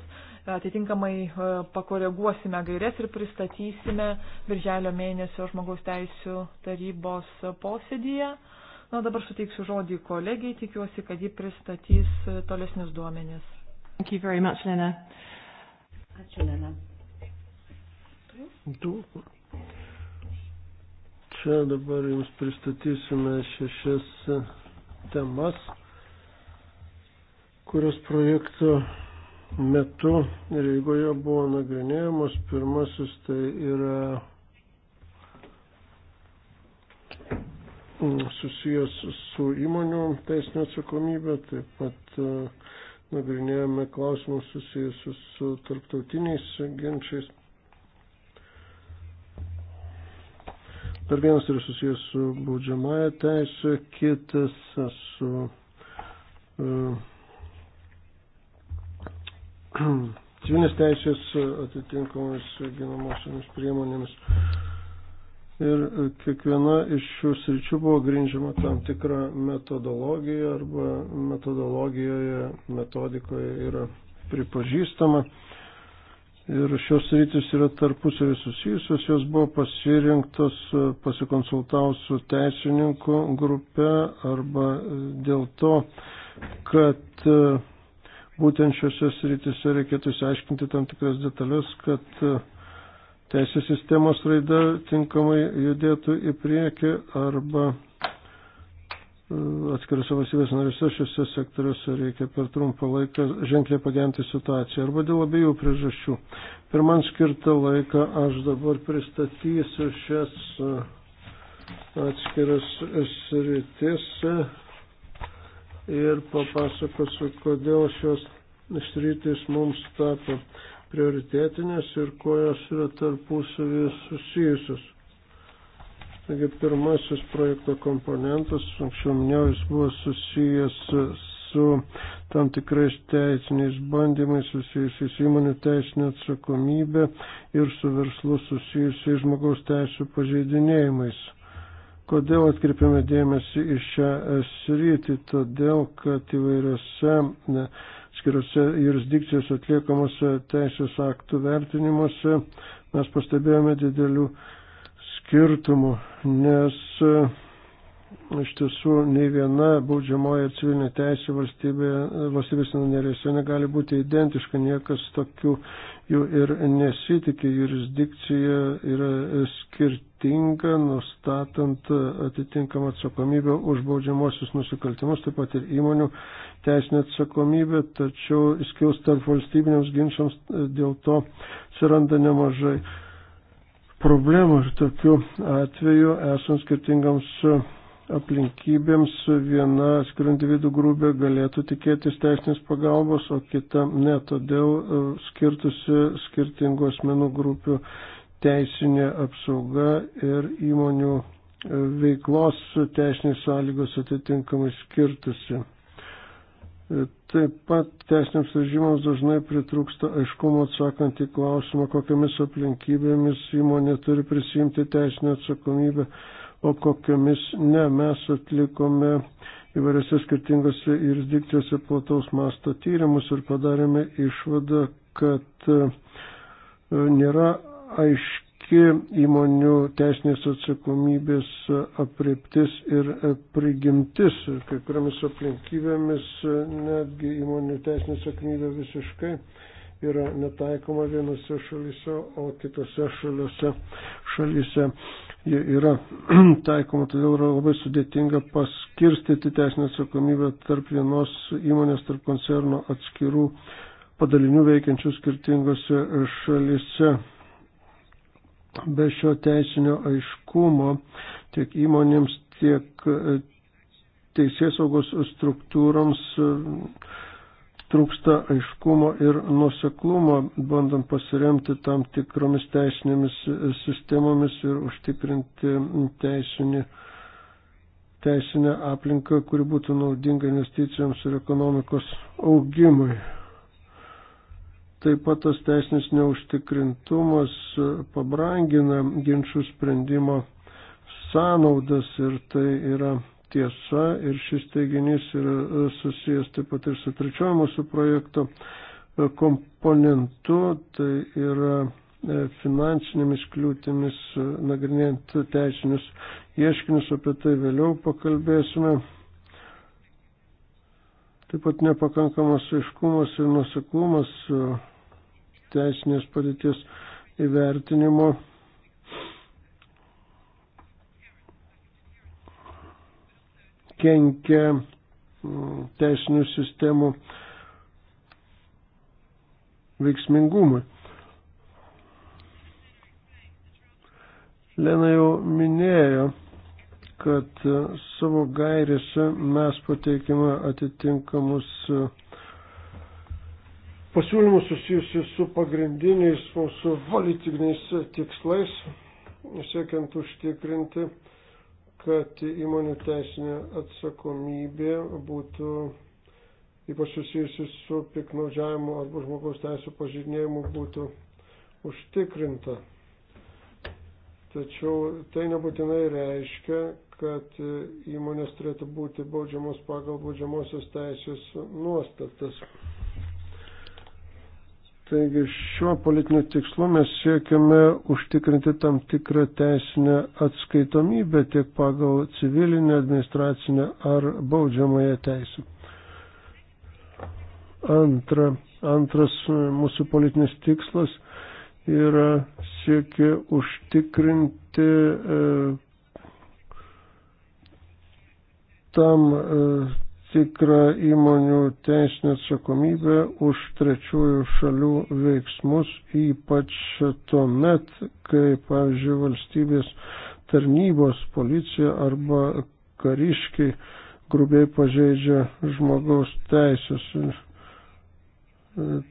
atitinkamai e, pakoreguosime gairias ir pristatysime Birželio mėnesio žmogaus teisų tarybos posėdyje. Na, dabar suteiksiu žodį kolegijai, tikiuosi, kad ji pristatys tolesnius duomenis. Much, Lena. Ačiū, Lena. Du. Čia dabar jums pristatysime šešias temas, kurios projekto metu ir eigoje buvo nagrinėjamos. Pirmasis tai yra susijęs su įmonių teisinė atsakomybė, taip pat e, nagrinėjome klausimus susijusius su tarptautiniais ginčiais. Dar vienas yra susijęs su baudžiamąją teisę, kitas su e, civilinės uh, teisės atitinkamomis ginamosiomis priemonėmis. Ir kiekviena iš šių sričių buvo grindžiama tam tikrą metodologiją arba metodologijoje, metodikoje yra pripažįstama. Uh, ir šios rytis yra tarpusavį susijusios, jos buvo pasirinktos e, pasikonsultaus su teisininkų grupe arba e, dėl to, kad e, būtent šiuose srityse reikėtų išsiaiškinti tam tikras detalės, kad teisės sistemos raida tinkamai judėtų į priekį arba atskirose valstybės narėse šiuose sektoriuose reikia per trumpą laiką ženkliai pagerinti situaciją arba dėl abiejų priežasčių. Per man skirtą laiką aš dabar pristatysiu šias e, atskiras sritis ir papasakosiu, kodėl šios sritis mums tapo prioritetinės ir kuo jos yra tarpusavį susijusios. Taigi pirmasis projekto komponentas, anksčiau minėjau, jis buvo susijęs su tam tikrais teisiniais bandymais susijusiais įmonių teisinė atsakomybė ir su verslu susijusiais žmogaus teisų pažeidinėjimais. Kodėl atkreipiame dėmesį į šią sritį? Todėl, kad įvairiose skiriose jurisdikcijos atliekamose teisės aktų vertinimuose mes pastebėjome didelių skirtumų, nes e, iš tiesų nei viena baudžiamoja ir civilinė teisė valstybė, valstybės narėse negali būti identiška, niekas tokių jų ir nesitikė, jurisdikcija yra skirtinga, nustatant atitinkamą atsakomybę už baudžiamosius nusikaltimus, taip pat ir įmonių teisinė atsakomybė, tačiau iškils tarp valstybiniams ginčiams dėl to atsiranda nemažai problemų ir tokių atvejų esant skirtingams aplinkybėms viena atskirų individų grupė galėtų tikėtis teisinės pagalbos, o kita ne. Todėl e, skirtusi skirtingų asmenų grupių teisinė apsauga ir įmonių e, veiklos teisinės sąlygos atitinkamai skirtusi. E, Taip pat teisiniams režimams dažnai pritrūksta aiškumo atsakant į klausimą, kokiamis aplinkybėmis įmonė turi prisimti teisinę atsakomybę, o kokiamis ne. Mes atlikome įvairiose skirtingose jurisdikcijose plataus masto tyrimus ir padarėme išvadą, kad e, nėra aiškiai aiški įmonių teisinės atsakomybės apriptis ir prigimtis. Kai kuriamis aplinkybėmis netgi įmonių teisinė atsakomybė visiškai yra netaikoma vienose šalyse, o kitose šalyse, šalyse ji yra taikoma. Todėl yra labai sudėtinga paskirstyti teisinę atsakomybę tarp vienos įmonės, tarp koncerno atskirų padalinių veikiančių skirtingose šalyse. Be šio teisinio aiškumo tiek įmonėms, tiek e, teisėsaugos struktūroms e, trūksta aiškumo ir nuseklumo, bandant pasiremti tam tikromis teisinėmis e, sistemomis ir užtikrinti teisinį, teisinę aplinką, kuri būtų naudinga investicijoms ir ekonomikos augimui. Taip pat tas teisinis neužtikrintumas pabrangina ginčių sprendimo sąnaudas ir tai yra tiesa ir šis teiginys yra susijęs taip pat ir su trečioju mūsų projekto komponentu, tai yra e, finansinėmis kliūtimis e, nagrinėjant teisinius ieškinius, apie tai vėliau pakalbėsime. Taip pat nepakankamas aiškumas ir nusiklumas e, teisinės padėties įvertinimo. kenkia mm, teisinių sistemų veiksmingumui. Lena jau minėjo, kad savo gairėse mes pateikime atitinkamus uh, pasiūlymus susijusius su pagrindiniais mūsų politiniais tikslais, siekiant užtikrinti, kad įmonių teisinė atsakomybė būtų ypač susijusi su piknaudžiavimu arba žmogaus teisų pažydinėjimu būtų užtikrinta. Tačiau tai nebūtinai reiškia, kad įmonės turėtų būti baudžiamos pagal baudžiamosios teisės nuostatas. Taigi šiuo politiniu tikslu mes siekiame užtikrinti tam tikrą teisinę atskaitomybę tiek pagal civilinę, administracinę ar baudžiamąją teisę. Antra, antras mūsų politinis tikslas yra siekia užtikrinti e, tam e, tikrą įmonių teisinę atsakomybę už trečiųjų šalių veiksmus, ypač tuo met, kai, pavyzdžiui, valstybės tarnybos policija arba kariškiai grubiai pažeidžia žmogaus teisės. E,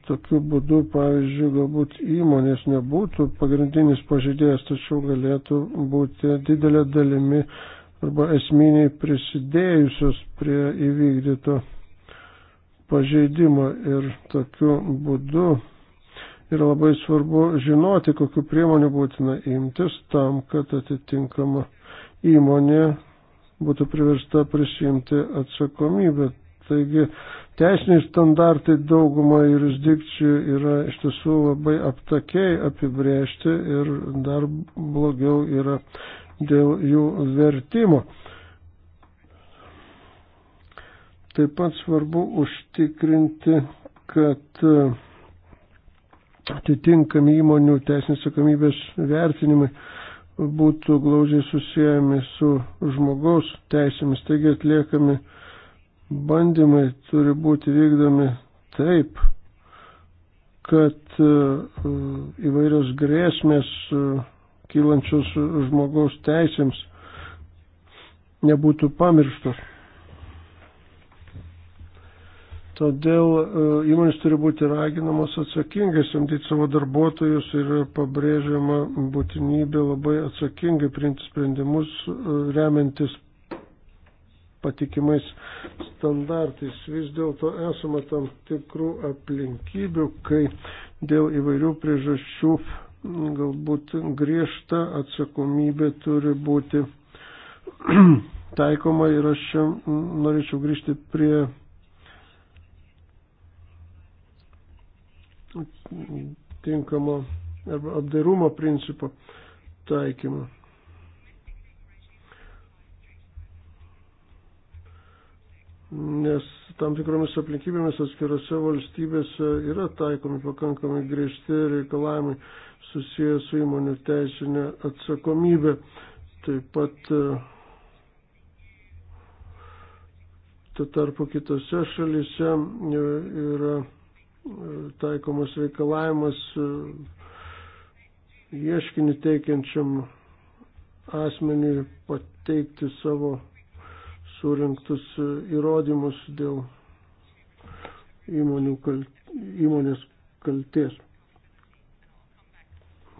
tokiu būdu, pavyzdžiui, galbūt įmonės nebūtų pagrindinis pažeidėjas, tačiau galėtų būti didelė dalimi uh, arba esminiai prisidėjusios prie įvykdyto pažeidimo ir tokiu būdu yra labai svarbu žinoti, kokiu priemonių būtina imtis tam, kad atitinkama įmonė būtų priversta prisimti atsakomybę. Taigi teisiniai standartai daugumą jurisdikcijų yra iš tiesų labai aptakiai apibrėžti ir dar blogiau yra dėl jų vertimo. Taip pat svarbu užtikrinti, kad e, atitinkami įmonių teisinės atsakomybės vertinimai būtų glaudžiai susijęmi su žmogaus teisėmis. Taigi atliekami bandymai turi būti vykdomi taip, kad e, įvairios grėsmės e, kylančius žmogaus teisėms nebūtų pamirštos. Todėl e, įmonės turi būti raginamos atsakingai samdyti savo darbuotojus ir pabrėžiama būtinybė labai atsakingai priimti sprendimus, e, remiantis patikimais standartais. Vis dėlto esama tam tikrų aplinkybių, kai dėl įvairių priežasčių galbūt griežta atsakomybė turi būti taikoma ir aš čia norėčiau grįžti prie tinkamo arba apdairumo principo taikymą. Nes tam tikromis aplinkybėmis atskirose valstybėse yra taikomi pakankamai griežti reikalavimai susijęs su įmonių teisinė atsakomybė. Taip pat e, tuo tarpu kitose šalise e, yra e, taikomas reikalavimas ieškinį teikiančiam asmeniui pateikti savo surinktus įrodymus dėl įmonių kal, įmonės kalties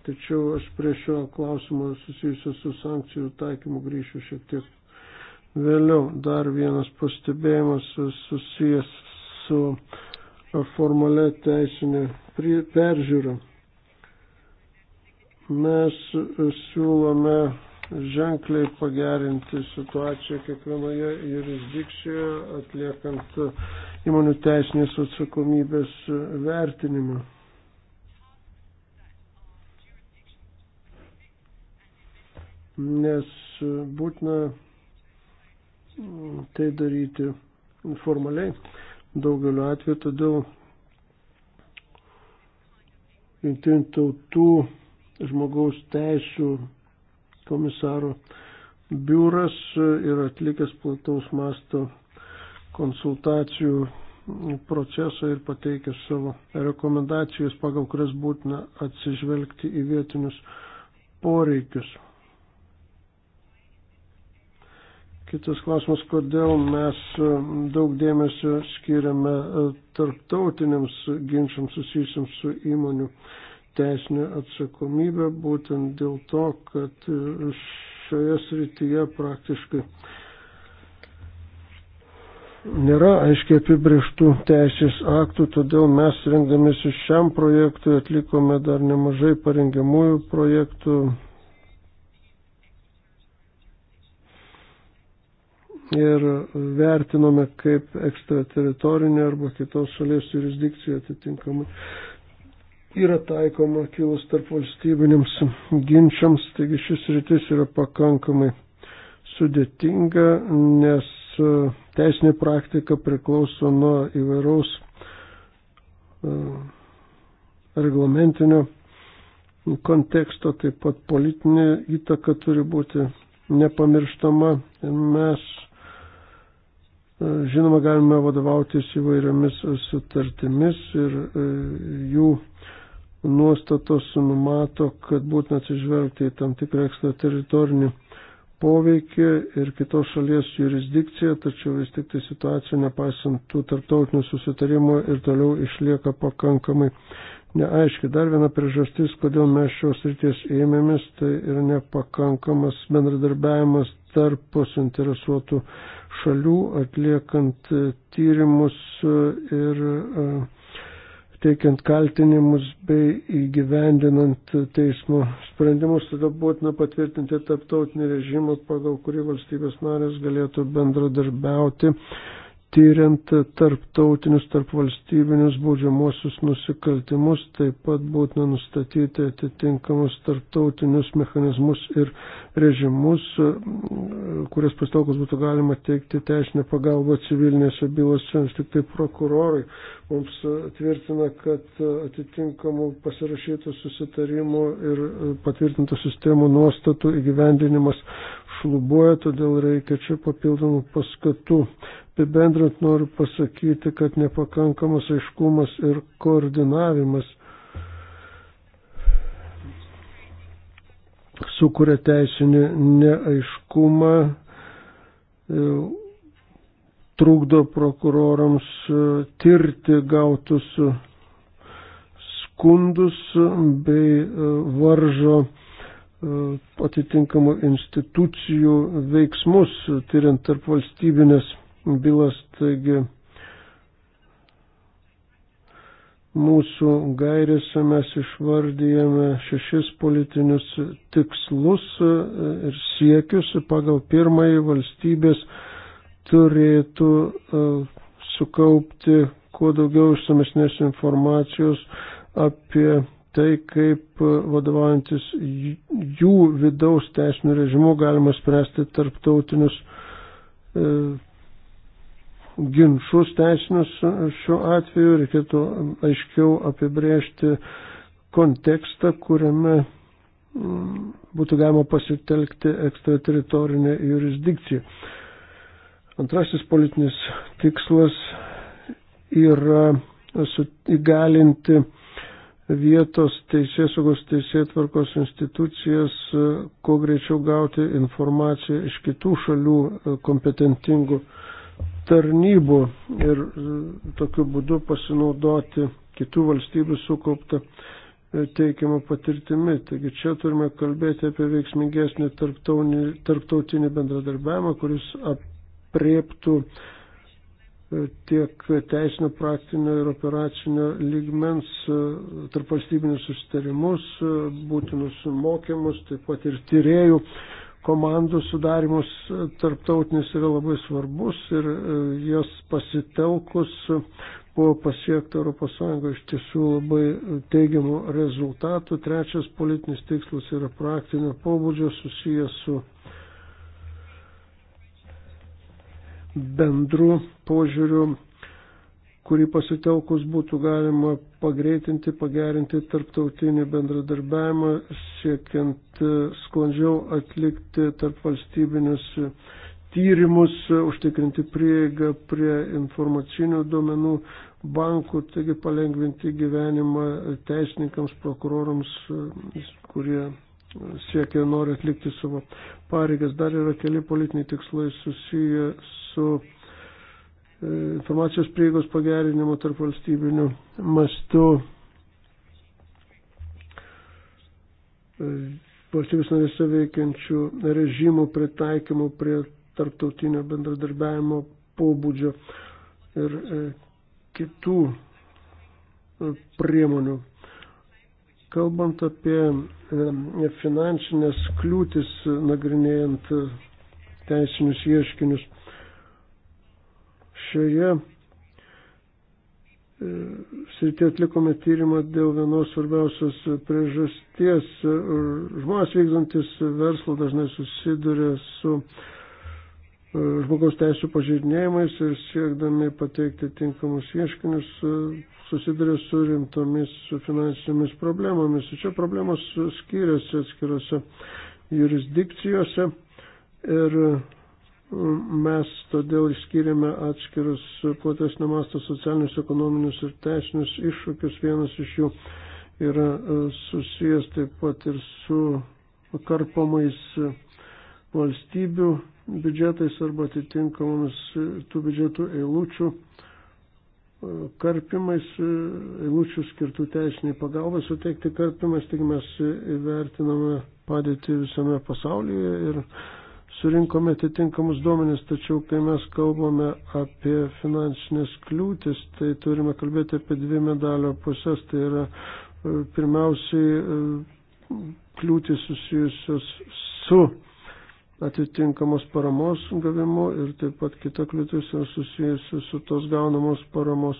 tačiau aš prie šio klausimo susijusio su sankcijų taikymu grįšiu šiek tiek vėliau. Dar vienas pastebėjimas susijęs su formale teisinė peržiūra. Mes siūlome ženkliai pagerinti situaciją kiekvienoje jurisdikcijoje, atliekant įmonių teisinės atsakomybės vertinimą. nes būtina tai daryti formaliai daugeliu atveju, todėl jungtinių tautų žmogaus teisų komisaro biuras yra atlikęs plataus masto konsultacijų procesą ir pateikęs savo rekomendacijas, pagal kurias būtina atsižvelgti į vietinius poreikius. Kitas klausimas, kodėl mes e, daug dėmesio skiriame e, tarptautiniams ginčiams susijusiams su įmonių teisinė atsakomybė, būtent dėl to, kad e, šioje srityje praktiškai nėra aiškiai apibrieštų teisės aktų, todėl mes rengdamėsi šiam projektui atlikome dar nemažai parengiamųjų projektų, ir vertinome kaip ekstrateritorinė arba kitos šalies jurisdikcija atitinkamai yra taikoma kilus tarp valstybinėms ginčiams, taigi šis rytis yra pakankamai sudėtinga, nes e, teisinė praktika priklauso nuo įvairaus e, reglamentinio konteksto, taip pat politinė įtaka turi būti nepamirštama. Mes E, žinoma, galime vadovautis įvairiomis sutartimis ir e, jų nuostatos numato, kad būtina atsižvelgti į tam tikrą ekstrateritorinį poveikį ir kitos šalies jurisdikciją, tačiau vis tik tai situacija, nepaisant tų tarptautinių susitarimų, ir toliau išlieka pakankamai neaiški. Dar viena priežastis, kodėl mes šios ryties ėmėmės, tai yra nepakankamas bendradarbiavimas tarp suinteresuotų interesuotų šalių atliekant e, tyrimus e, ir e, teikiant kaltinimus bei įgyvendinant teismo sprendimus, tada būtina patvirtinti tarptautinį režimą, pagal kurį valstybės narės galėtų bendradarbiauti tyriant tarptautinius, tarpvalstybinius baudžiamuosius nusikaltimus, taip pat būtina nustatyti atitinkamus tarptautinius mechanizmus ir režimus, kurias pastokus būtų galima teikti teisinę pagalbą civilinėse bylose, nes tik tai prokurorai mums tvirtina, kad atitinkamų pasirašytų susitarimų ir patvirtintų sistemų nuostatų įgyvendinimas šlubuoja, todėl reikia čia papildomų paskatų Apibendrint noriu pasakyti, kad nepakankamas aiškumas ir koordinavimas sukuria teisinį neaiškumą, e, trukdo prokurorams e, tirti gautus skundus bei e, varžo atitinkamų institucijų veiksmus, tyriant tarp valstybinės bylas. Taigi mūsų gairėse mes išvardyjame šešis politinius tikslus ir siekius. Pagal pirmąjį valstybės turėtų e, sukaupti kuo daugiau išsamesnės informacijos apie tai, kaip vadovaujantis jų vidaus teisinių režimų galima spręsti tarptautinius e, ginčius teisinius šiuo atveju, reikėtų aiškiau apibrėžti kontekstą, kuriame mm, būtų galima pasitelkti ekstrateritorinę jurisdikciją. Antrasis politinis tikslas yra įgalinti vietos teisėsaugos teisėtvarkos institucijas, kuo greičiau gauti informaciją iš kitų šalių kompetentingų tarnybų ir e, tokiu būdu pasinaudoti kitų valstybių sukauptą e, teikiamą patirtimi. Taigi čia turime kalbėti apie veiksmingesnį tarptautinį, tarptautinį bendradarbiavimą, kuris apriektų e, tiek teisinio, praktinio ir operacinio lygmens tarp valstybinius sustarimus, būtinus mokymus, taip pat ir tyriejų komandų sudarimus tarptautinis yra labai svarbus ir e, jos pasitelkus buvo pasiekta ES iš tiesų labai e, teigiamų rezultatų. Trečias politinis tikslas yra praktinio pobūdžio susijęs su bendru požiūriu kurį pasitelkus būtų galima pagreitinti, pagerinti tarptautinį bendradarbiavimą, siekiant e, sklandžiau atlikti tarp valstybinius e, tyrimus, e, užtikrinti prieigą prie informacinių duomenų bankų, taigi palengvinti gyvenimą teisininkams, prokurorams, kurie siekia ir nori atlikti savo pareigas. Dar yra keli politiniai tikslai susiję su E, informacijos prieigos pagerinimo tarp valstybinių mastų. E, valstybės narėse veikiančių režimų pritaikymų prie tarptautinio bendradarbiavimo pobūdžio ir e, kitų priemonių. Kalbant apie finansinės kliūtis nagrinėjant teisinius ieškinius, šioje srityje atlikome tyrimą dėl vienos svarbiausios priežasties. E, žmonės vykdantis verslą dažnai susiduria su e, žmogaus teisų pažeidinėjimais ir siekdami pateikti tinkamus ieškinius e, susiduria su rimtomis finansinėmis problemomis. Čia problemos skiriasi atskirose jurisdikcijose ir Mes todėl išskiriame atskirus platesnio masto socialinius, ekonominius ir teisinius iššūkius. Vienas iš jų yra e, susijęs taip pat ir su karpomais e, valstybių biudžetais arba atitinkamomis e, tų biudžetų eilučių karpimais, eilučių skirtų teisiniai pagalbai suteikti karpimais, tik mes įvertiname padėtį visame pasaulyje ir surinkome atitinkamus duomenis, tačiau kai mes kalbame apie finansinės kliūtis, tai turime kalbėti apie dvi medalio pusės. Tai yra e, pirmiausiai e, kliūtis susijusios su atitinkamos paramos gavimu ir taip pat kita kliūtis yra susijusi su tos gaunamos paramos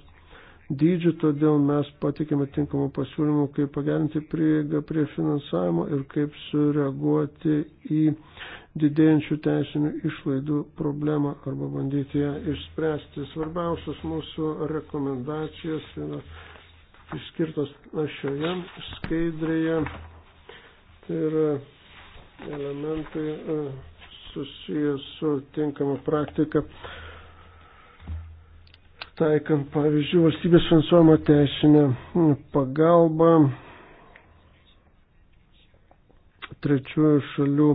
dydžiu, todėl mes patikėme tinkamų pasiūlymų, kaip pagerinti prieigą prie finansavimo ir kaip sureaguoti į didėjančių teisinių išlaidų problemą arba bandyti ją išspręsti. Svarbiausias mūsų rekomendacijos yra išskirtos šioje skaidrėje. Tai yra elementai e, susijęs su tinkama praktika taikant, pavyzdžiui, valstybės finansuojama teisinė pagalba trečiųjų šalių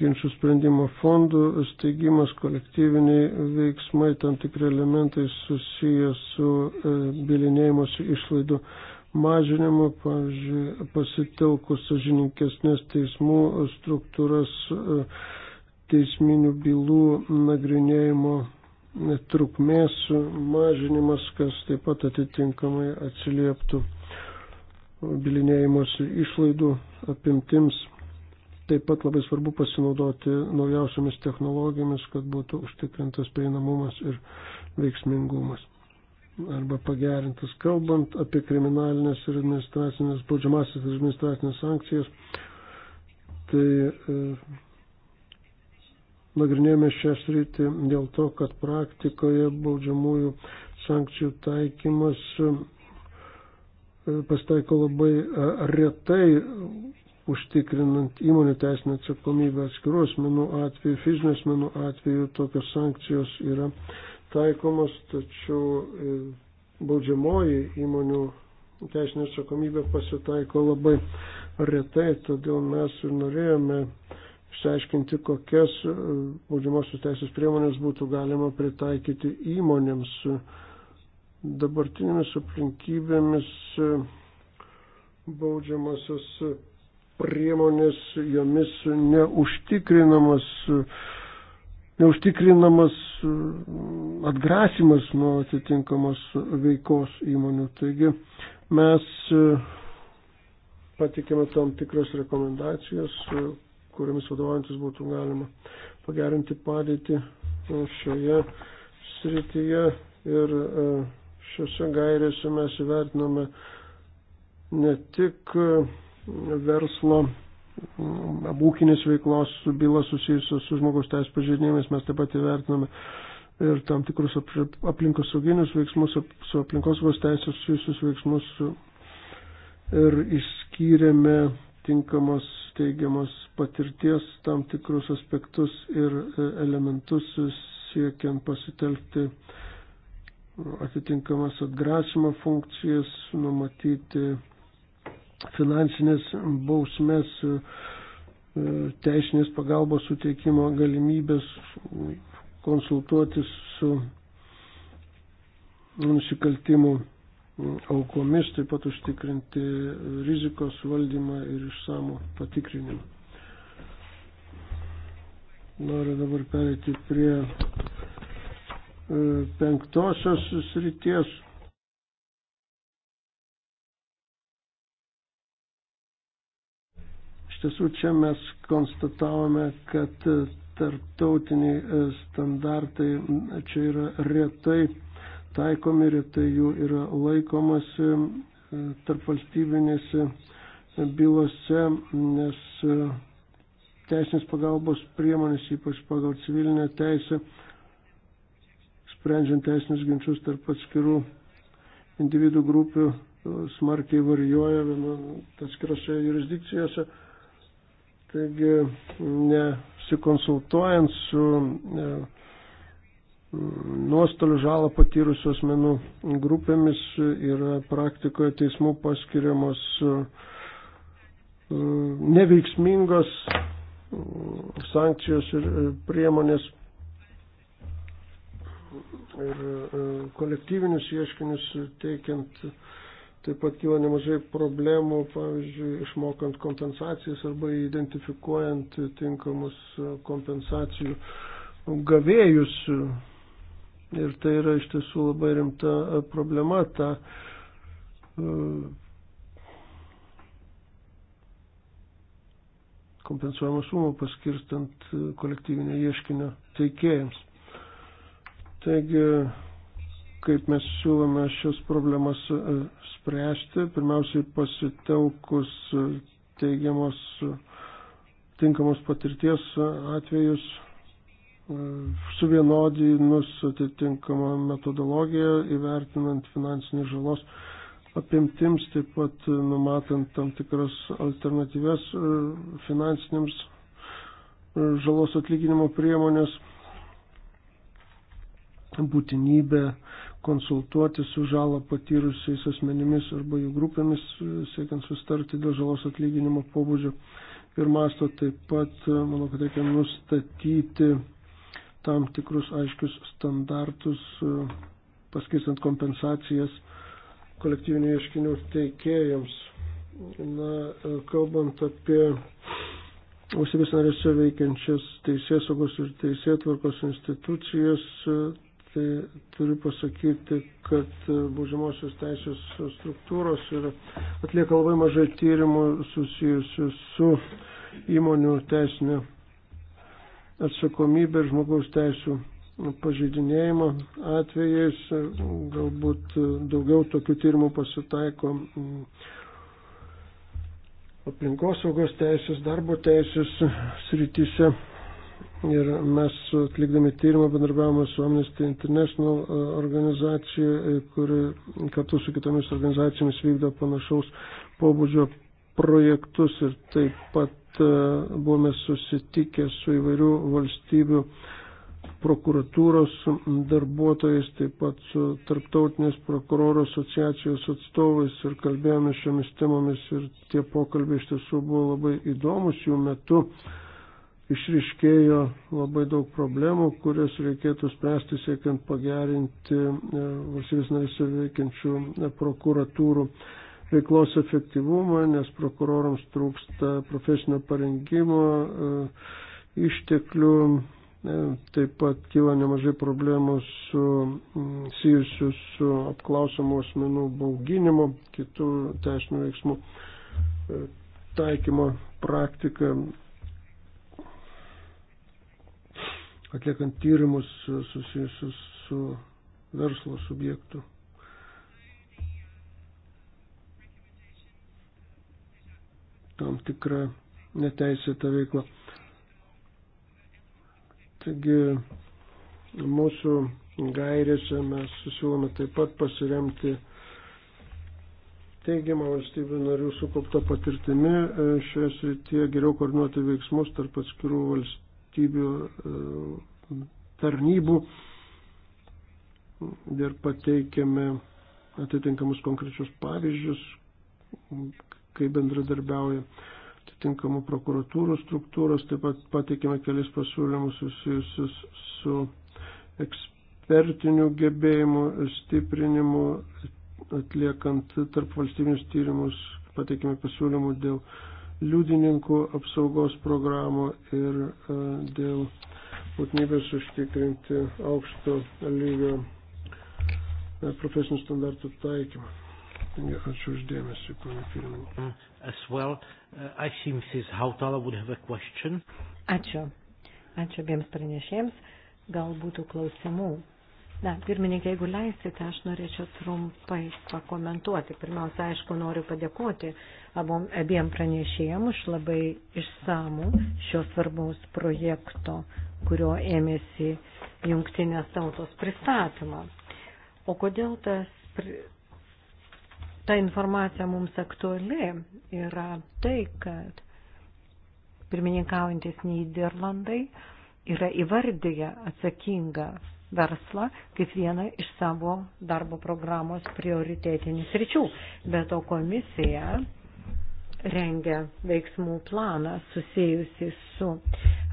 ginčių sprendimo fondų steigimas, kolektyviniai veiksmai, tam tikri elementai susiję su e, bilinėjimuose išlaidų mažinimu, pavyzdžiui, pasitelkus sažininkesnės teismų struktūras e, teisminių bylų nagrinėjimo trukmės mažinimas, kas taip pat atitinkamai atsilieptų bilinėjimuose išlaidų apimtims. Taip pat labai svarbu pasinaudoti naujausiamis technologijomis, kad būtų užtikrintas prieinamumas ir veiksmingumas arba pagerintas. Kalbant apie kriminalinės ir administracinės, baudžiamasis ir administracinės sankcijas, tai e, nagrinėjome šią sritį dėl to, kad praktikoje baudžiamųjų sankcijų taikymas e, pastaiko labai e, retai užtikrinant įmonių teisinę atsakomybę atskirų asmenų atveju, fizinių asmenų atveju tokios sankcijos yra taikomos, tačiau e, baudžiamoji įmonių teisinė atsakomybė pasitaiko labai retai, todėl mes ir norėjome išsiaiškinti, kokias e, baudžiamosios teisės priemonės būtų galima pritaikyti įmonėms dabartinėmis aplinkybėmis e, baudžiamosios priemonės, jomis neužtikrinamas, neužtikrinamas atgrasimas nuo atitinkamos veikos įmonių. Taigi mes patikėme tam tikras rekomendacijas, kuriamis vadovaujantis būtų galima pagerinti padėtį šioje srityje ir e, šiuose gairėse mes įvertiname ne tik verslo būkinės veiklos bylas susijusios su žmogaus teisų pažeidinėjimais mes taip pat įvertiname ir tam tikrus aplinkos sauginius veiksmus, su aplinkos vos teisės susijusius veiksmus ir išskyrėme tinkamos teigiamos patirties tam tikrus aspektus ir e, elementus siekiant pasitelkti atitinkamas atgrasimo funkcijas, numatyti finansinės bausmės, e, e, teisinės pagalbos suteikimo galimybės konsultuotis su nusikaltimų aukomis, taip pat užtikrinti rizikos valdymą ir išsamų patikrinimą. Noriu dabar pereiti prie e, penktosios srities tiesų čia mes konstatavome, kad tarptautiniai e, standartai čia yra retai taikomi, retai jų yra laikomasi e, tarp valstybinėse e, bylose, nes teisinės pagalbos priemonės, ypač pagal civilinę teisę, sprendžiant teisinius ginčius tarp atskirų individų grupių, smarkiai varijuoja atskirose jurisdikcijose. Taigi, nesikonsultuojant su e, nuostolių žalą patyrusių asmenų grupėmis yra praktikoje teismų paskiriamos e, neveiksmingos e, sankcijos ir priemonės ir kolektyvinius ieškinius teikiant Taip pat kyla nemažai problemų, pavyzdžiui, išmokant kompensacijas arba identifikuojant tinkamus kompensacijų gavėjus. Ir tai yra iš tiesų labai rimta problema. Ta, e, kompensuojamą sumą paskirstant kolektyvinio ieškinio teikėjams. Taigi kaip mes siūlome šias problemas e, spręsti. Pirmiausiai pasitelkus e, teigiamos e, tinkamos patirties atvejus, suvienodinus atitinkamą metodologiją, įvertinant finansinį žalos apimtims, taip pat numatant tam tikras alternatyves finansiniams žalos atlyginimo priemonės būtinybę konsultuoti su žalą patyrusiais asmenimis arba jų grupėmis, e, siekiant sustarti dėl žalos atlyginimo pobūdžio ir masto. Taip pat, e, manau, kad reikia nustatyti tam tikrus aiškius standartus, e, paskirstant kompensacijas kolektyvinių ieškinių teikėjams. Na, kalbant apie valstybės narėse veikiančias teisėsaugos ir teisėtvarkos institucijas, tai turiu pasakyti, kad baudžiamosios teisės struktūros ir atlieka labai mažai tyrimų susijusių su įmonių teisinė atsakomybė ir žmogaus teisų pažeidinėjimo atvejais. Galbūt daugiau tokių tyrimų pasitaiko mm, aplinkosaugos teisės, darbo teisės srityse. Ir mes atlikdami tyrimą bendarbiavome su Amnesty International e, organizacija, e, kuri kartu su kitomis organizacijomis vykdo panašaus pobūdžio projektus ir taip pat e, buvome susitikę su įvairių valstybių prokuratūros darbuotojais, taip pat su tarptautinės prokurorų asociacijos atstovais ir kalbėjome šiomis temomis ir tie pokalbiai iš tiesų buvo labai įdomus jų metu išriškėjo labai daug problemų, kurias reikėtų spręsti siekiant pagerinti e, valstybės narėse veikiančių e, prokuratūrų veiklos efektyvumą, nes prokurorams trūksta profesinio parengimo, e, išteklių, taip pat kyla nemažai problemų su, sijusių su apklausiamų asmenų bauginimu, kitų teisinių veiksmų taikymo praktika atliekant tyrimus e, susijusius su verslo subjektu. Tam tikrą neteisėtą veiklą. Taigi mūsų gairėse mes susiūlome taip pat pasiremti teigiamą valstybių narių sukauptą patirtimi e, šioje srityje geriau koordinuoti veiksmus tarp atskirų valstybių valstybių e, tarnybų ir pateikėme atitinkamus konkrečius pavyzdžius, kaip bendradarbiauja atitinkamų prokuratūrų struktūros, taip pat pateikėme kelis pasiūlymus susijusius su ekspertiniu gebėjimu ir stiprinimu atliekant tarp valstybinius tyrimus, pateikėme pasiūlymų dėl uh, liudininkų apsaugos programų ir e, dėl būtinybės užtikrinti aukšto lygio e, profesinių standartų taikymą. Taigi, ačiū uždėmesi, ponė pirmininkė. Uh, as well, uh, I see Mrs. Hautala would have a question. Ačiū. Ačiū abiems pranešėjams. Gal būtų klausimų Na, pirmininkė, jeigu leisite, aš norėčiau trumpai pakomentuoti. Pirmiausia, aišku, noriu padėkoti abom, abiem pranešėjam už labai išsamų šio svarbaus projekto, kurio ėmėsi jungtinės tautos pristatymą. O kodėl tas, ta informacija mums aktuali yra tai, kad pirmininkaujantis Niderlandai yra įvardyje atsakingas verslą kaip vieną iš savo darbo programos prioritetinių sričių. Be to komisija rengia veiksmų planą susijusi su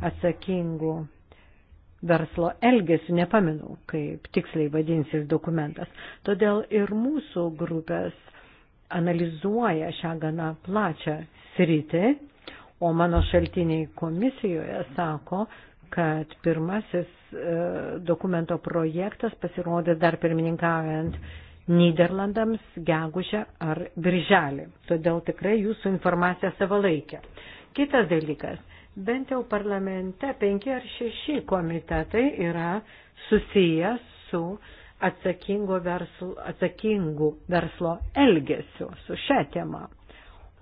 atsakingu verslo elgesiu, nepamenu, kaip tiksliai vadinsis dokumentas. Todėl ir mūsų grupės analizuoja šią gana plačią sritį, o mano šaltiniai komisijoje sako, kad pirmasis E, dokumento projektas pasirodė dar pirmininkaujant Niderlandams gegužę ar birželį. Todėl tikrai jūsų informacija savalaikė. Kitas dalykas, bent jau parlamente penki ar šeši komitetai yra susiję su atsakingo verslo, atsakingų verslo elgesiu, su šia tema.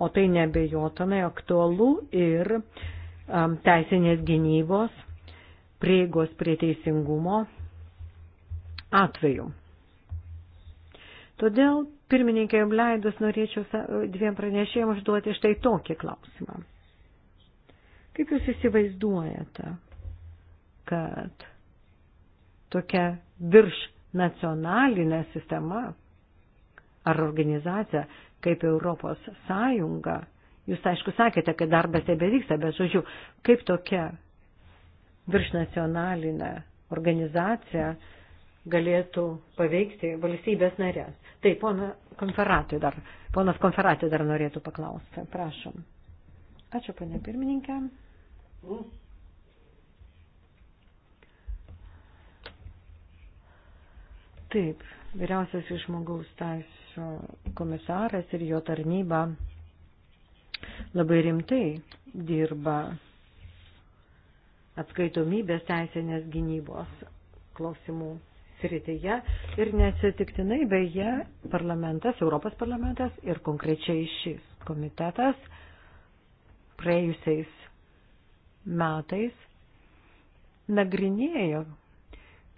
O tai nebejotinai aktualu ir um, teisinės gynybos prieigos prie teisingumo atveju. Todėl, pirmininkė, jums leidus norėčiau dviem pranešėjams užduoti štai tokį klausimą. Kaip jūs įsivaizduojate, kad tokia virš nacionalinė sistema ar organizacija kaip Europos Sąjunga, jūs aišku sakėte, kad darbas tebevyksta, bet žodžiu, kaip tokia viršnacionalinė organizacija galėtų paveikti valstybės narės. Taip, pona konferatui dar, ponas konferatui dar norėtų paklausti. Prašom. Ačiū, ponė pirmininkė. Taip, vyriausias iš žmogaus teisų komisaras ir jo tarnyba labai rimtai dirba atskaitomybės teisinės gynybos klausimų srityje ir neatsitiktinai beje parlamentas, Europos parlamentas ir konkrečiai šis komitetas praėjusiais metais nagrinėjo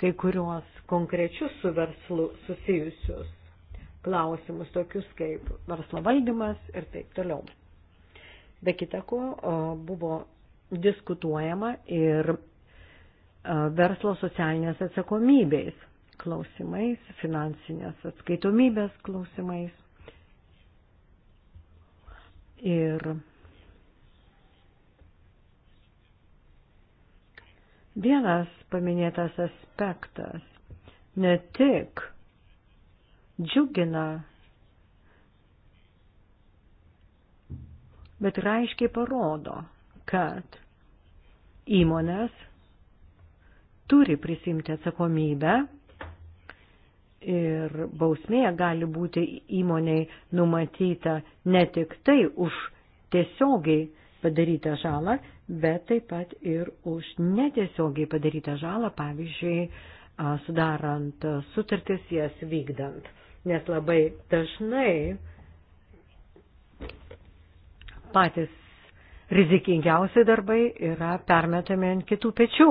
kai kuriuos konkrečius su verslu susijusius klausimus, tokius kaip verslo valdymas ir taip toliau. Be kita ko, buvo diskutuojama ir e, verslo socialinės atsakomybės klausimais, finansinės atskaitomybės klausimais. Ir vienas paminėtas aspektas ne tik džiugina, bet ir aiškiai parodo, kad įmonės turi prisimti atsakomybę ir bausmė gali būti įmoniai numatyta ne tik tai už tiesiogiai padarytą žalą, bet taip pat ir už netiesiogiai padarytą žalą, pavyzdžiui, sudarant sutartis jas vykdant. Nes labai dažnai patys rizikingiausi darbai yra permetami ant kitų pečių.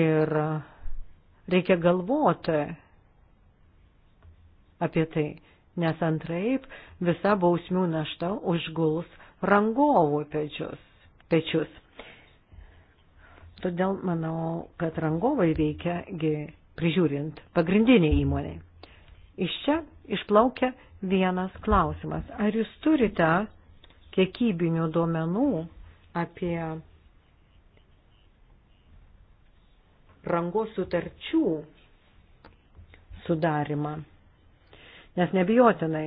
Ir reikia galvoti apie tai, nes antraip visa bausmių našta užguls rangovų pečius. pečius. Todėl manau, kad rangovai veikia prižiūrint pagrindinį įmonį. Iš čia išplaukia vienas klausimas. Ar jūs turite kiekybinių duomenų apie rangos sutarčių sudarimą. Nes nebijotinai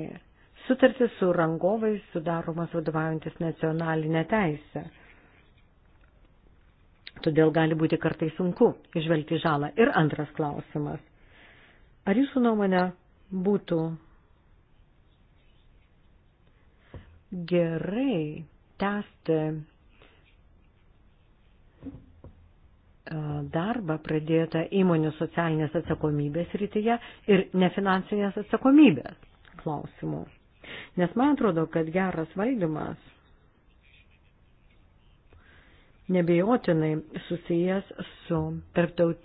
sutartis su rangovais sudaromas vadovaujantis nacionalinė teisė. Todėl gali būti kartai sunku išvelgti žalą. Ir antras klausimas. Ar jūsų nuomonė būtų gerai tęsti e, darbą pradėtą įmonių socialinės atsakomybės rytyje ir nefinansinės atsakomybės klausimų. Nes man atrodo, kad geras valdymas nebejotinai susijęs su tarptaut...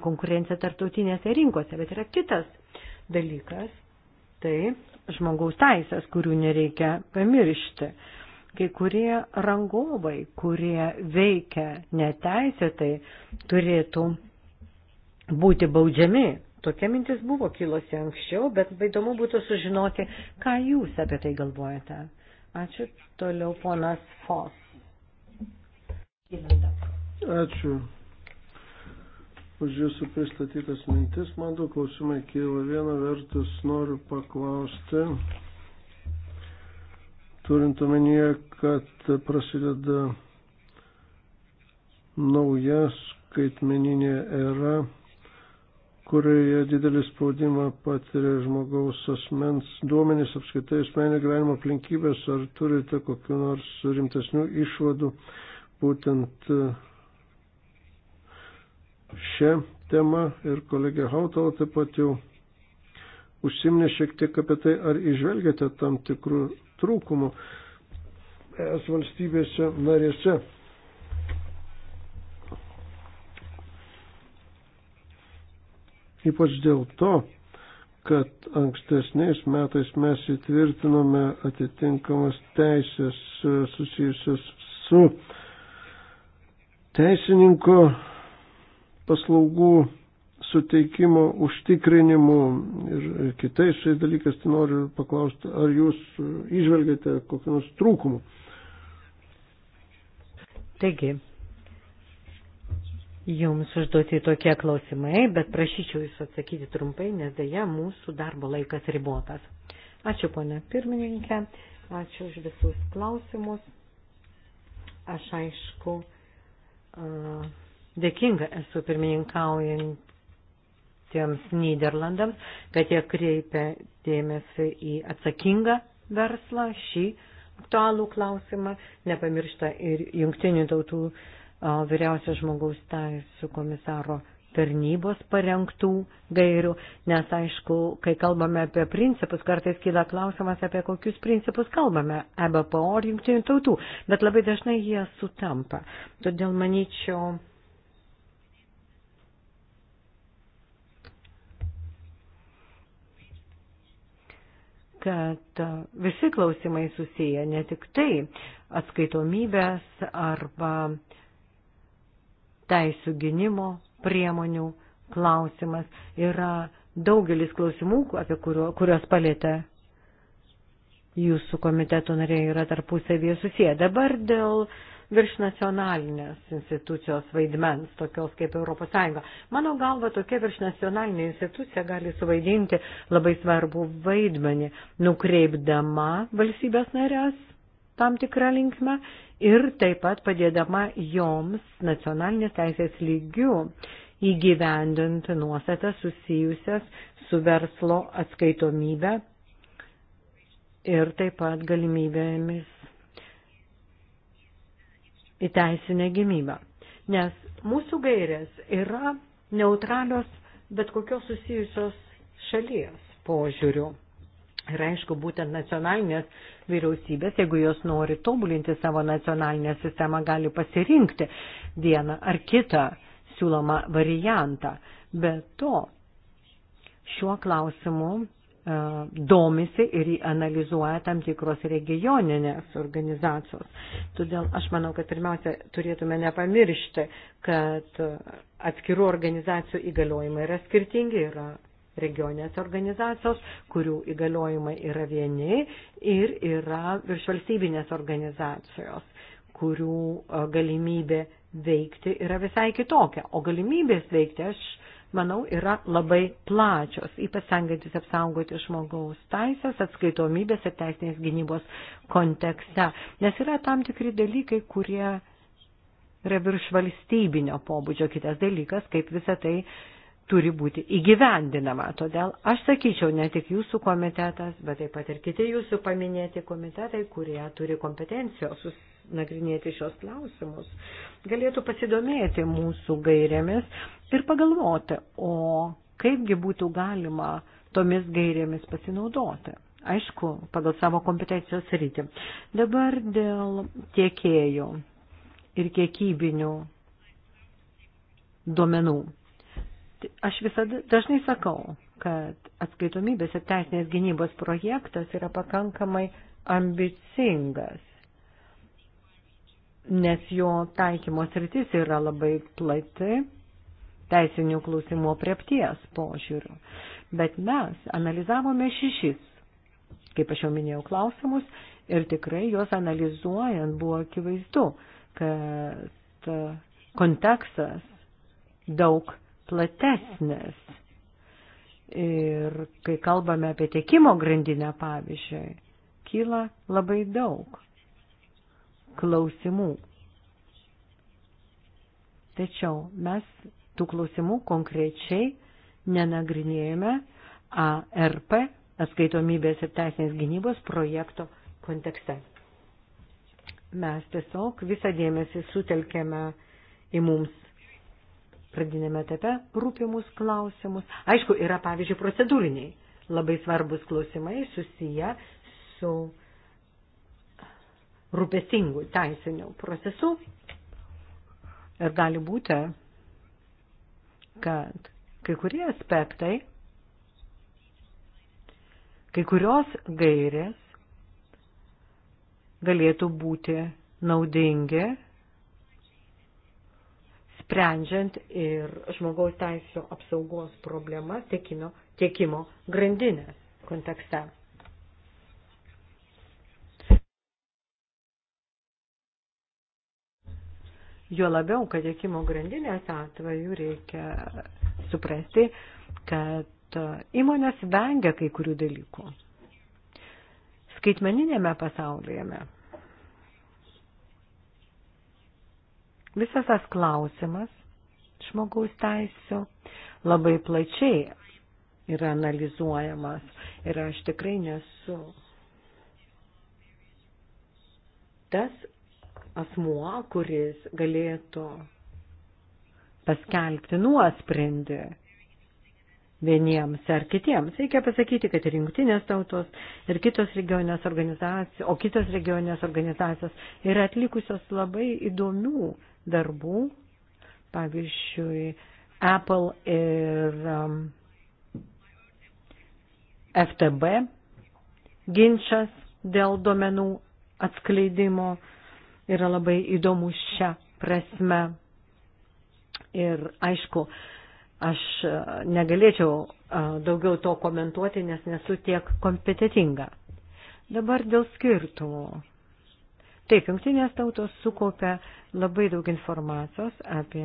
konkurencija tarptautinėse rinkose, bet yra kitas dalykas, tai žmogaus teisės, kurių nereikia pamiršti. Kai kurie rangovai, kurie veikia neteisėtai, turėtų būti baudžiami. Tokia mintis buvo kilosi anksčiau, bet įdomu būtų sužinoti, ką jūs apie tai galvojate. Ačiū. Toliau ponas Fos. Ačiū už jūsų pristatytas mintis. Man daug klausimai kyla. Viena vertus noriu paklausti, turint omenyje, kad prasideda nauja skaitmeninė era, kurioje didelį spaudimą patiria žmogaus asmens duomenys apskaitai asmenio gyvenimo aplinkybės. Ar turite kokiu nors rimtesnių išvadų būtent šią temą ir kolegė Hautala taip pat jau užsiminė šiek tiek apie tai, ar išvelgiate tam tikrų trūkumų es valstybėse narėse. Ypač dėl to, kad ankstesniais metais mes įtvirtinome atitinkamas teisės susijusias su teisininko paslaugų suteikimo užtikrinimu ir kitais šiais dalykais, tai noriu paklausti, ar jūs išvelgiate kokius trūkumus? Taigi, Jums užduoti tokie klausimai, bet prašyčiau Jūs atsakyti trumpai, nes dėja mūsų darbo laikas ribotas. Ačiū, ponė pirmininkė, ačiū už visus klausimus. Aš aišku, Dėkinga esu pirmininkaujantiems Niderlandams, kad jie kreipia dėmesį į atsakingą verslą, šį aktualų klausimą, nepamiršta ir jungtinių tautų vyriausios žmogaus teisų komisaro tarnybos parengtų gairių, nes aišku, kai kalbame apie principus, kartais kyla klausimas, apie kokius principus kalbame, EBPO ar jungtinių tautų, bet labai dažnai jie sutampa. Todėl manyčiau, kad visi klausimai susiję ne tik tai atskaitomybės arba teisų gynimo priemonių klausimas yra daugelis klausimų, apie kurio, kurios palėtė jūsų komiteto nariai yra tarpusavėje susiję. Dabar dėl virš nacionalinės institucijos vaidmens, tokios kaip ES. Mano galva, tokia virš nacionalinė institucija gali suvaidinti labai svarbų vaidmenį, nukreipdama valstybės narės tam tikrą linkmę ir taip pat padėdama joms nacionalinės teisės lygių įgyvendinti nuostatas susijusias su verslo atskaitomybė ir taip pat galimybėmis į teisinę gimybą. Nes mūsų gairės yra neutralios bet kokios susijusios šalies požiūrių. Ir aišku, būtent nacionalinės vyriausybės, jeigu jos nori tobulinti savo nacionalinę sistemą, gali pasirinkti vieną ar kitą siūlomą variantą. Be to, šiuo klausimu E, domisi ir jį analizuoja tam tikros regioninės organizacijos. Todėl aš manau, kad pirmiausia turėtume nepamiršti, kad atskirų organizacijų įgaliojimai yra skirtingi, yra regioninės organizacijos, kurių įgaliojimai yra vieni ir yra viršvalstybinės organizacijos, kurių e, galimybė veikti yra visai kitokia. O galimybės veikti aš manau, yra labai plačios, ypač stengiantis apsaugoti žmogaus taisės, atskaitomybės ir teisinės gynybos kontekste. Nes yra tam tikri dalykai, kurie yra virš valstybinio pobūdžio. Kitas dalykas, kaip visą tai turi būti įgyvendinama. Todėl aš sakyčiau, ne tik jūsų komitetas, bet taip pat ir kiti jūsų paminėti komitetai, kurie turi kompetencijos sus nagrinėti šios klausimus, galėtų pasidomėti mūsų gairėmis ir pagalvoti, o kaipgi būtų galima tomis gairėmis pasinaudoti. Aišku, pagal savo kompetencijos rytį. Dabar dėl tiekėjų ir kiekybinių duomenų. Tai aš visada dažnai sakau, kad atskaitomybės ir teisinės gynybos projektas yra pakankamai ambicingas nes jo taikymos rytis yra labai plati teisinių klausimų priepties požiūrių. Bet mes analizavome šešis, kaip aš jau minėjau, klausimus ir tikrai juos analizuojant buvo akivaizdu, kad kontekstas daug platesnis. Ir kai kalbame apie tiekimo grandinę, pavyzdžiui, kyla labai daug klausimų. Tačiau mes tų klausimų konkrečiai nenagrinėjame ARP atskaitomybės ir teisinės gynybos projekto kontekste. Mes tiesiog visą dėmesį sutelkėme į mums pradinėme etape rūpimus klausimus. Aišku, yra pavyzdžiui procedūriniai labai svarbus klausimai susiję su rūpestingų teisinių procesų ir gali būti, kad kai kurie aspektai, kai kurios gairės galėtų būti naudingi, sprendžiant ir žmogaus teisų apsaugos problemas tiekimo, tiekimo grandinės kontekste. Jo labiau, kad tiekimo grandinės atveju reikia suprasti, kad įmonės vengia kai kurių dalykų. Skaitmeninėme pasaulyje visas tas klausimas žmogaus teisų labai plačiai yra analizuojamas ir aš tikrai nesu tas, asmuo, kuris galėtų paskelbti nuosprendį vieniems ar kitiems. Reikia pasakyti, kad ir jungtinės tautos, ir kitos regioninės organizacijos, o kitos regioninės organizacijos yra atlikusios labai įdomių darbų, pavyzdžiui, Apple ir um, FTB ginčas dėl domenų atskleidimo yra labai įdomus šią prasme. Ir aišku, aš e, negalėčiau e, daugiau to komentuoti, nes nesu tiek kompetitinga. Dabar dėl skirtumų. Taip, jungtinės tautos sukaupia labai daug informacijos apie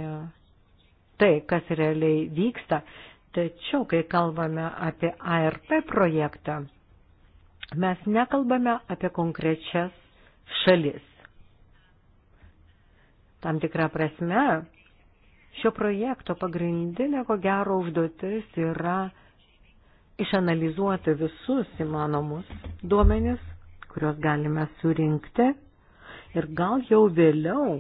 tai, kas realiai vyksta, tačiau, kai kalbame apie ARP projektą, mes nekalbame apie konkrečias šalis. Tam tikrą prasme, šio projekto pagrindinė, ko gero, užduotis yra išanalizuoti visus įmanomus duomenis, kuriuos galime surinkti ir gal jau vėliau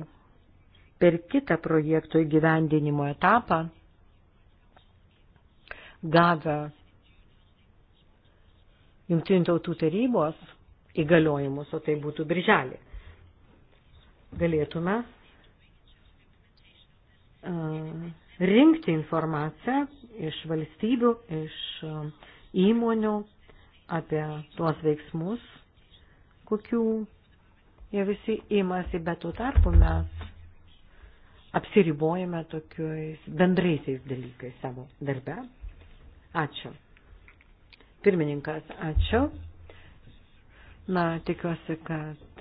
per kitą projekto įgyvendinimo etapą gavę Jungtinių tautų tarybos įgaliojimus, o tai būtų birželį. Galėtume rinkti informaciją iš valstybių, iš įmonių apie tuos veiksmus, kokių jie visi imasi, bet tuo tarpu mes apsiribojame tokiais bendraisiais dalykais savo darbe. Ačiū. Pirmininkas, ačiū. Na, tikiuosi, kad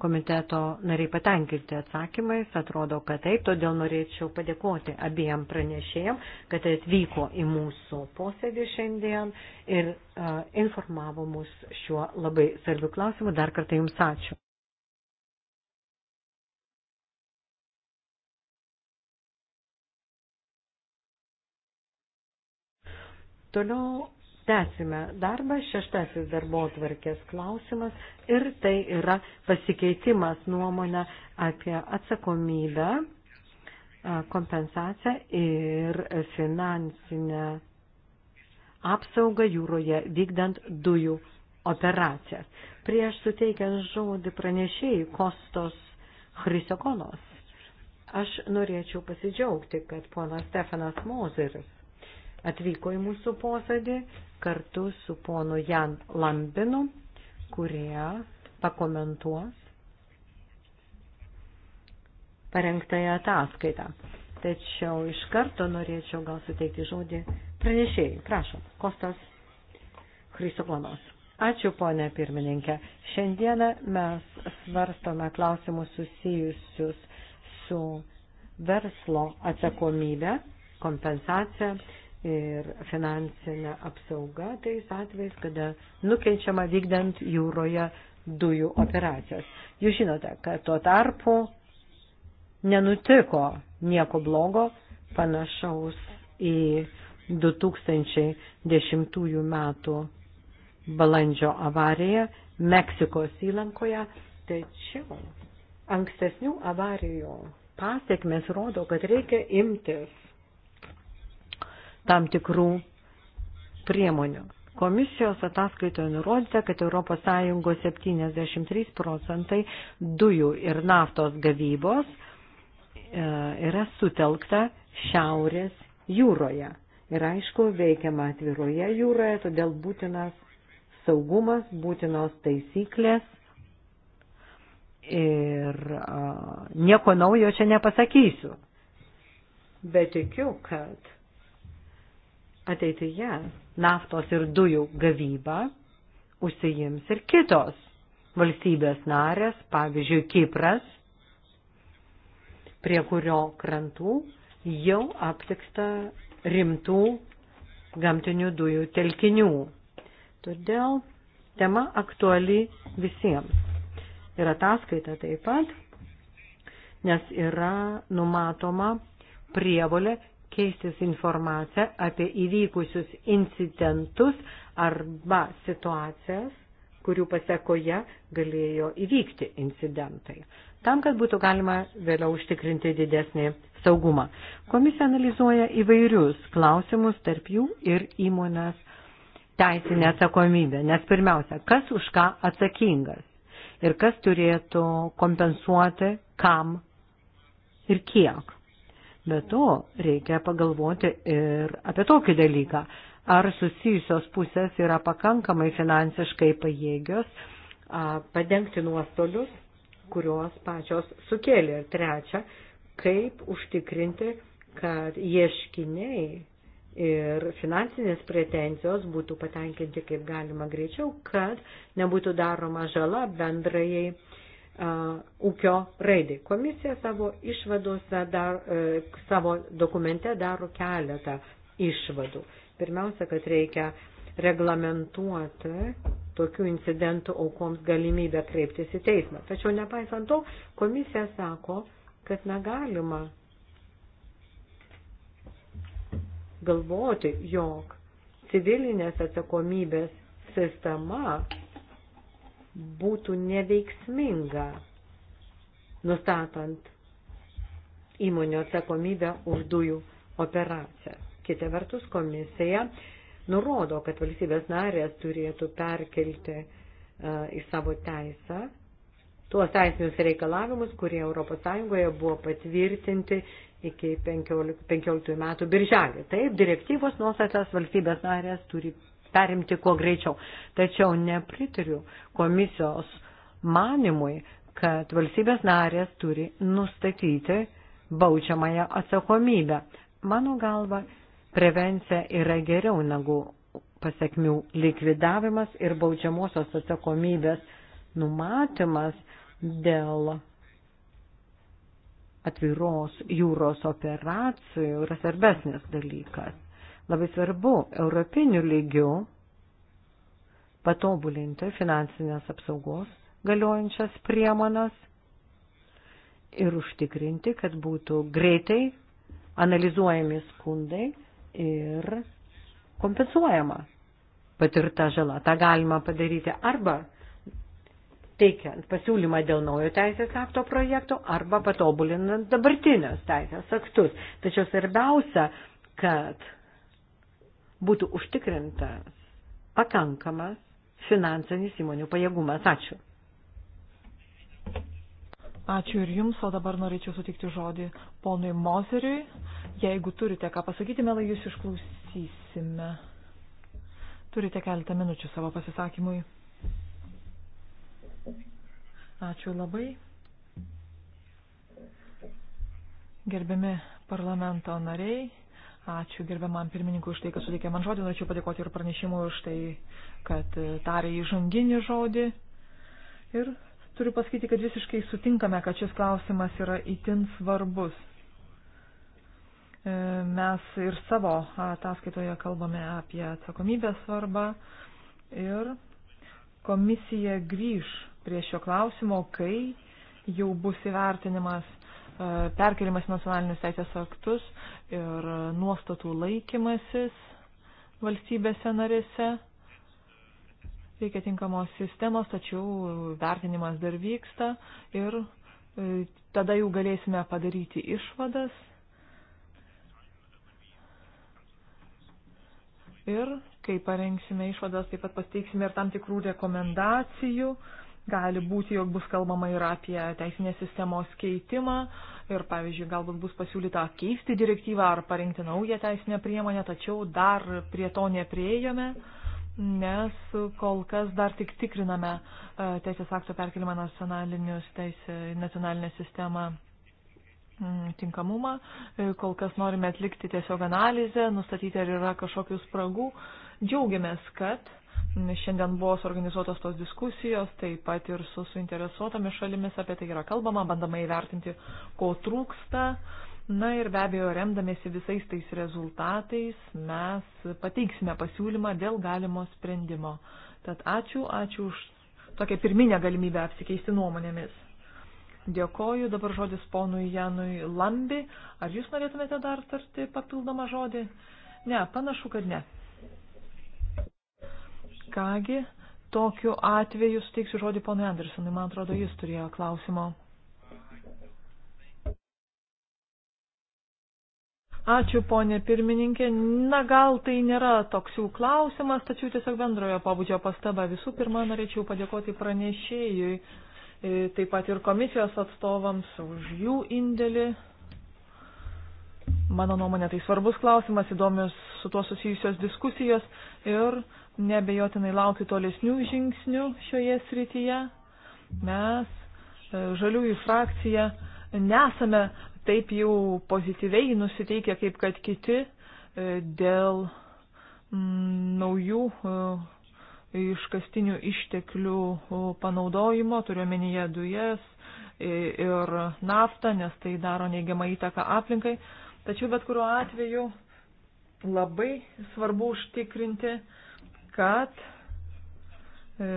komiteto nariai patenkinti atsakymais, atrodo, kad taip, todėl norėčiau padėkoti abiem pranešėjim, kad atvyko į mūsų posėdį šiandien ir uh, informavo mus šiuo labai svarbiu klausimu. Dar kartą Jums ačiū. Toliau Tęsime darbą, šeštasis darbo tvarkės klausimas ir tai yra pasikeitimas nuomonę apie atsakomybę, kompensaciją ir finansinę apsaugą jūroje vykdant dujų operacijas. Prieš suteikiant žodį pranešėjai Kostos Chrysokonos, aš norėčiau pasidžiaugti, kad ponas Stefanas Mozeris atvyko į mūsų posėdį kartu su ponu Jan Lambinu, kurie pakomentuos parengtąją ataskaitą. Tačiau iš karto norėčiau gal suteikti žodį pranešėjai. Prašom, Kostas Chrysokonos. Ačiū, ponė pirmininkė. Šiandieną mes svarstome klausimus susijusius su verslo atsakomybė, kompensacija ir finansinė apsauga tais atvejais, kada nukenčiama vykdant jūroje dujų operacijas. Jūs žinote, kad tuo tarpu nenutiko nieko blogo panašaus į 2010 metų balandžio avariją Meksikos įlankoje, tačiau ankstesnių avarijų pasiekmes rodo, kad reikia imtis tam tikrų priemonių. Komisijos ataskaitoje nurodyta, kad ES 73 procentai dujų ir naftos gavybos e, yra sutelkta šiaurės jūroje. Ir aišku, veikiama atviroje jūroje, todėl būtinas saugumas, būtinos taisyklės ir a, e, nieko naujo čia nepasakysiu. Bet tikiu, kad ateityje naftos ir dujų gavybą užsijims ir kitos valstybės narės, pavyzdžiui, Kipras, prie kurio krantų jau aptiksta rimtų gamtinių dujų telkinių. Todėl tema aktuali visiems. Ir ataskaita taip pat, nes yra numatoma prievolė keistis informaciją apie įvykusius incidentus arba situacijas, kurių pasiekoje galėjo įvykti incidentai, tam, kad būtų galima vėliau užtikrinti didesnį saugumą. Komisija analizuoja įvairius klausimus, tarp jų ir įmonės teisinę atsakomybę, nes pirmiausia, kas už ką atsakingas ir kas turėtų kompensuoti, kam ir kiek. Be to, reikia pagalvoti ir apie tokį dalyką, ar susijusios pusės yra pakankamai finansiškai pajėgios a, padengti nuostolius, kuriuos pačios sukėlė. Ir trečia, kaip užtikrinti, kad ieškiniai ir finansinės pretenzijos būtų patenkinti kaip galima greičiau, kad nebūtų daroma žala bendrajai ūkio raidai. Komisija savo išvadose, dar, e, savo dokumente daro keletą išvadų. Pirmiausia, kad reikia reglamentuoti tokių incidentų aukoms galimybę kreiptis į teismą. Tačiau nepaisant to, komisija sako, kad negalima galvoti, jog civilinės atsakomybės sistema būtų neveiksminga, nustatant įmonių atsakomybę už dujų operaciją. Kita vertus, komisija nurodo, kad valstybės narės turėtų perkelti uh, į savo teisę tuos teisinius reikalavimus, kurie ES buvo patvirtinti iki 15, 15 metų birželį. Taip, direktyvos nuostatas valstybės narės turi perimti kuo greičiau. Tačiau nepritariu komisijos manimui, kad valstybės narės turi nustatyti baudžiamąją atsakomybę. Mano galva, prevencija yra geriau negu pasiekmių likvidavimas ir baudžiamosios atsakomybės numatymas dėl atviros jūros operacijų yra svarbesnis dalykas. Labai svarbu europinių lygių patobulinti finansinės apsaugos galiojančias priemonas ir užtikrinti, kad būtų greitai analizuojami skundai ir kompensuojama patirta žala. Ta galima padaryti arba teikiant pasiūlymą dėl naujo teisės akto projekto arba patobulinant dabartinius teisės aktus. Tačiau svarbiausia, kad būtų užtikrintas pakankamas finansinis įmonių pajėgumas. Ačiū. Ačiū ir jums, o dabar norėčiau sutikti žodį ponui Moseriui. Jeigu turite ką pasakyti, melai jūs išklausysime. Turite keletą minučių savo pasisakymui. Ačiū labai. Gerbiami parlamento nariai, Ačiū gerbiamam pirmininkui už tai, kad suteikė man žodį. Norėčiau padėkoti ir pranešimui už tai, kad e, tarė įžanginį žodį. Ir turiu pasakyti, kad visiškai sutinkame, kad šis klausimas yra itin svarbus. E, mes ir savo ataskaitoje kalbame apie atsakomybės svarbą ir komisija grįž prie šio klausimo, kai jau bus įvertinimas E, perkelimas nacionalinius teisės aktus ir nuostatų laikymasis valstybėse narėse. Reikia tinkamos sistemos, tačiau vertinimas dar vyksta ir e, tada jau galėsime padaryti išvadas. Ir kai parengsime išvadas, taip pat pasteiksime ir tam tikrų rekomendacijų. Uh, Gali būti, jog bus kalbama ir apie teisinės sistemos keitimą ir, pavyzdžiui, galbūt bus pasiūlyta keisti direktyvą ar parinkti naują teisinę priemonę, tačiau dar prie to nepriejome, nes kol kas dar tik tikriname e, teisės akto perkelimą teisė, nacionalinę sistemą mm, tinkamumą, e, kol kas norime atlikti tiesiog analizę, nustatyti, ar yra kažkokių spragų. Džiaugiamės, kad Šiandien buvo suorganizuotos tos diskusijos, taip pat ir su suinteresuotomis šalimis apie tai yra kalbama, bandama įvertinti, ko trūksta. Na ir be abejo, remdamėsi visais tais rezultatais, mes pateiksime pasiūlymą dėl galimo sprendimo. Tad ačiū, ačiū už tokią pirminę galimybę apsikeisti nuomonėmis. Dėkoju, dabar žodis ponui Janui Lambi. Ar jūs norėtumėte dar tarti papildomą žodį? Ne, panašu, kad ne. Kągi, tokiu atveju suteiksiu žodį ponui Andersonui. Man atrodo, jis turėjo klausimo. Ačiū, ponė pirmininkė. Na, gal tai nėra toks jau klausimas, tačiau tiesiog bendrojo pabudžio pastaba. Visų pirma, norėčiau padėkoti pranešėjui, e, taip pat ir komisijos atstovams už jų indėlį. Mano nuomonė tai svarbus klausimas, įdomios su tuo susijusios diskusijos ir nebejotinai laukti tolesnių žingsnių šioje srityje. Mes, e, žaliųjų frakcija, nesame taip jau pozityviai nusiteikę kaip kad kiti e, dėl naujų e, iškastinių išteklių panaudojimo, turiuomenyje dujas ir naftą, nes tai daro neigiamą įtaką aplinkai. Tačiau bet kuriuo atveju labai svarbu užtikrinti, kad e, e,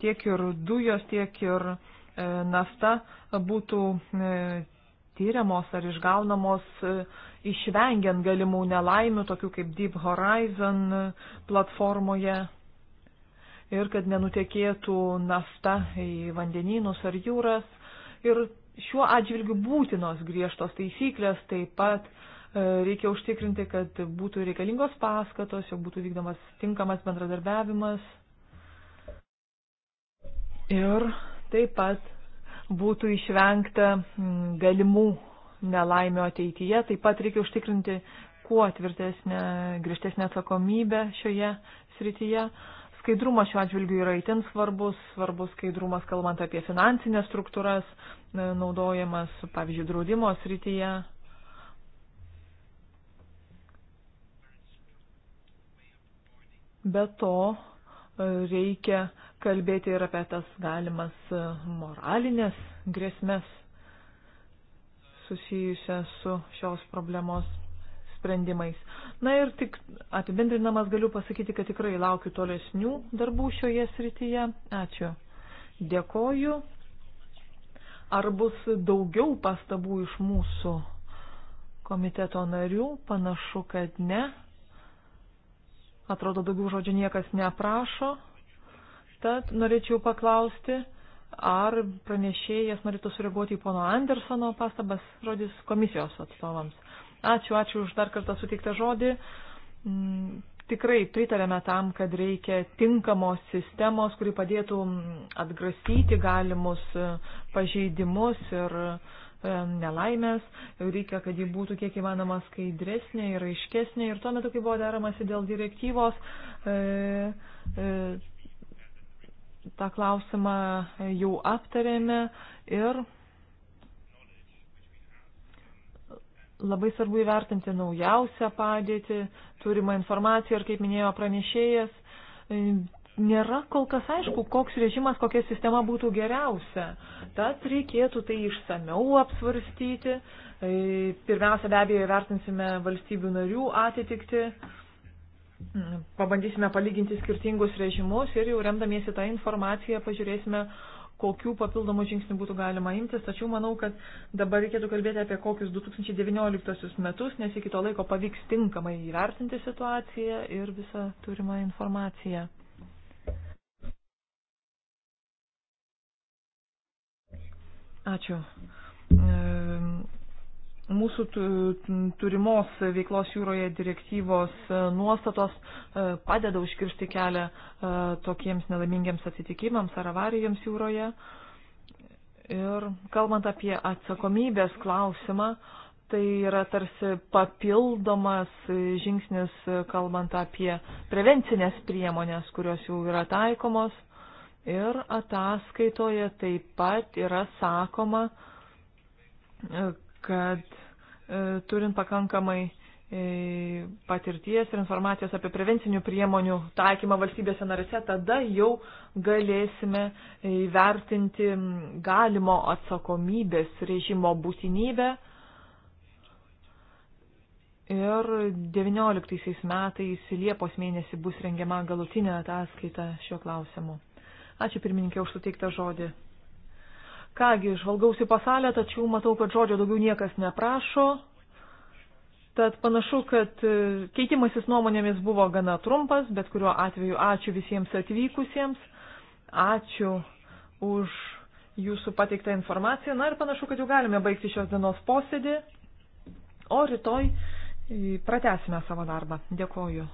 tiek ir dujos, tiek ir e, nafta būtų e, tyriamos ar išgaunamos e, išvengiant galimų nelaimių, tokių kaip Deep Horizon platformoje. Ir kad nenutekėtų nafta į vandenynus ar jūras. Ir šiuo atžvilgiu būtinos griežtos taisyklės, taip pat e, reikia užtikrinti, kad būtų reikalingos paskatos, jau būtų vykdomas tinkamas bendradarbiavimas. Ir taip pat būtų išvengta galimų nelaimio ateityje. Taip pat reikia užtikrinti kuo tvirtesnę, griežtesnę atsakomybę šioje srityje. Uh, Skaidrumas šiuo atžvilgiu yra itin svarbus, svarbus skaidrumas, kalbant apie finansinės struktūras, e, naudojamas, pavyzdžiui, draudimo srityje. Be to, e, reikia kalbėti ir apie tas galimas e, moralinės grėsmės susijusias su šios problemos sprendimais. Na ir tik apibendrinamas galiu pasakyti, kad tikrai laukiu tolesnių darbų šioje srityje. Ačiū. Dėkoju. Ar bus daugiau pastabų iš mūsų komiteto narių? Panašu, kad ne. Atrodo, daugiau žodžių niekas neprašo. Tad norėčiau paklausti, ar pranešėjas norėtų sureaguoti į pono Andersono pastabas, žodis komisijos atstovams. Ačiū, ačiū už dar kartą suteiktą žodį. Mm, tikrai pritarėme tam, kad reikia tinkamos sistemos, kuri padėtų mm, atgrasyti galimus e, pažeidimus ir e, nelaimės, reikia, kad ji būtų kiek įmanoma skaidresnė ir aiškesnė. Ir tuo metu, kai buvo deramasi dėl direktyvos, e, e, tą klausimą jau aptarėme ir Labai svarbu įvertinti naujausią padėtį, turimą informaciją ir, kaip minėjo pranešėjas, nėra kol kas aišku, koks režimas, kokia sistema būtų geriausia. Tad reikėtų tai išsameu apsvarstyti. E, pirmiausia, be abejo, įvertinsime valstybių narių atitikti. Mm, pabandysime palyginti skirtingus režimus ir jau remdamiesi tą informaciją pažiūrėsime, kokių papildomų žingsnių būtų galima imtis, tačiau manau, kad dabar reikėtų kalbėti apie kokius 2019 metus, nes iki to laiko pavyks tinkamai įvertinti situaciją ir visą turimą informaciją. Ačiū mūsų turimos veiklos jūroje direktyvos e, nuostatos e, padeda užkirsti kelią e, tokiems nelaimingiams atsitikimams ar avarijoms jūroje. Ir kalbant apie atsakomybės klausimą, tai yra tarsi papildomas žingsnis, kalbant apie prevencinės priemonės, kurios jau yra taikomos. Ir ataskaitoje taip pat yra sakoma, kad e, turint pakankamai e, patirties ir informacijos apie prevencinių priemonių taikymą valstybėse narėse, tada jau galėsime įvertinti galimo atsakomybės režimo būtinybę. Ir 19 metais Liepos mėnesį bus rengiama galutinė ataskaita šiuo klausimu. Ačiū pirmininkė už suteiktą žodį. Kągi, žvalgausi pasalę, tačiau matau, kad žodžio daugiau niekas neprašo. Tad panašu, kad e, keitimasis nuomonėmis buvo gana trumpas, bet kuriuo atveju ačiū visiems atvykusiems, ačiū už jūsų pateiktą informaciją. Na ir panašu, kad jau galime baigti šios dienos posėdį, o rytoj e, pratesime savo darbą. Dėkoju.